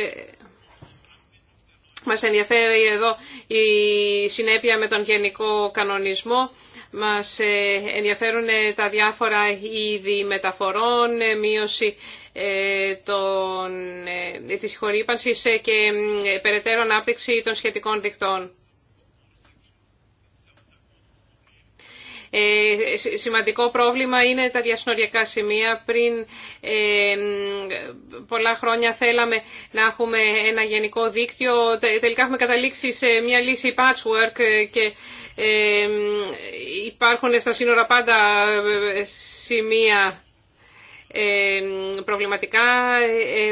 μας ενδιαφέρει εδώ η συνέπεια με τον γενικό κανονισμό. Μας ε, ενδιαφέρουν ε, τα διάφορα είδη μεταφορών, ε, μείωση των, της χορύπανσης και περαιτέρω ανάπτυξη των σχετικών δικτών. Ε, σημαντικό πρόβλημα είναι τα διασνοριακά σημεία. Πριν ε, πολλά χρόνια θέλαμε να έχουμε ένα γενικό δίκτυο. Τελικά έχουμε καταλήξει σε μια λύση patchwork και ε, υπάρχουν στα σύνορα πάντα σημεία προβληματικά.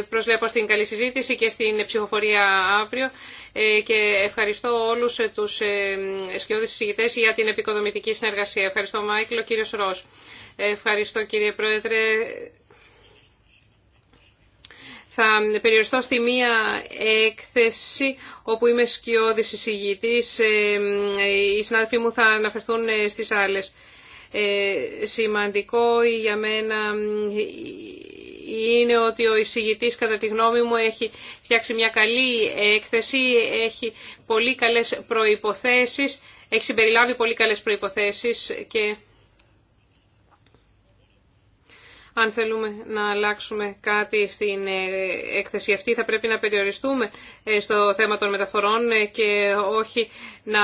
Προσλέπω στην καλή συζήτηση και στην ψηφοφορία αύριο. Ε, και ευχαριστώ όλους ε, τους ε, σκιώδεις συζητητές για την επικοδομητική συνεργασία. Ευχαριστώ Μάικλ, ο κύριος Ρος. Ευχαριστώ κύριε Πρόεδρε. Θα περιοριστώ στη μία έκθεση όπου είμαι σκιώδης εισηγητής. Οι συνάδελφοί μου θα αναφερθούν στις άλλες. Σημαντικό για μένα είναι ότι ο εισηγητής κατά τη γνώμη μου έχει φτιάξει μια καλή έκθεση, έχει πολύ καλές προϋποθέσεις, έχει συμπεριλάβει πολύ καλές προϋποθέσεις και Αν θέλουμε να αλλάξουμε κάτι στην ε, έκθεση αυτή θα πρέπει να περιοριστούμε ε, στο θέμα των μεταφορών ε, και όχι να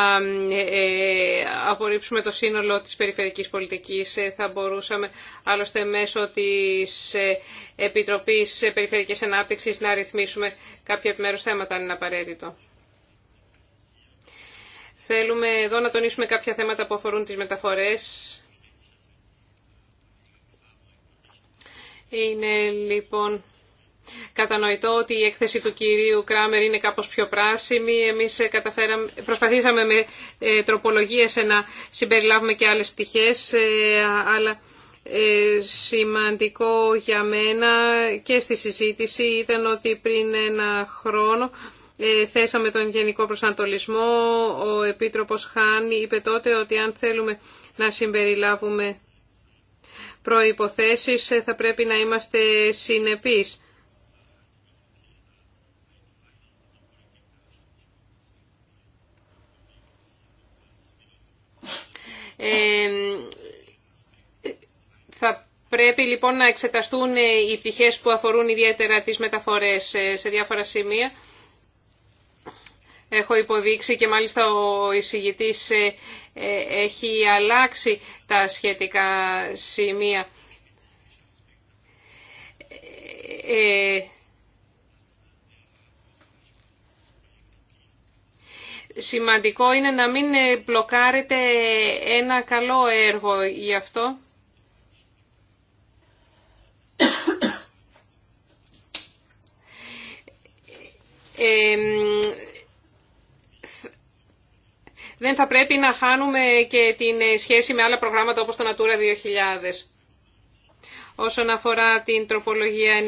απορρίψουμε το σύνολο της περιφερειακής πολιτικής. Θα μπορούσαμε άλλωστε μέσω της Επιτροπής Περιφερειακής Ανάπτυξης να ρυθμίσουμε κάποια επιμέρους θέματα αν είναι απαραίτητο. Θέλουμε εδώ να τονίσουμε κάποια θέματα που αφορούν τις μεταφορές Είναι λοιπόν κατανοητό ότι η έκθεση του κυρίου Κράμερ είναι κάπως πιο πράσινη. Εμείς ε, προσπαθήσαμε με ε, τροπολογίες ε, να συμπεριλάβουμε και άλλες πτυχές, αλλά σημαντικό για μένα και στη συζήτηση ήταν ότι πριν ένα χρόνο θέσαμε τον γενικό προσανατολισμό. Ο Επίτροπος Χάνη είπε τότε ότι αν θέλουμε να συμπεριλάβουμε προϋποθέσεις ε, θα πρέπει να είμαστε συνεπείς. θα πρέπει λοιπόν να εξεταστούν ε, οι πτυχές που αφορούν ιδιαίτερα τις μεταφορές ε, σε διάφορα σημεία. Έχω υποδείξει και μάλιστα ο εισηγητής ε, έχει αλλάξει τα σχετικά σημεία. Ε, σημαντικό είναι να μην μπλοκάρετε ένα καλό έργο γι' αυτό. Ε, δεν θα πρέπει να χάνουμε και την ε, σχέση με άλλα προγράμματα όπως το Natura 2000. Όσον αφορά την τροπολογία 91,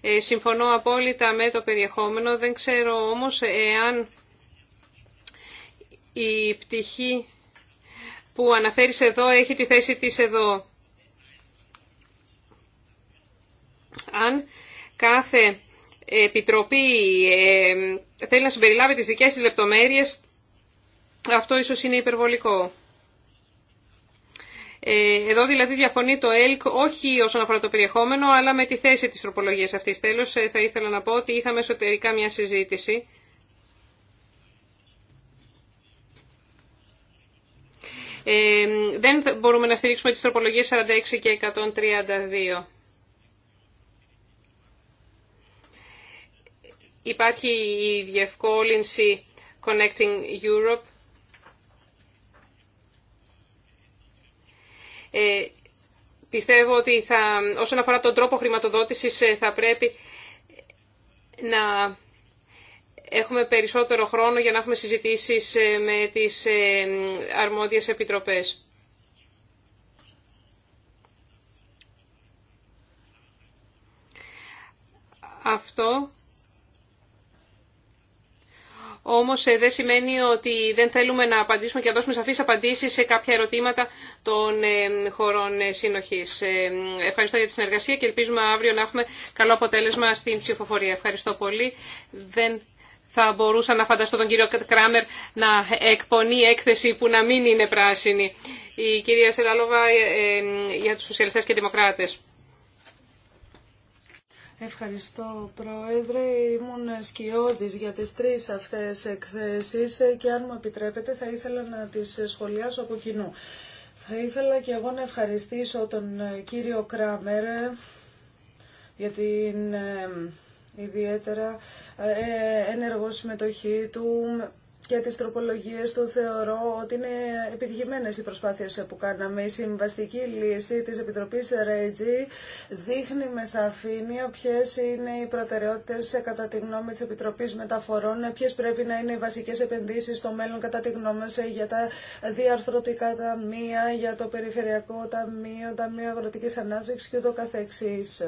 ε, συμφωνώ απόλυτα με το περιεχόμενο, δεν ξέρω όμως εάν η πτυχή που αναφέρεις εδώ έχει τη θέση της εδώ. Αν κάθε επιτροπή ε, θέλει να συμπεριλάβει τις δικές της λεπτομέρειες, αυτό ίσως είναι υπερβολικό. Ε, εδώ δηλαδή διαφωνεί το ΕΛΚ όχι όσον αφορά το περιεχόμενο αλλά με τη θέση της τροπολογίας αυτής. Τέλος ε, θα ήθελα να πω ότι είχαμε εσωτερικά μια συζήτηση Ε, δεν μπορούμε να στηρίξουμε τις τροπολογίες 46 και 132. Υπάρχει η διευκόλυνση Connecting Europe Ε, πιστεύω ότι θα, όσον αφορά τον τρόπο χρηματοδότησης ε, θα πρέπει να έχουμε περισσότερο χρόνο για να έχουμε συζητήσεις ε, με τις αρμόδιες επιτροπές. Αυτό όμως ε, δεν σημαίνει ότι δεν θέλουμε να απαντήσουμε και να δώσουμε σαφεί απαντήσεις σε κάποια ερωτήματα των ε, χωρών ε, συνοχής. Ευχαριστώ για τη συνεργασία και ελπίζουμε αύριο να έχουμε καλό αποτέλεσμα στην ψηφοφορία. Ευχαριστώ πολύ. Δεν θα μπορούσα να φανταστώ τον κύριο Κράμερ να εκπονεί έκθεση που να μην είναι πράσινη. Η κυρία Σελαλόβα για τους σοσιαλιστές και δημοκράτες. Ευχαριστώ Πρόεδρε. Ήμουν σκιώδης για τις τρεις αυτές εκθέσεις και αν μου επιτρέπετε θα ήθελα να τις σχολιάσω από κοινού. Θα ήθελα και εγώ να ευχαριστήσω τον ε, κύριο Κράμερ ε, για την ε, ιδιαίτερα ένεργο συμμετοχή του και τις τροπολογίες του θεωρώ ότι είναι επιτυχημένες οι προσπάθειες που κάναμε. Η συμβαστική λύση της Επιτροπής Ρέτζη δείχνει με σαφήνεια ποιες είναι οι προτεραιότητες κατά τη γνώμη της Επιτροπής Μεταφορών, ποιες πρέπει να είναι οι βασικές επενδύσεις στο μέλλον κατά τη γνώμη μας για τα διαρθρωτικά ταμεία, για το περιφερειακό ταμείο, ταμείο αγροτικής ανάπτυξης και ούτω καθεξής.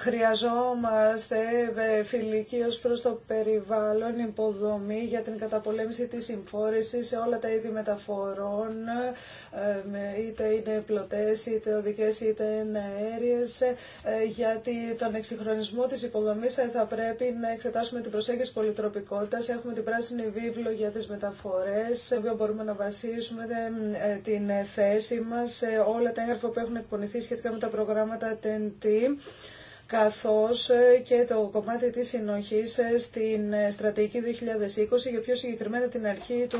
Χρειαζόμαστε φιλική ως προς το περιβάλλον υποδομή για την καταπολέμηση της συμφόρησης σε όλα τα είδη μεταφορών, είτε είναι πλωτές, είτε οδικές, είτε είναι αέριες, ε, γιατί τον εξυγχρονισμό της υποδομής ε, θα πρέπει να εξετάσουμε την προσέγγιση πολυτροπικότητας. Έχουμε την πράσινη βίβλο για τις μεταφορές, στο οποίο μπορούμε να βασίσουμε ε, την θέση μας σε όλα τα έγγραφα που έχουν εκπονηθεί σχετικά με τα προγράμματα TNT καθώς ε, και το κομμάτι της συνοχής ε, στην ε, στρατηγική 2020 για πιο συγκεκριμένα την αρχή του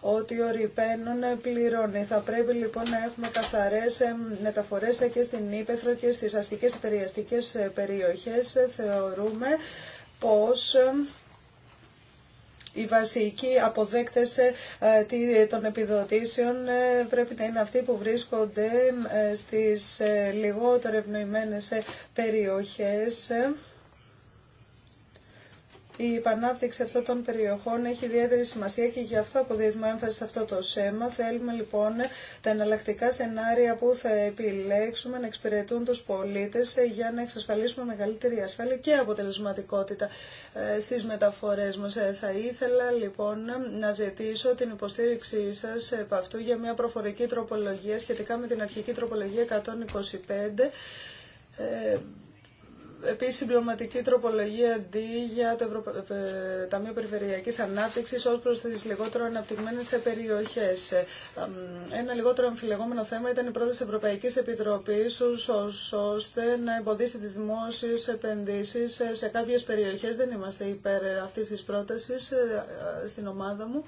ότι ο Ριπένων πληρώνει. Θα πρέπει λοιπόν να έχουμε καθαρές μεταφορές και στην Ήπεθρο και στις αστικές περιαστικές περιοχές. Θεωρούμε πως οι βασικοί αποδέκτες ε, των επιδοτήσεων ε, πρέπει να είναι αυτοί που βρίσκονται ε, στις λιγότερο ευνοημένες περιοχές η επανάπτυξη αυτών των περιοχών έχει ιδιαίτερη σημασία και γι' αυτό αποδίδουμε έμφαση σε αυτό το σέμα. Θέλουμε λοιπόν τα εναλλακτικά σενάρια που θα επιλέξουμε να εξυπηρετούν τους πολίτες ε, για να εξασφαλίσουμε μεγαλύτερη ασφάλεια και αποτελεσματικότητα ε, στις μεταφορές μας. Ε, θα ήθελα λοιπόν να ζητήσω την υποστήριξή σας επ' αυτού για μια προφορική τροπολογία σχετικά με την αρχική τροπολογία 125 Επίσης, συμπληρωματική τροπολογία αντί για το ε, ε, Ταμείο Περιφερειακής Ανάπτυξης ως προς τις λιγότερο αναπτυγμένες περιοχές. Ε, ένα λιγότερο αμφιλεγόμενο θέμα ήταν η πρόταση Ευρωπαϊκής Επιτροπής ώστε να εμποδίσει τις δημόσιες επενδύσεις σε κάποιες περιοχές. Δεν είμαστε υπέρ αυτής της πρότασης στην ομάδα μου,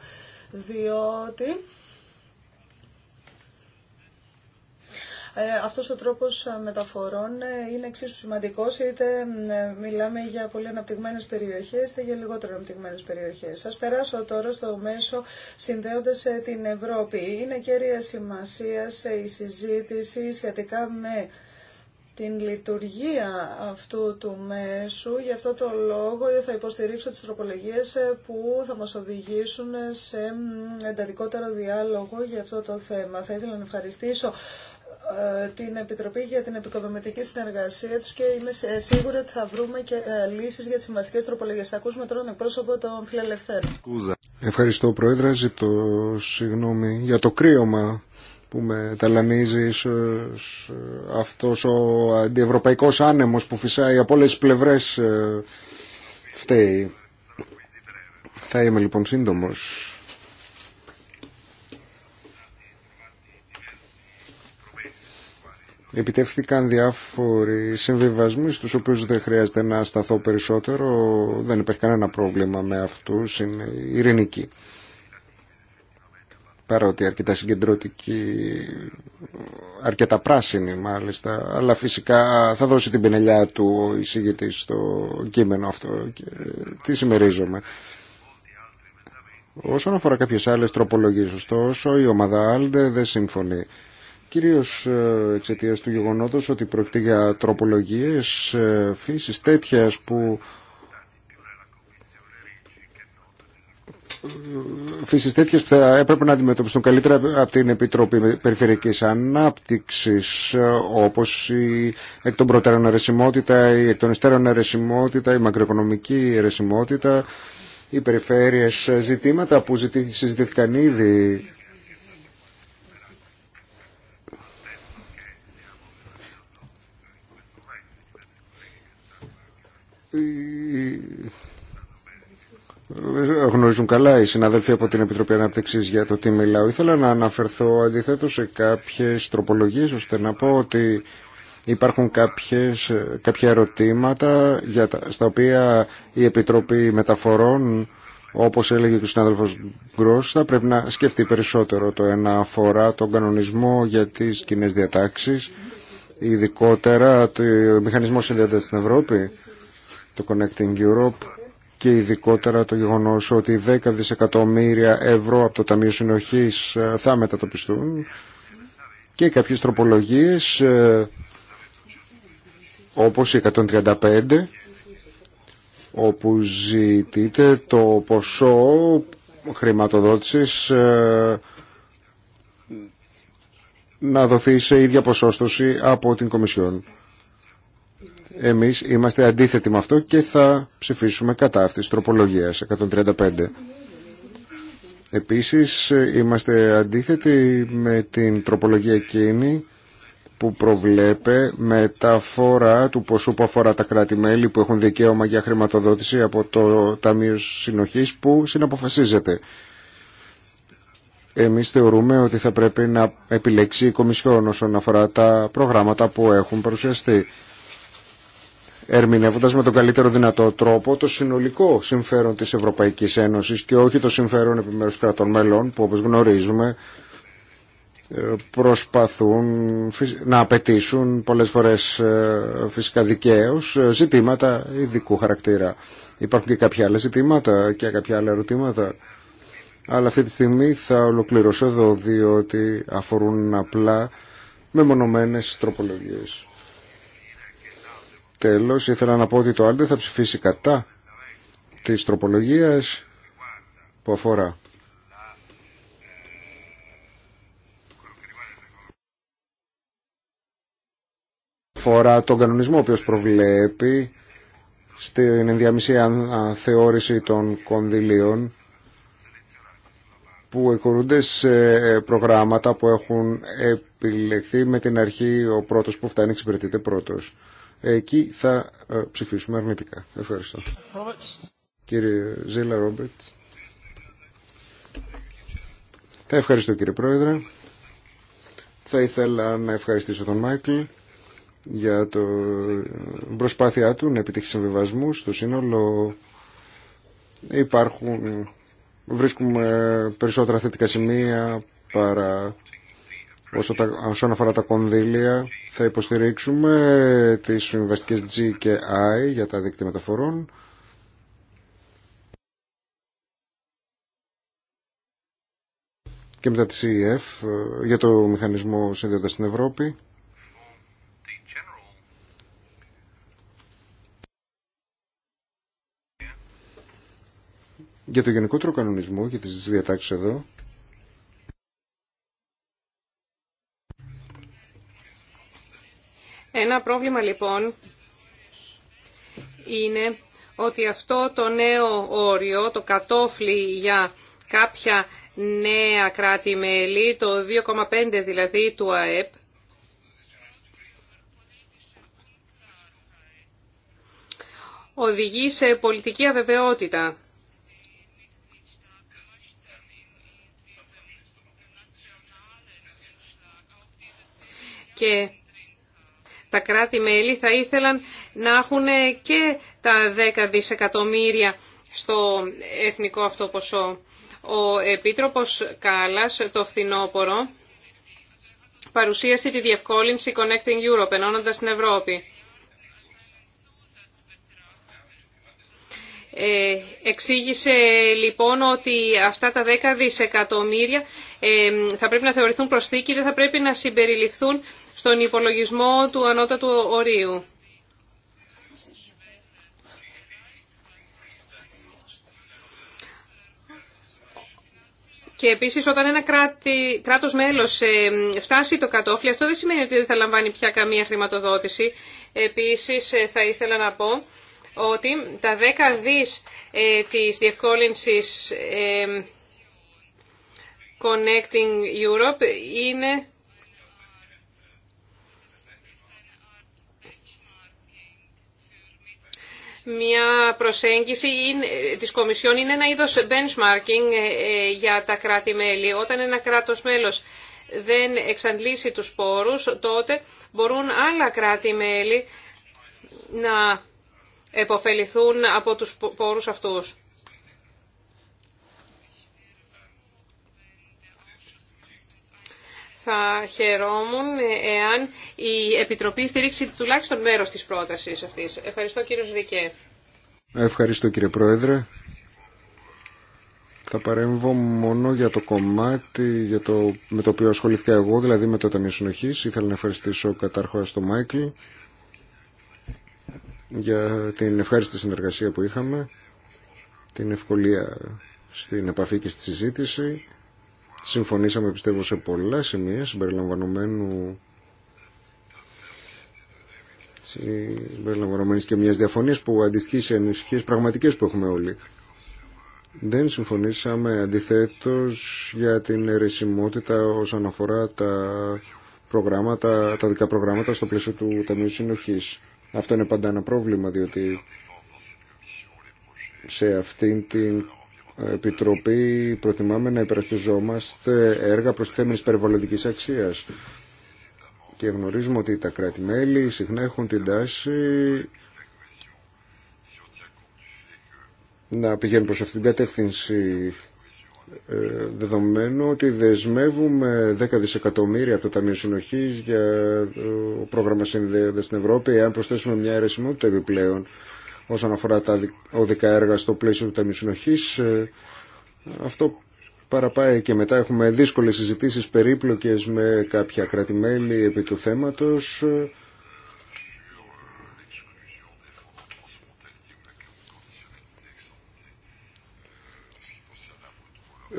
διότι Ε, αυτός ο τρόπος ε, μεταφορών ε, είναι εξίσου σημαντικός είτε μιλάμε για πολύ αναπτυγμένες περιοχές είτε για λιγότερο αναπτυγμένες περιοχές. Σας περάσω τώρα στο μέσο συνδέοντας την Ευρώπη. Είναι κέρια σημασία η συζήτηση σχετικά με την λειτουργία αυτού του μέσου. Γι' αυτό το λόγο θα υποστηρίξω τις τροπολογίες που θα μας οδηγήσουν σε εντατικότερο διάλογο για αυτό το θέμα. Θα ήθελα να ευχαριστήσω ε, την Επιτροπή για την Επικοδομητική Συνεργασία τους και είμαι ε, σίγουρη ότι θα βρούμε και ε, λύσεις για τις σημαντικές τροπολογίες. Ακούσουμε τώρα τον εκπρόσωπο των φιλελευθέρων. Ευχαριστώ Πρόεδρε, ζητώ συγγνώμη για το κρύωμα που με ταλανίζει ίσως αυτός ο αντιευρωπαϊκός άνεμος που φυσάει από όλες τις πλευρές φταίει. Θα είμαι λοιπόν σύντομος. Επιτεύχθηκαν διάφοροι συμβιβασμοί στους οποίους δεν χρειάζεται να σταθώ περισσότερο. Δεν υπάρχει κανένα πρόβλημα με αυτούς. Είναι ειρηνικοί. Παρότι αρκετά συγκεντρωτική, αρκετά πράσινη μάλιστα. Αλλά φυσικά θα δώσει την πινελιά του ο εισηγητής στο κείμενο αυτό. Και τι συμμερίζομαι. Όσον αφορά κάποιες άλλες τροπολογίες, ωστόσο, η ομάδα Άλντε δεν συμφωνεί κυρίως ε, εξαιτίας του γεγονότος ότι πρόκειται για τροπολογίες ε, φύσης τέτοιας που ε, που θα έπρεπε να αντιμετωπιστούν καλύτερα από την Επιτροπή Περιφερειακής Ανάπτυξης όπως η εκ των προτέρων αρεσιμότητα, η εκ των υστέρων αρεσιμότητα, η μακροοικονομική αρεσιμότητα, οι περιφέρειες ζητήματα που συζητήθηκαν ήδη γνωρίζουν καλά οι συναδελφοί από την Επιτροπή Ανάπτυξη για το τι μιλάω. Ήθελα να αναφερθώ αντιθέτω σε κάποιε τροπολογίε ώστε να πω ότι υπάρχουν κάποιες, κάποια ερωτήματα για τα, στα οποία η Επιτροπή Μεταφορών όπως έλεγε και ο συνάδελφος Γκρόστα θα πρέπει να σκεφτεί περισσότερο το ένα αφορά τον κανονισμό για τι κοινέ διατάξεις, ειδικότερα το μηχανισμό συνδέεται στην Ευρώπη το Connecting Europe και ειδικότερα το γεγονός ότι 10 δισεκατομμύρια ευρώ από το Ταμείο Συνοχής ε, θα μετατοπιστούν και κάποιες τροπολογίες ε, όπως η 135 όπου ζητείται το ποσό χρηματοδότησης ε, να δοθεί σε ίδια ποσόστοση από την Κομισιόν. Εμείς είμαστε αντίθετοι με αυτό και θα ψηφίσουμε κατά αυτής τροπολογίας 135. Επίσης είμαστε αντίθετοι με την τροπολογία εκείνη που προβλέπε μεταφορά του ποσού που αφορά τα κράτη-μέλη που έχουν δικαίωμα για χρηματοδότηση από το Ταμείο Συνοχής που συναποφασίζεται. Εμείς θεωρούμε ότι θα πρέπει να επιλέξει η Κομισιόν όσον αφορά τα προγράμματα που έχουν παρουσιαστεί ερμηνεύοντας με τον καλύτερο δυνατό τρόπο το συνολικό συμφέρον της Ευρωπαϊκής Ένωσης και όχι το συμφέρον επιμέρους κρατών μελών που όπως γνωρίζουμε ε, προσπαθούν να απαιτήσουν πολλές φορές ε, φυσικά δικαίως ε, ζητήματα ειδικού χαρακτήρα. Υπάρχουν και κάποια άλλα ζητήματα και κάποια άλλα ερωτήματα. Αλλά αυτή τη στιγμή θα ολοκληρώσω εδώ διότι αφορούν απλά μεμονωμένες τροπολογίες. Τέλος, ήθελα να πω ότι το Άλντε θα ψηφίσει κατά της τροπολογίας που αφορά φορά τον κανονισμό ο οποίος προβλέπει στην ενδιαμισία θεώρηση των κονδυλίων που εκορούνται σε προγράμματα που έχουν επιλεχθεί με την αρχή ο πρώτος που φτάνει εξυπηρετείται πρώτος εκεί θα ε, ψηφίσουμε αρνητικά. Ευχαριστώ. Roberts. Κύριε Ζήλα Ρόμπερτ. Θα ευχαριστώ κύριε Πρόεδρε. Θα ήθελα να ευχαριστήσω τον Μάικλ για το ε, προσπάθειά του να επιτύχει συμβιβασμού στο σύνολο υπάρχουν βρίσκουμε περισσότερα θετικά σημεία παρά Όσο τα, όσον αφορά τα κονδύλια, θα υποστηρίξουμε τις συμβαστικές G και I για τα δίκτυα μεταφορών. Και μετά τη CEF ε, για το μηχανισμό συνδέοντας στην Ευρώπη. Για το γενικότερο κανονισμό, για τις διατάξεις εδώ, Ένα πρόβλημα λοιπόν είναι ότι αυτό το νέο όριο, το κατόφλι για κάποια νέα κράτη-μέλη, το 2,5 δηλαδή του ΑΕΠ, οδηγεί σε πολιτική αβεβαιότητα. Και τα κράτη-μέλη θα ήθελαν να έχουν και τα 10 δισεκατομμύρια στο εθνικό αυτό ποσό. Ο Επίτροπος Κάλλας το φθινόπορο, παρουσίασε τη διευκόλυνση Connecting Europe, ενώνοντας την Ευρώπη. Ε, εξήγησε λοιπόν ότι αυτά τα 10 δισεκατομμύρια ε, θα πρέπει να θεωρηθούν προσθήκη, δεν θα πρέπει να συμπεριληφθούν στον υπολογισμό του ανώτατου ορίου. Και επίση, όταν ένα κράτο κράτος μέλος ε, φτάσει το κατόφλι, αυτό δεν σημαίνει ότι δεν θα λαμβάνει πια καμία χρηματοδότηση. Επίσης, ε, θα ήθελα να πω ότι τα 10 δις ε, της διευκόλυνσης Connecting Europe είναι μια προσέγγιση ε, της Κομισιόν είναι ένα είδος benchmarking ε, ε, για τα κράτη-μέλη. Όταν ένα κράτος μέλος δεν εξαντλήσει τους πόρους, τότε μπορούν άλλα κράτη-μέλη να επωφεληθούν από τους πόρους αυτούς. θα χαιρόμουν εάν η Επιτροπή στηρίξει τουλάχιστον μέρος της πρότασης αυτής. Ευχαριστώ κύριο Ζρικέ. Ευχαριστώ κύριε Πρόεδρε. Θα παρέμβω μόνο για το κομμάτι για το, με το οποίο ασχολήθηκα εγώ, δηλαδή με το Ταμείο Συνοχή. Ήθελα να ευχαριστήσω κατάρχο τον Μάικλ για την ευχάριστη συνεργασία που είχαμε, την ευκολία στην επαφή και στη συζήτηση. Συμφωνήσαμε πιστεύω σε πολλά σημεία συμπεριλαμβανομένου συμπεριλαμβανομένης και μιας διαφωνίας που αντιστοιχεί σε ανησυχίες πραγματικές που έχουμε όλοι. Δεν συμφωνήσαμε αντιθέτως για την αιρεσιμότητα όσον αφορά τα, προγράμματα, τα δικά προγράμματα στο πλαίσιο του Ταμείου συνοχή. Αυτό είναι πάντα ένα πρόβλημα διότι σε αυτήν την Επιτροπή προτιμάμε να υπερασπιζόμαστε έργα προστιθέμενης περιβαλλοντικής αξίας και γνωρίζουμε ότι τα κράτη-μέλη συχνά έχουν την τάση να πηγαίνουν προς αυτήν την κατεύθυνση ε, δεδομένου ότι δεσμεύουμε 10 δισεκατομμύρια από το Ταμείο Συνοχής για το πρόγραμμα συνδέοντας στην Ευρώπη εάν προσθέσουμε μια αιρεσιμότητα επιπλέον όσον αφορά τα οδικά έργα στο πλαίσιο του Τέμιου ε, Αυτό παραπάει και μετά έχουμε δύσκολες συζητήσεις περίπλοκες με κάποια κρατημέλη επί του θέματος.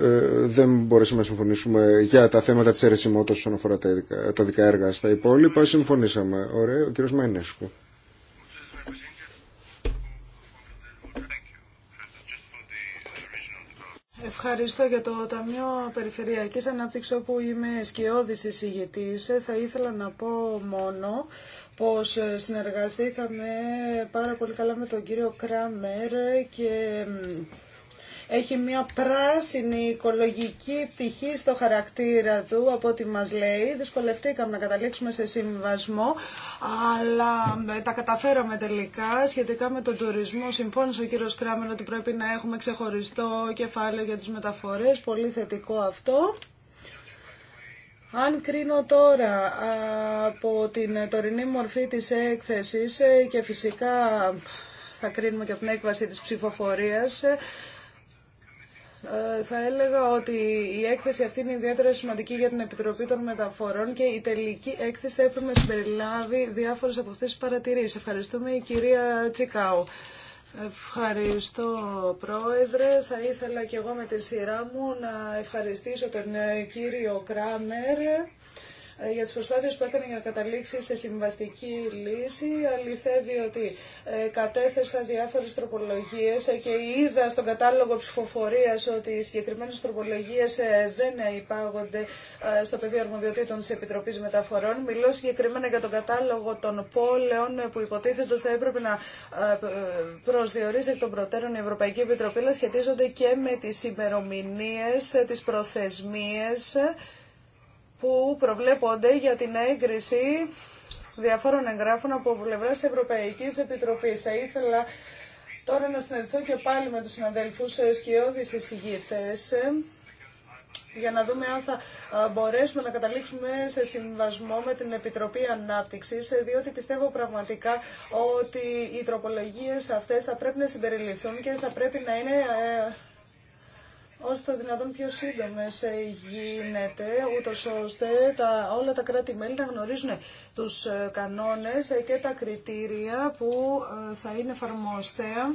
Ε, δεν μπορέσαμε να συμφωνήσουμε για τα θέματα της αιρεσιμότητας όσον αφορά τα δικά έργα. Στα υπόλοιπα συμφωνήσαμε. Ωραία, ο κύριος Μαϊνέσκου. Ευχαριστώ για το Ταμείο Περιφερειακής Ανάπτυξης όπου είμαι σκιώδης εισηγητής. Θα ήθελα να πω μόνο πως συνεργαστήκαμε πάρα πολύ καλά με τον κύριο Κράμερ και έχει μια πράσινη οικολογική πτυχή στο χαρακτήρα του, από ό,τι μας λέει. Δυσκολευτήκαμε να καταλήξουμε σε συμβασμό, αλλά ε, τα καταφέραμε τελικά. Σχετικά με τον τουρισμό, συμφώνησε ο κύριος Κράμερ ότι πρέπει να έχουμε ξεχωριστό κεφάλαιο για τις μεταφορές. Πολύ θετικό αυτό. Αν κρίνω τώρα από την τωρινή μορφή της έκθεσης ε, και φυσικά θα κρίνουμε και από την έκβαση της ψηφοφορίας, ε, ε, θα έλεγα ότι η έκθεση αυτή είναι ιδιαίτερα σημαντική για την Επιτροπή των Μεταφορών και η τελική έκθεση θα έπρεπε να συμπεριλάβει διάφορες από αυτές τις παρατηρήσεις. Ευχαριστούμε η κυρία Τσικάου. Ευχαριστώ Πρόεδρε. Θα ήθελα και εγώ με τη σειρά μου να ευχαριστήσω τον ε, κύριο Κράμερ ε, για τις προσπάθειες που έκανε για να καταλήξει σε συμβαστική λύση. Αληθεύει ότι ε, κατέθεσα διάφορες τροπολογίες ε, και είδα στον κατάλογο ψηφοφορίας ότι οι συγκεκριμένες τροπολογίες δεν υπάγονται στο πεδίο αρμοδιοτήτων της Επιτροπής Μεταφορών. Μιλώ συγκεκριμένα για τον κατάλογο των πόλεων που υποτίθεται ότι θα έπρεπε να προσδιορίζει τον των προτέρων η Ευρωπαϊκή Επιτροπή, αλλά σχετίζονται και με τις ημερομηνίε, τις προθεσμίες που προβλέπονται για την έγκριση διαφόρων εγγράφων από πλευρά Ευρωπαϊκής Επιτροπής. Θα ήθελα τώρα να συναντηθώ και πάλι με τους συναδελφούς σκιώδης εισηγητές ε, για να δούμε αν θα ε, μπορέσουμε να καταλήξουμε σε συμβασμό με την Επιτροπή Ανάπτυξης, ε, διότι πιστεύω πραγματικά ότι οι τροπολογίες αυτές θα πρέπει να συμπεριληφθούν και θα πρέπει να είναι ώστε το δυνατόν πιο σύντομες ε, γίνεται, ούτω ώστε τα, όλα τα κράτη-μέλη να γνωρίζουν τους ε, κανόνες ε, και τα κριτήρια που θα είναι εφαρμοστέα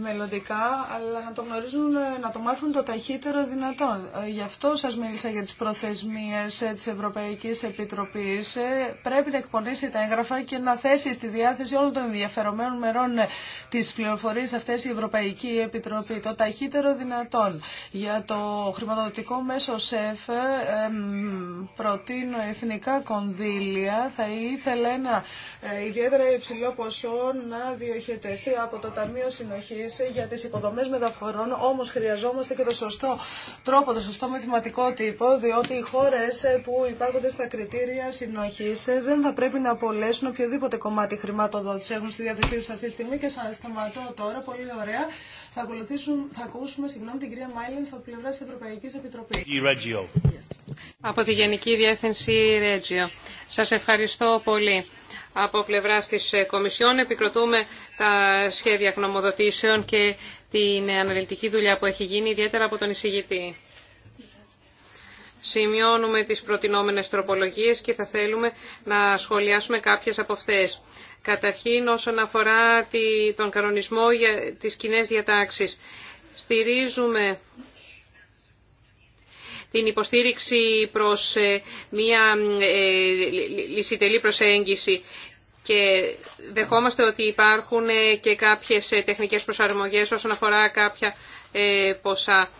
μελλοντικά, αλλά να το γνωρίζουν, ε, να το μάθουν το ταχύτερο δυνατόν. Ε, γι' αυτό σας μίλησα για τις προθεσμίες ε, της Ευρωπαϊκής Επιτροπής. Πρέπει να εκπονήσει τα έγγραφα και να θέσει στη διάθεση όλων των ενδιαφερομένων μερών της πληροφορίε αυτές η Ευρωπαϊκή Επιτροπή, το ταχύτερο δυνατόν. Για το χρηματοδοτικό μέσο ΣΕΦ προτείνω εθνικά κονδύλια. Θα ήθελα ένα ιδιαίτερα υψηλό ποσό να διοχετευτεί από το Ταμείο Συνοχής ε, για τις υποδομές μεταφορών, όμως χρειαζόμαστε και το σωστό τρόπο, το σωστό μεθηματικό τύπο, διότι οι χώρες ε, που υπάρχονται στα κριτήρια συνοχής ε, δεν θα πρέπει να απολέσουν οποιοδήποτε κομμάτι χρηματοδότηση έχουν στη διάθεσή τους αυτή τη στιγμή και σας σταματώ τώρα, πολύ ωραία. Θα, θα ακούσουμε συγγνώμη, την κυρία Μάιλεν από πλευρά τη Ευρωπαϊκή Επιτροπή. Από τη Γενική Διεύθυνση Ρέτζιο. Σα ευχαριστώ πολύ από πλευρά τη ε, Κομισιόν. Επικροτούμε τα σχέδια γνωμοδοτήσεων και την αναλυτική δουλειά που έχει γίνει, ιδιαίτερα από τον εισηγητή. Σημειώνουμε τις προτινόμενες τροπολογίες και θα θέλουμε να σχολιάσουμε κάποιες από αυτές. Καταρχήν όσον αφορά τον κανονισμό για τις κοινέ διατάξεις. Στηρίζουμε την υποστήριξη προς ε, μια ε, λυσιτελή προσέγγιση και δεχόμαστε ότι υπάρχουν ε, και κάποιες τεχνικές προσαρμογές όσον αφορά κάποια ποσά.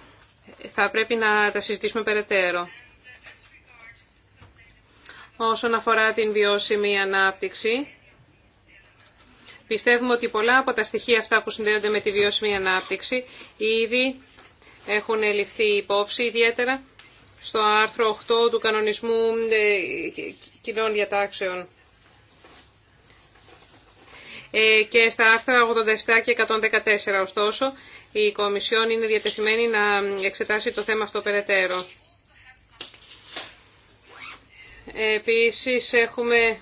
Θα πρέπει να τα συζητήσουμε περαιτέρω. Όσον αφορά την βιώσιμη ανάπτυξη, πιστεύουμε ότι πολλά από τα στοιχεία αυτά που συνδέονται με τη βιώσιμη ανάπτυξη ήδη έχουν ληφθεί υπόψη, ιδιαίτερα στο άρθρο 8 του κανονισμού ε, κοινών διατάξεων ε, και στα άρθρα 87 και 114. Ωστόσο, η Κομισιόν είναι διατεθειμένη να εξετάσει το θέμα αυτό περαιτέρω. Επίσης, έχουμε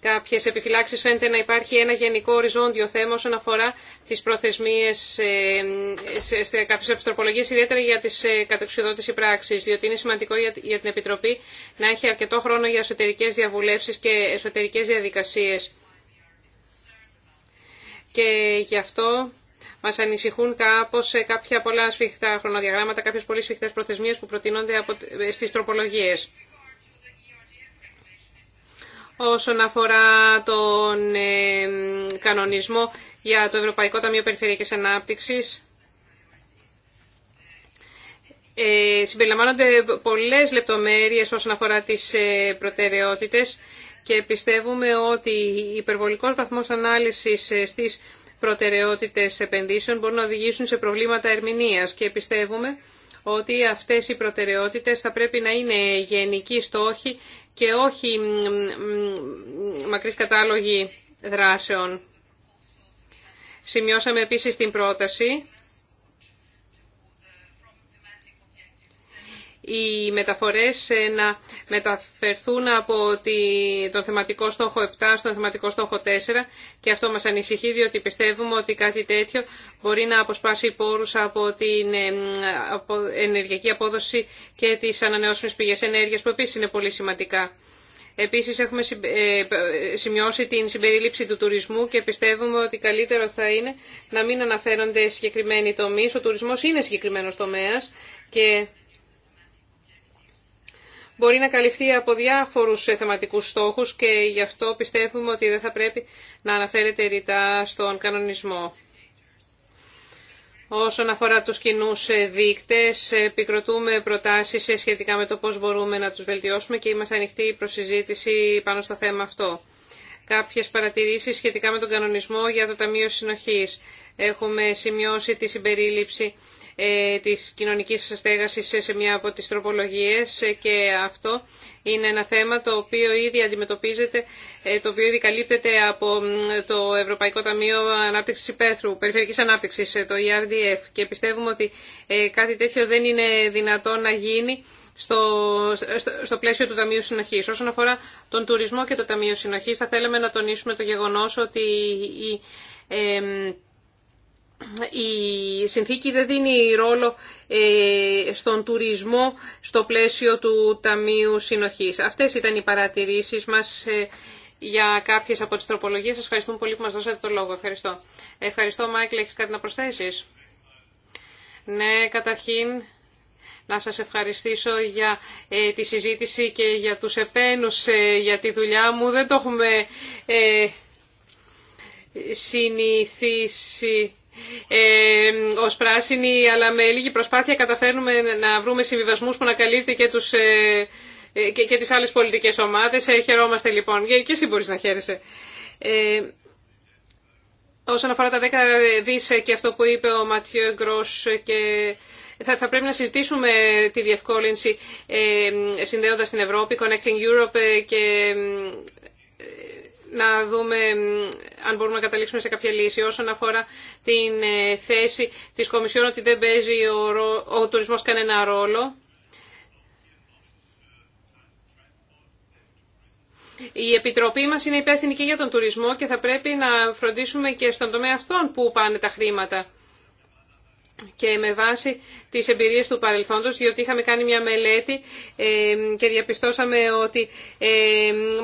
κάποιες επιφυλάξεις. Φαίνεται να υπάρχει ένα γενικό οριζόντιο θέμα όσον αφορά τις προθεσμίες ε, σε κάποιες επιστροπολογίες, ιδιαίτερα για τις ε, κατεξουδότηση πράξεις, διότι είναι σημαντικό για την Επιτροπή να έχει αρκετό χρόνο για εσωτερικές διαβουλεύσεις και εσωτερικές διαδικασίες. Και γι' αυτό μας ανησυχούν κάπως ε, κάποια πολλά σφιχτά χρονοδιαγράμματα, κάποιες πολύ σφιχτές προθεσμίες που προτείνονται στις τροπολογίες όσον αφορά τον ε, κανονισμό για το Ευρωπαϊκό Ταμείο Περιφερειακής Ανάπτυξης. Ε, συμπεριλαμβάνονται πολλές λεπτομέρειες όσον αφορά τις ε, προτεραιότητες και πιστεύουμε ότι υπερβολικός βαθμός ανάλυσης ε, στις προτεραιότητες επενδύσεων μπορούν να οδηγήσουν σε προβλήματα ερμηνείας και πιστεύουμε ότι αυτές οι προτεραιότητες θα πρέπει να είναι γενικοί στόχοι και όχι μακρύς κατάλογοι δράσεων. Σημειώσαμε επίσης την πρόταση οι μεταφορές ε, να μεταφερθούν από τον θεματικό στόχο 7 στον θεματικό στόχο 4 και αυτό μας ανησυχεί διότι πιστεύουμε ότι κάτι τέτοιο μπορεί να αποσπάσει πόρους από την ε, ενεργειακή απόδοση και τις ανανεώσιμες πηγές ενέργειας που επίσης είναι πολύ σημαντικά. Επίσης έχουμε ε, σημειώσει την συμπερίληψη του τουρισμού και πιστεύουμε ότι καλύτερο θα είναι να μην αναφέρονται συγκεκριμένοι τομείς. Ο τουρισμός είναι συγκεκριμένος τομέας και μπορεί να καλυφθεί από διάφορους ε, θεματικούς στόχους και γι' αυτό πιστεύουμε ότι δεν θα πρέπει να αναφέρεται ρητά στον κανονισμό. Όσον αφορά τους κοινού ε, δείκτες, ε, επικροτούμε προτάσεις σχετικά με το πώς μπορούμε να τους βελτιώσουμε και είμαστε ανοιχτοί προς συζήτηση πάνω στο θέμα αυτό. Κάποιες παρατηρήσεις σχετικά με τον κανονισμό για το Ταμείο Συνοχής. Έχουμε σημειώσει τη συμπερίληψη ε, της κοινωνικής στέγασης σε μια από τις τροπολογίες ε, και αυτό είναι ένα θέμα το οποίο ήδη αντιμετωπίζεται, ε, το οποίο ήδη καλύπτεται από το Ευρωπαϊκό Ταμείο Ανάπτυξης Υπέθρου, Περιφερειακής Ανάπτυξης, το ERDF και πιστεύουμε ότι κάτι τέτοιο δεν είναι δυνατό να γίνει στο, στο πλαίσιο του Ταμείου Συνοχής. Όσον αφορά τον τουρισμό και το Ταμείο Συνοχής, θα θέλαμε να τονίσουμε το γεγονός ότι η, η συνθήκη δεν δίνει ρόλο ε, στον τουρισμό στο πλαίσιο του Ταμείου Συνοχής. Αυτές ήταν οι παρατηρήσεις μας ε, για κάποιες από τις τροπολογίες. Σας ευχαριστούμε πολύ που μας δώσατε το λόγο. Ευχαριστώ. Ευχαριστώ, Μάικλ. Έχεις κάτι να προσθέσεις? Ναι, καταρχήν να σας ευχαριστήσω για ε, τη συζήτηση και για τους επένους για τη δουλειά μου. Δεν το έχουμε συνηθίσει ε, Ω πράσινοι, αλλά με λίγη προσπάθεια καταφέρνουμε να βρούμε συμβιβασμού που να καλύπτει και τους ε, ε, και, και τις άλλες πολιτικές ομάδες. χαιρόμαστε λοιπόν και εσύ μπορείς να χαίρεσαι. όσον αφορά τα 10 δις και αυτό που είπε ο Ματιό Γκρός και θα, θα πρέπει να συζητήσουμε τη διευκόλυνση ε, συνδέοντας την Ευρώπη, Connecting Europe και να δούμε αν μπορούμε να καταλήξουμε σε κάποια λύση όσον αφορά την ε, θέση της Κομισιόν ότι δεν παίζει ο, ρο... τουρισμός κανένα ρόλο. Η Επιτροπή μας είναι υπεύθυνη και για τον τουρισμό και θα πρέπει να φροντίσουμε και στον τομέα αυτών που πάνε τα χρήματα και με βάση τις εμπειρίες του παρελθόντος, διότι είχαμε κάνει μια μελέτη και διαπιστώσαμε ότι,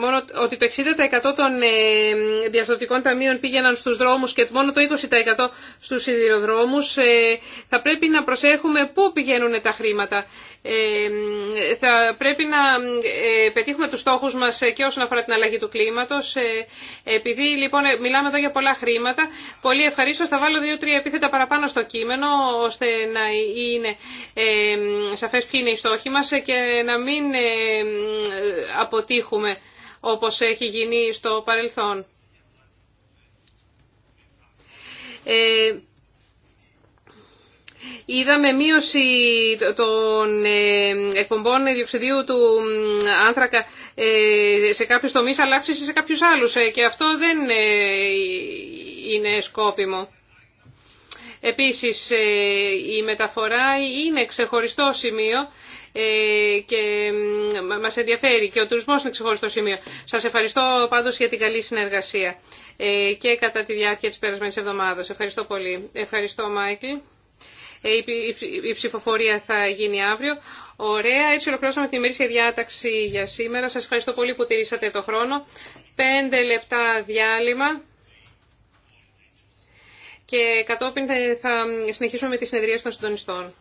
μόνο, ότι το 60% των ε, διαφθορτικών ταμείων πήγαιναν στους δρόμους και μόνο το 20% στους σιδηροδρόμους. Ε, θα πρέπει να προσέχουμε πού πηγαίνουν τα χρήματα θα πρέπει να ε, πετύχουμε τους στόχους μας ε, και όσον αφορά την αλλαγή του κλίματος. Ε, επειδή λοιπόν μιλάμε εδώ για πολλά χρήματα, πολύ ευχαριστώ, θα βάλω δύο-τρία επίθετα παραπάνω στο κείμενο, ώστε να είναι σαφές ποιοι είναι οι στόχοι μας και να μην αποτύχουμε όπως έχει γίνει στο παρελθόν. Είδαμε μείωση των ε, εκπομπών διοξιδίου του άνθρακα ε, σε κάποιους τομείς, αλλά αύξηση σε κάποιους άλλους ε, και αυτό δεν είναι σκόπιμο. Επίσης, η μεταφορά είναι ξεχωριστό σημείο και μας ενδιαφέρει και ο τουρισμός είναι ξεχωριστό σημείο. Σας ευχαριστώ πάντως για την καλή συνεργασία και κατά τη διάρκεια της πέρασμένης εβδομάδας. Ευχαριστώ πολύ. Ευχαριστώ, Μάικλ. Ε, η ψηφοφορία θα γίνει αύριο. Ωραία, έτσι ολοκληρώσαμε την ημερήσια διάταξη για σήμερα. Σας ευχαριστώ πολύ που τηρήσατε το χρόνο. Πέντε λεπτά διάλειμμα και κατόπιν θα συνεχίσουμε με τη συνεδρία των συντονιστών.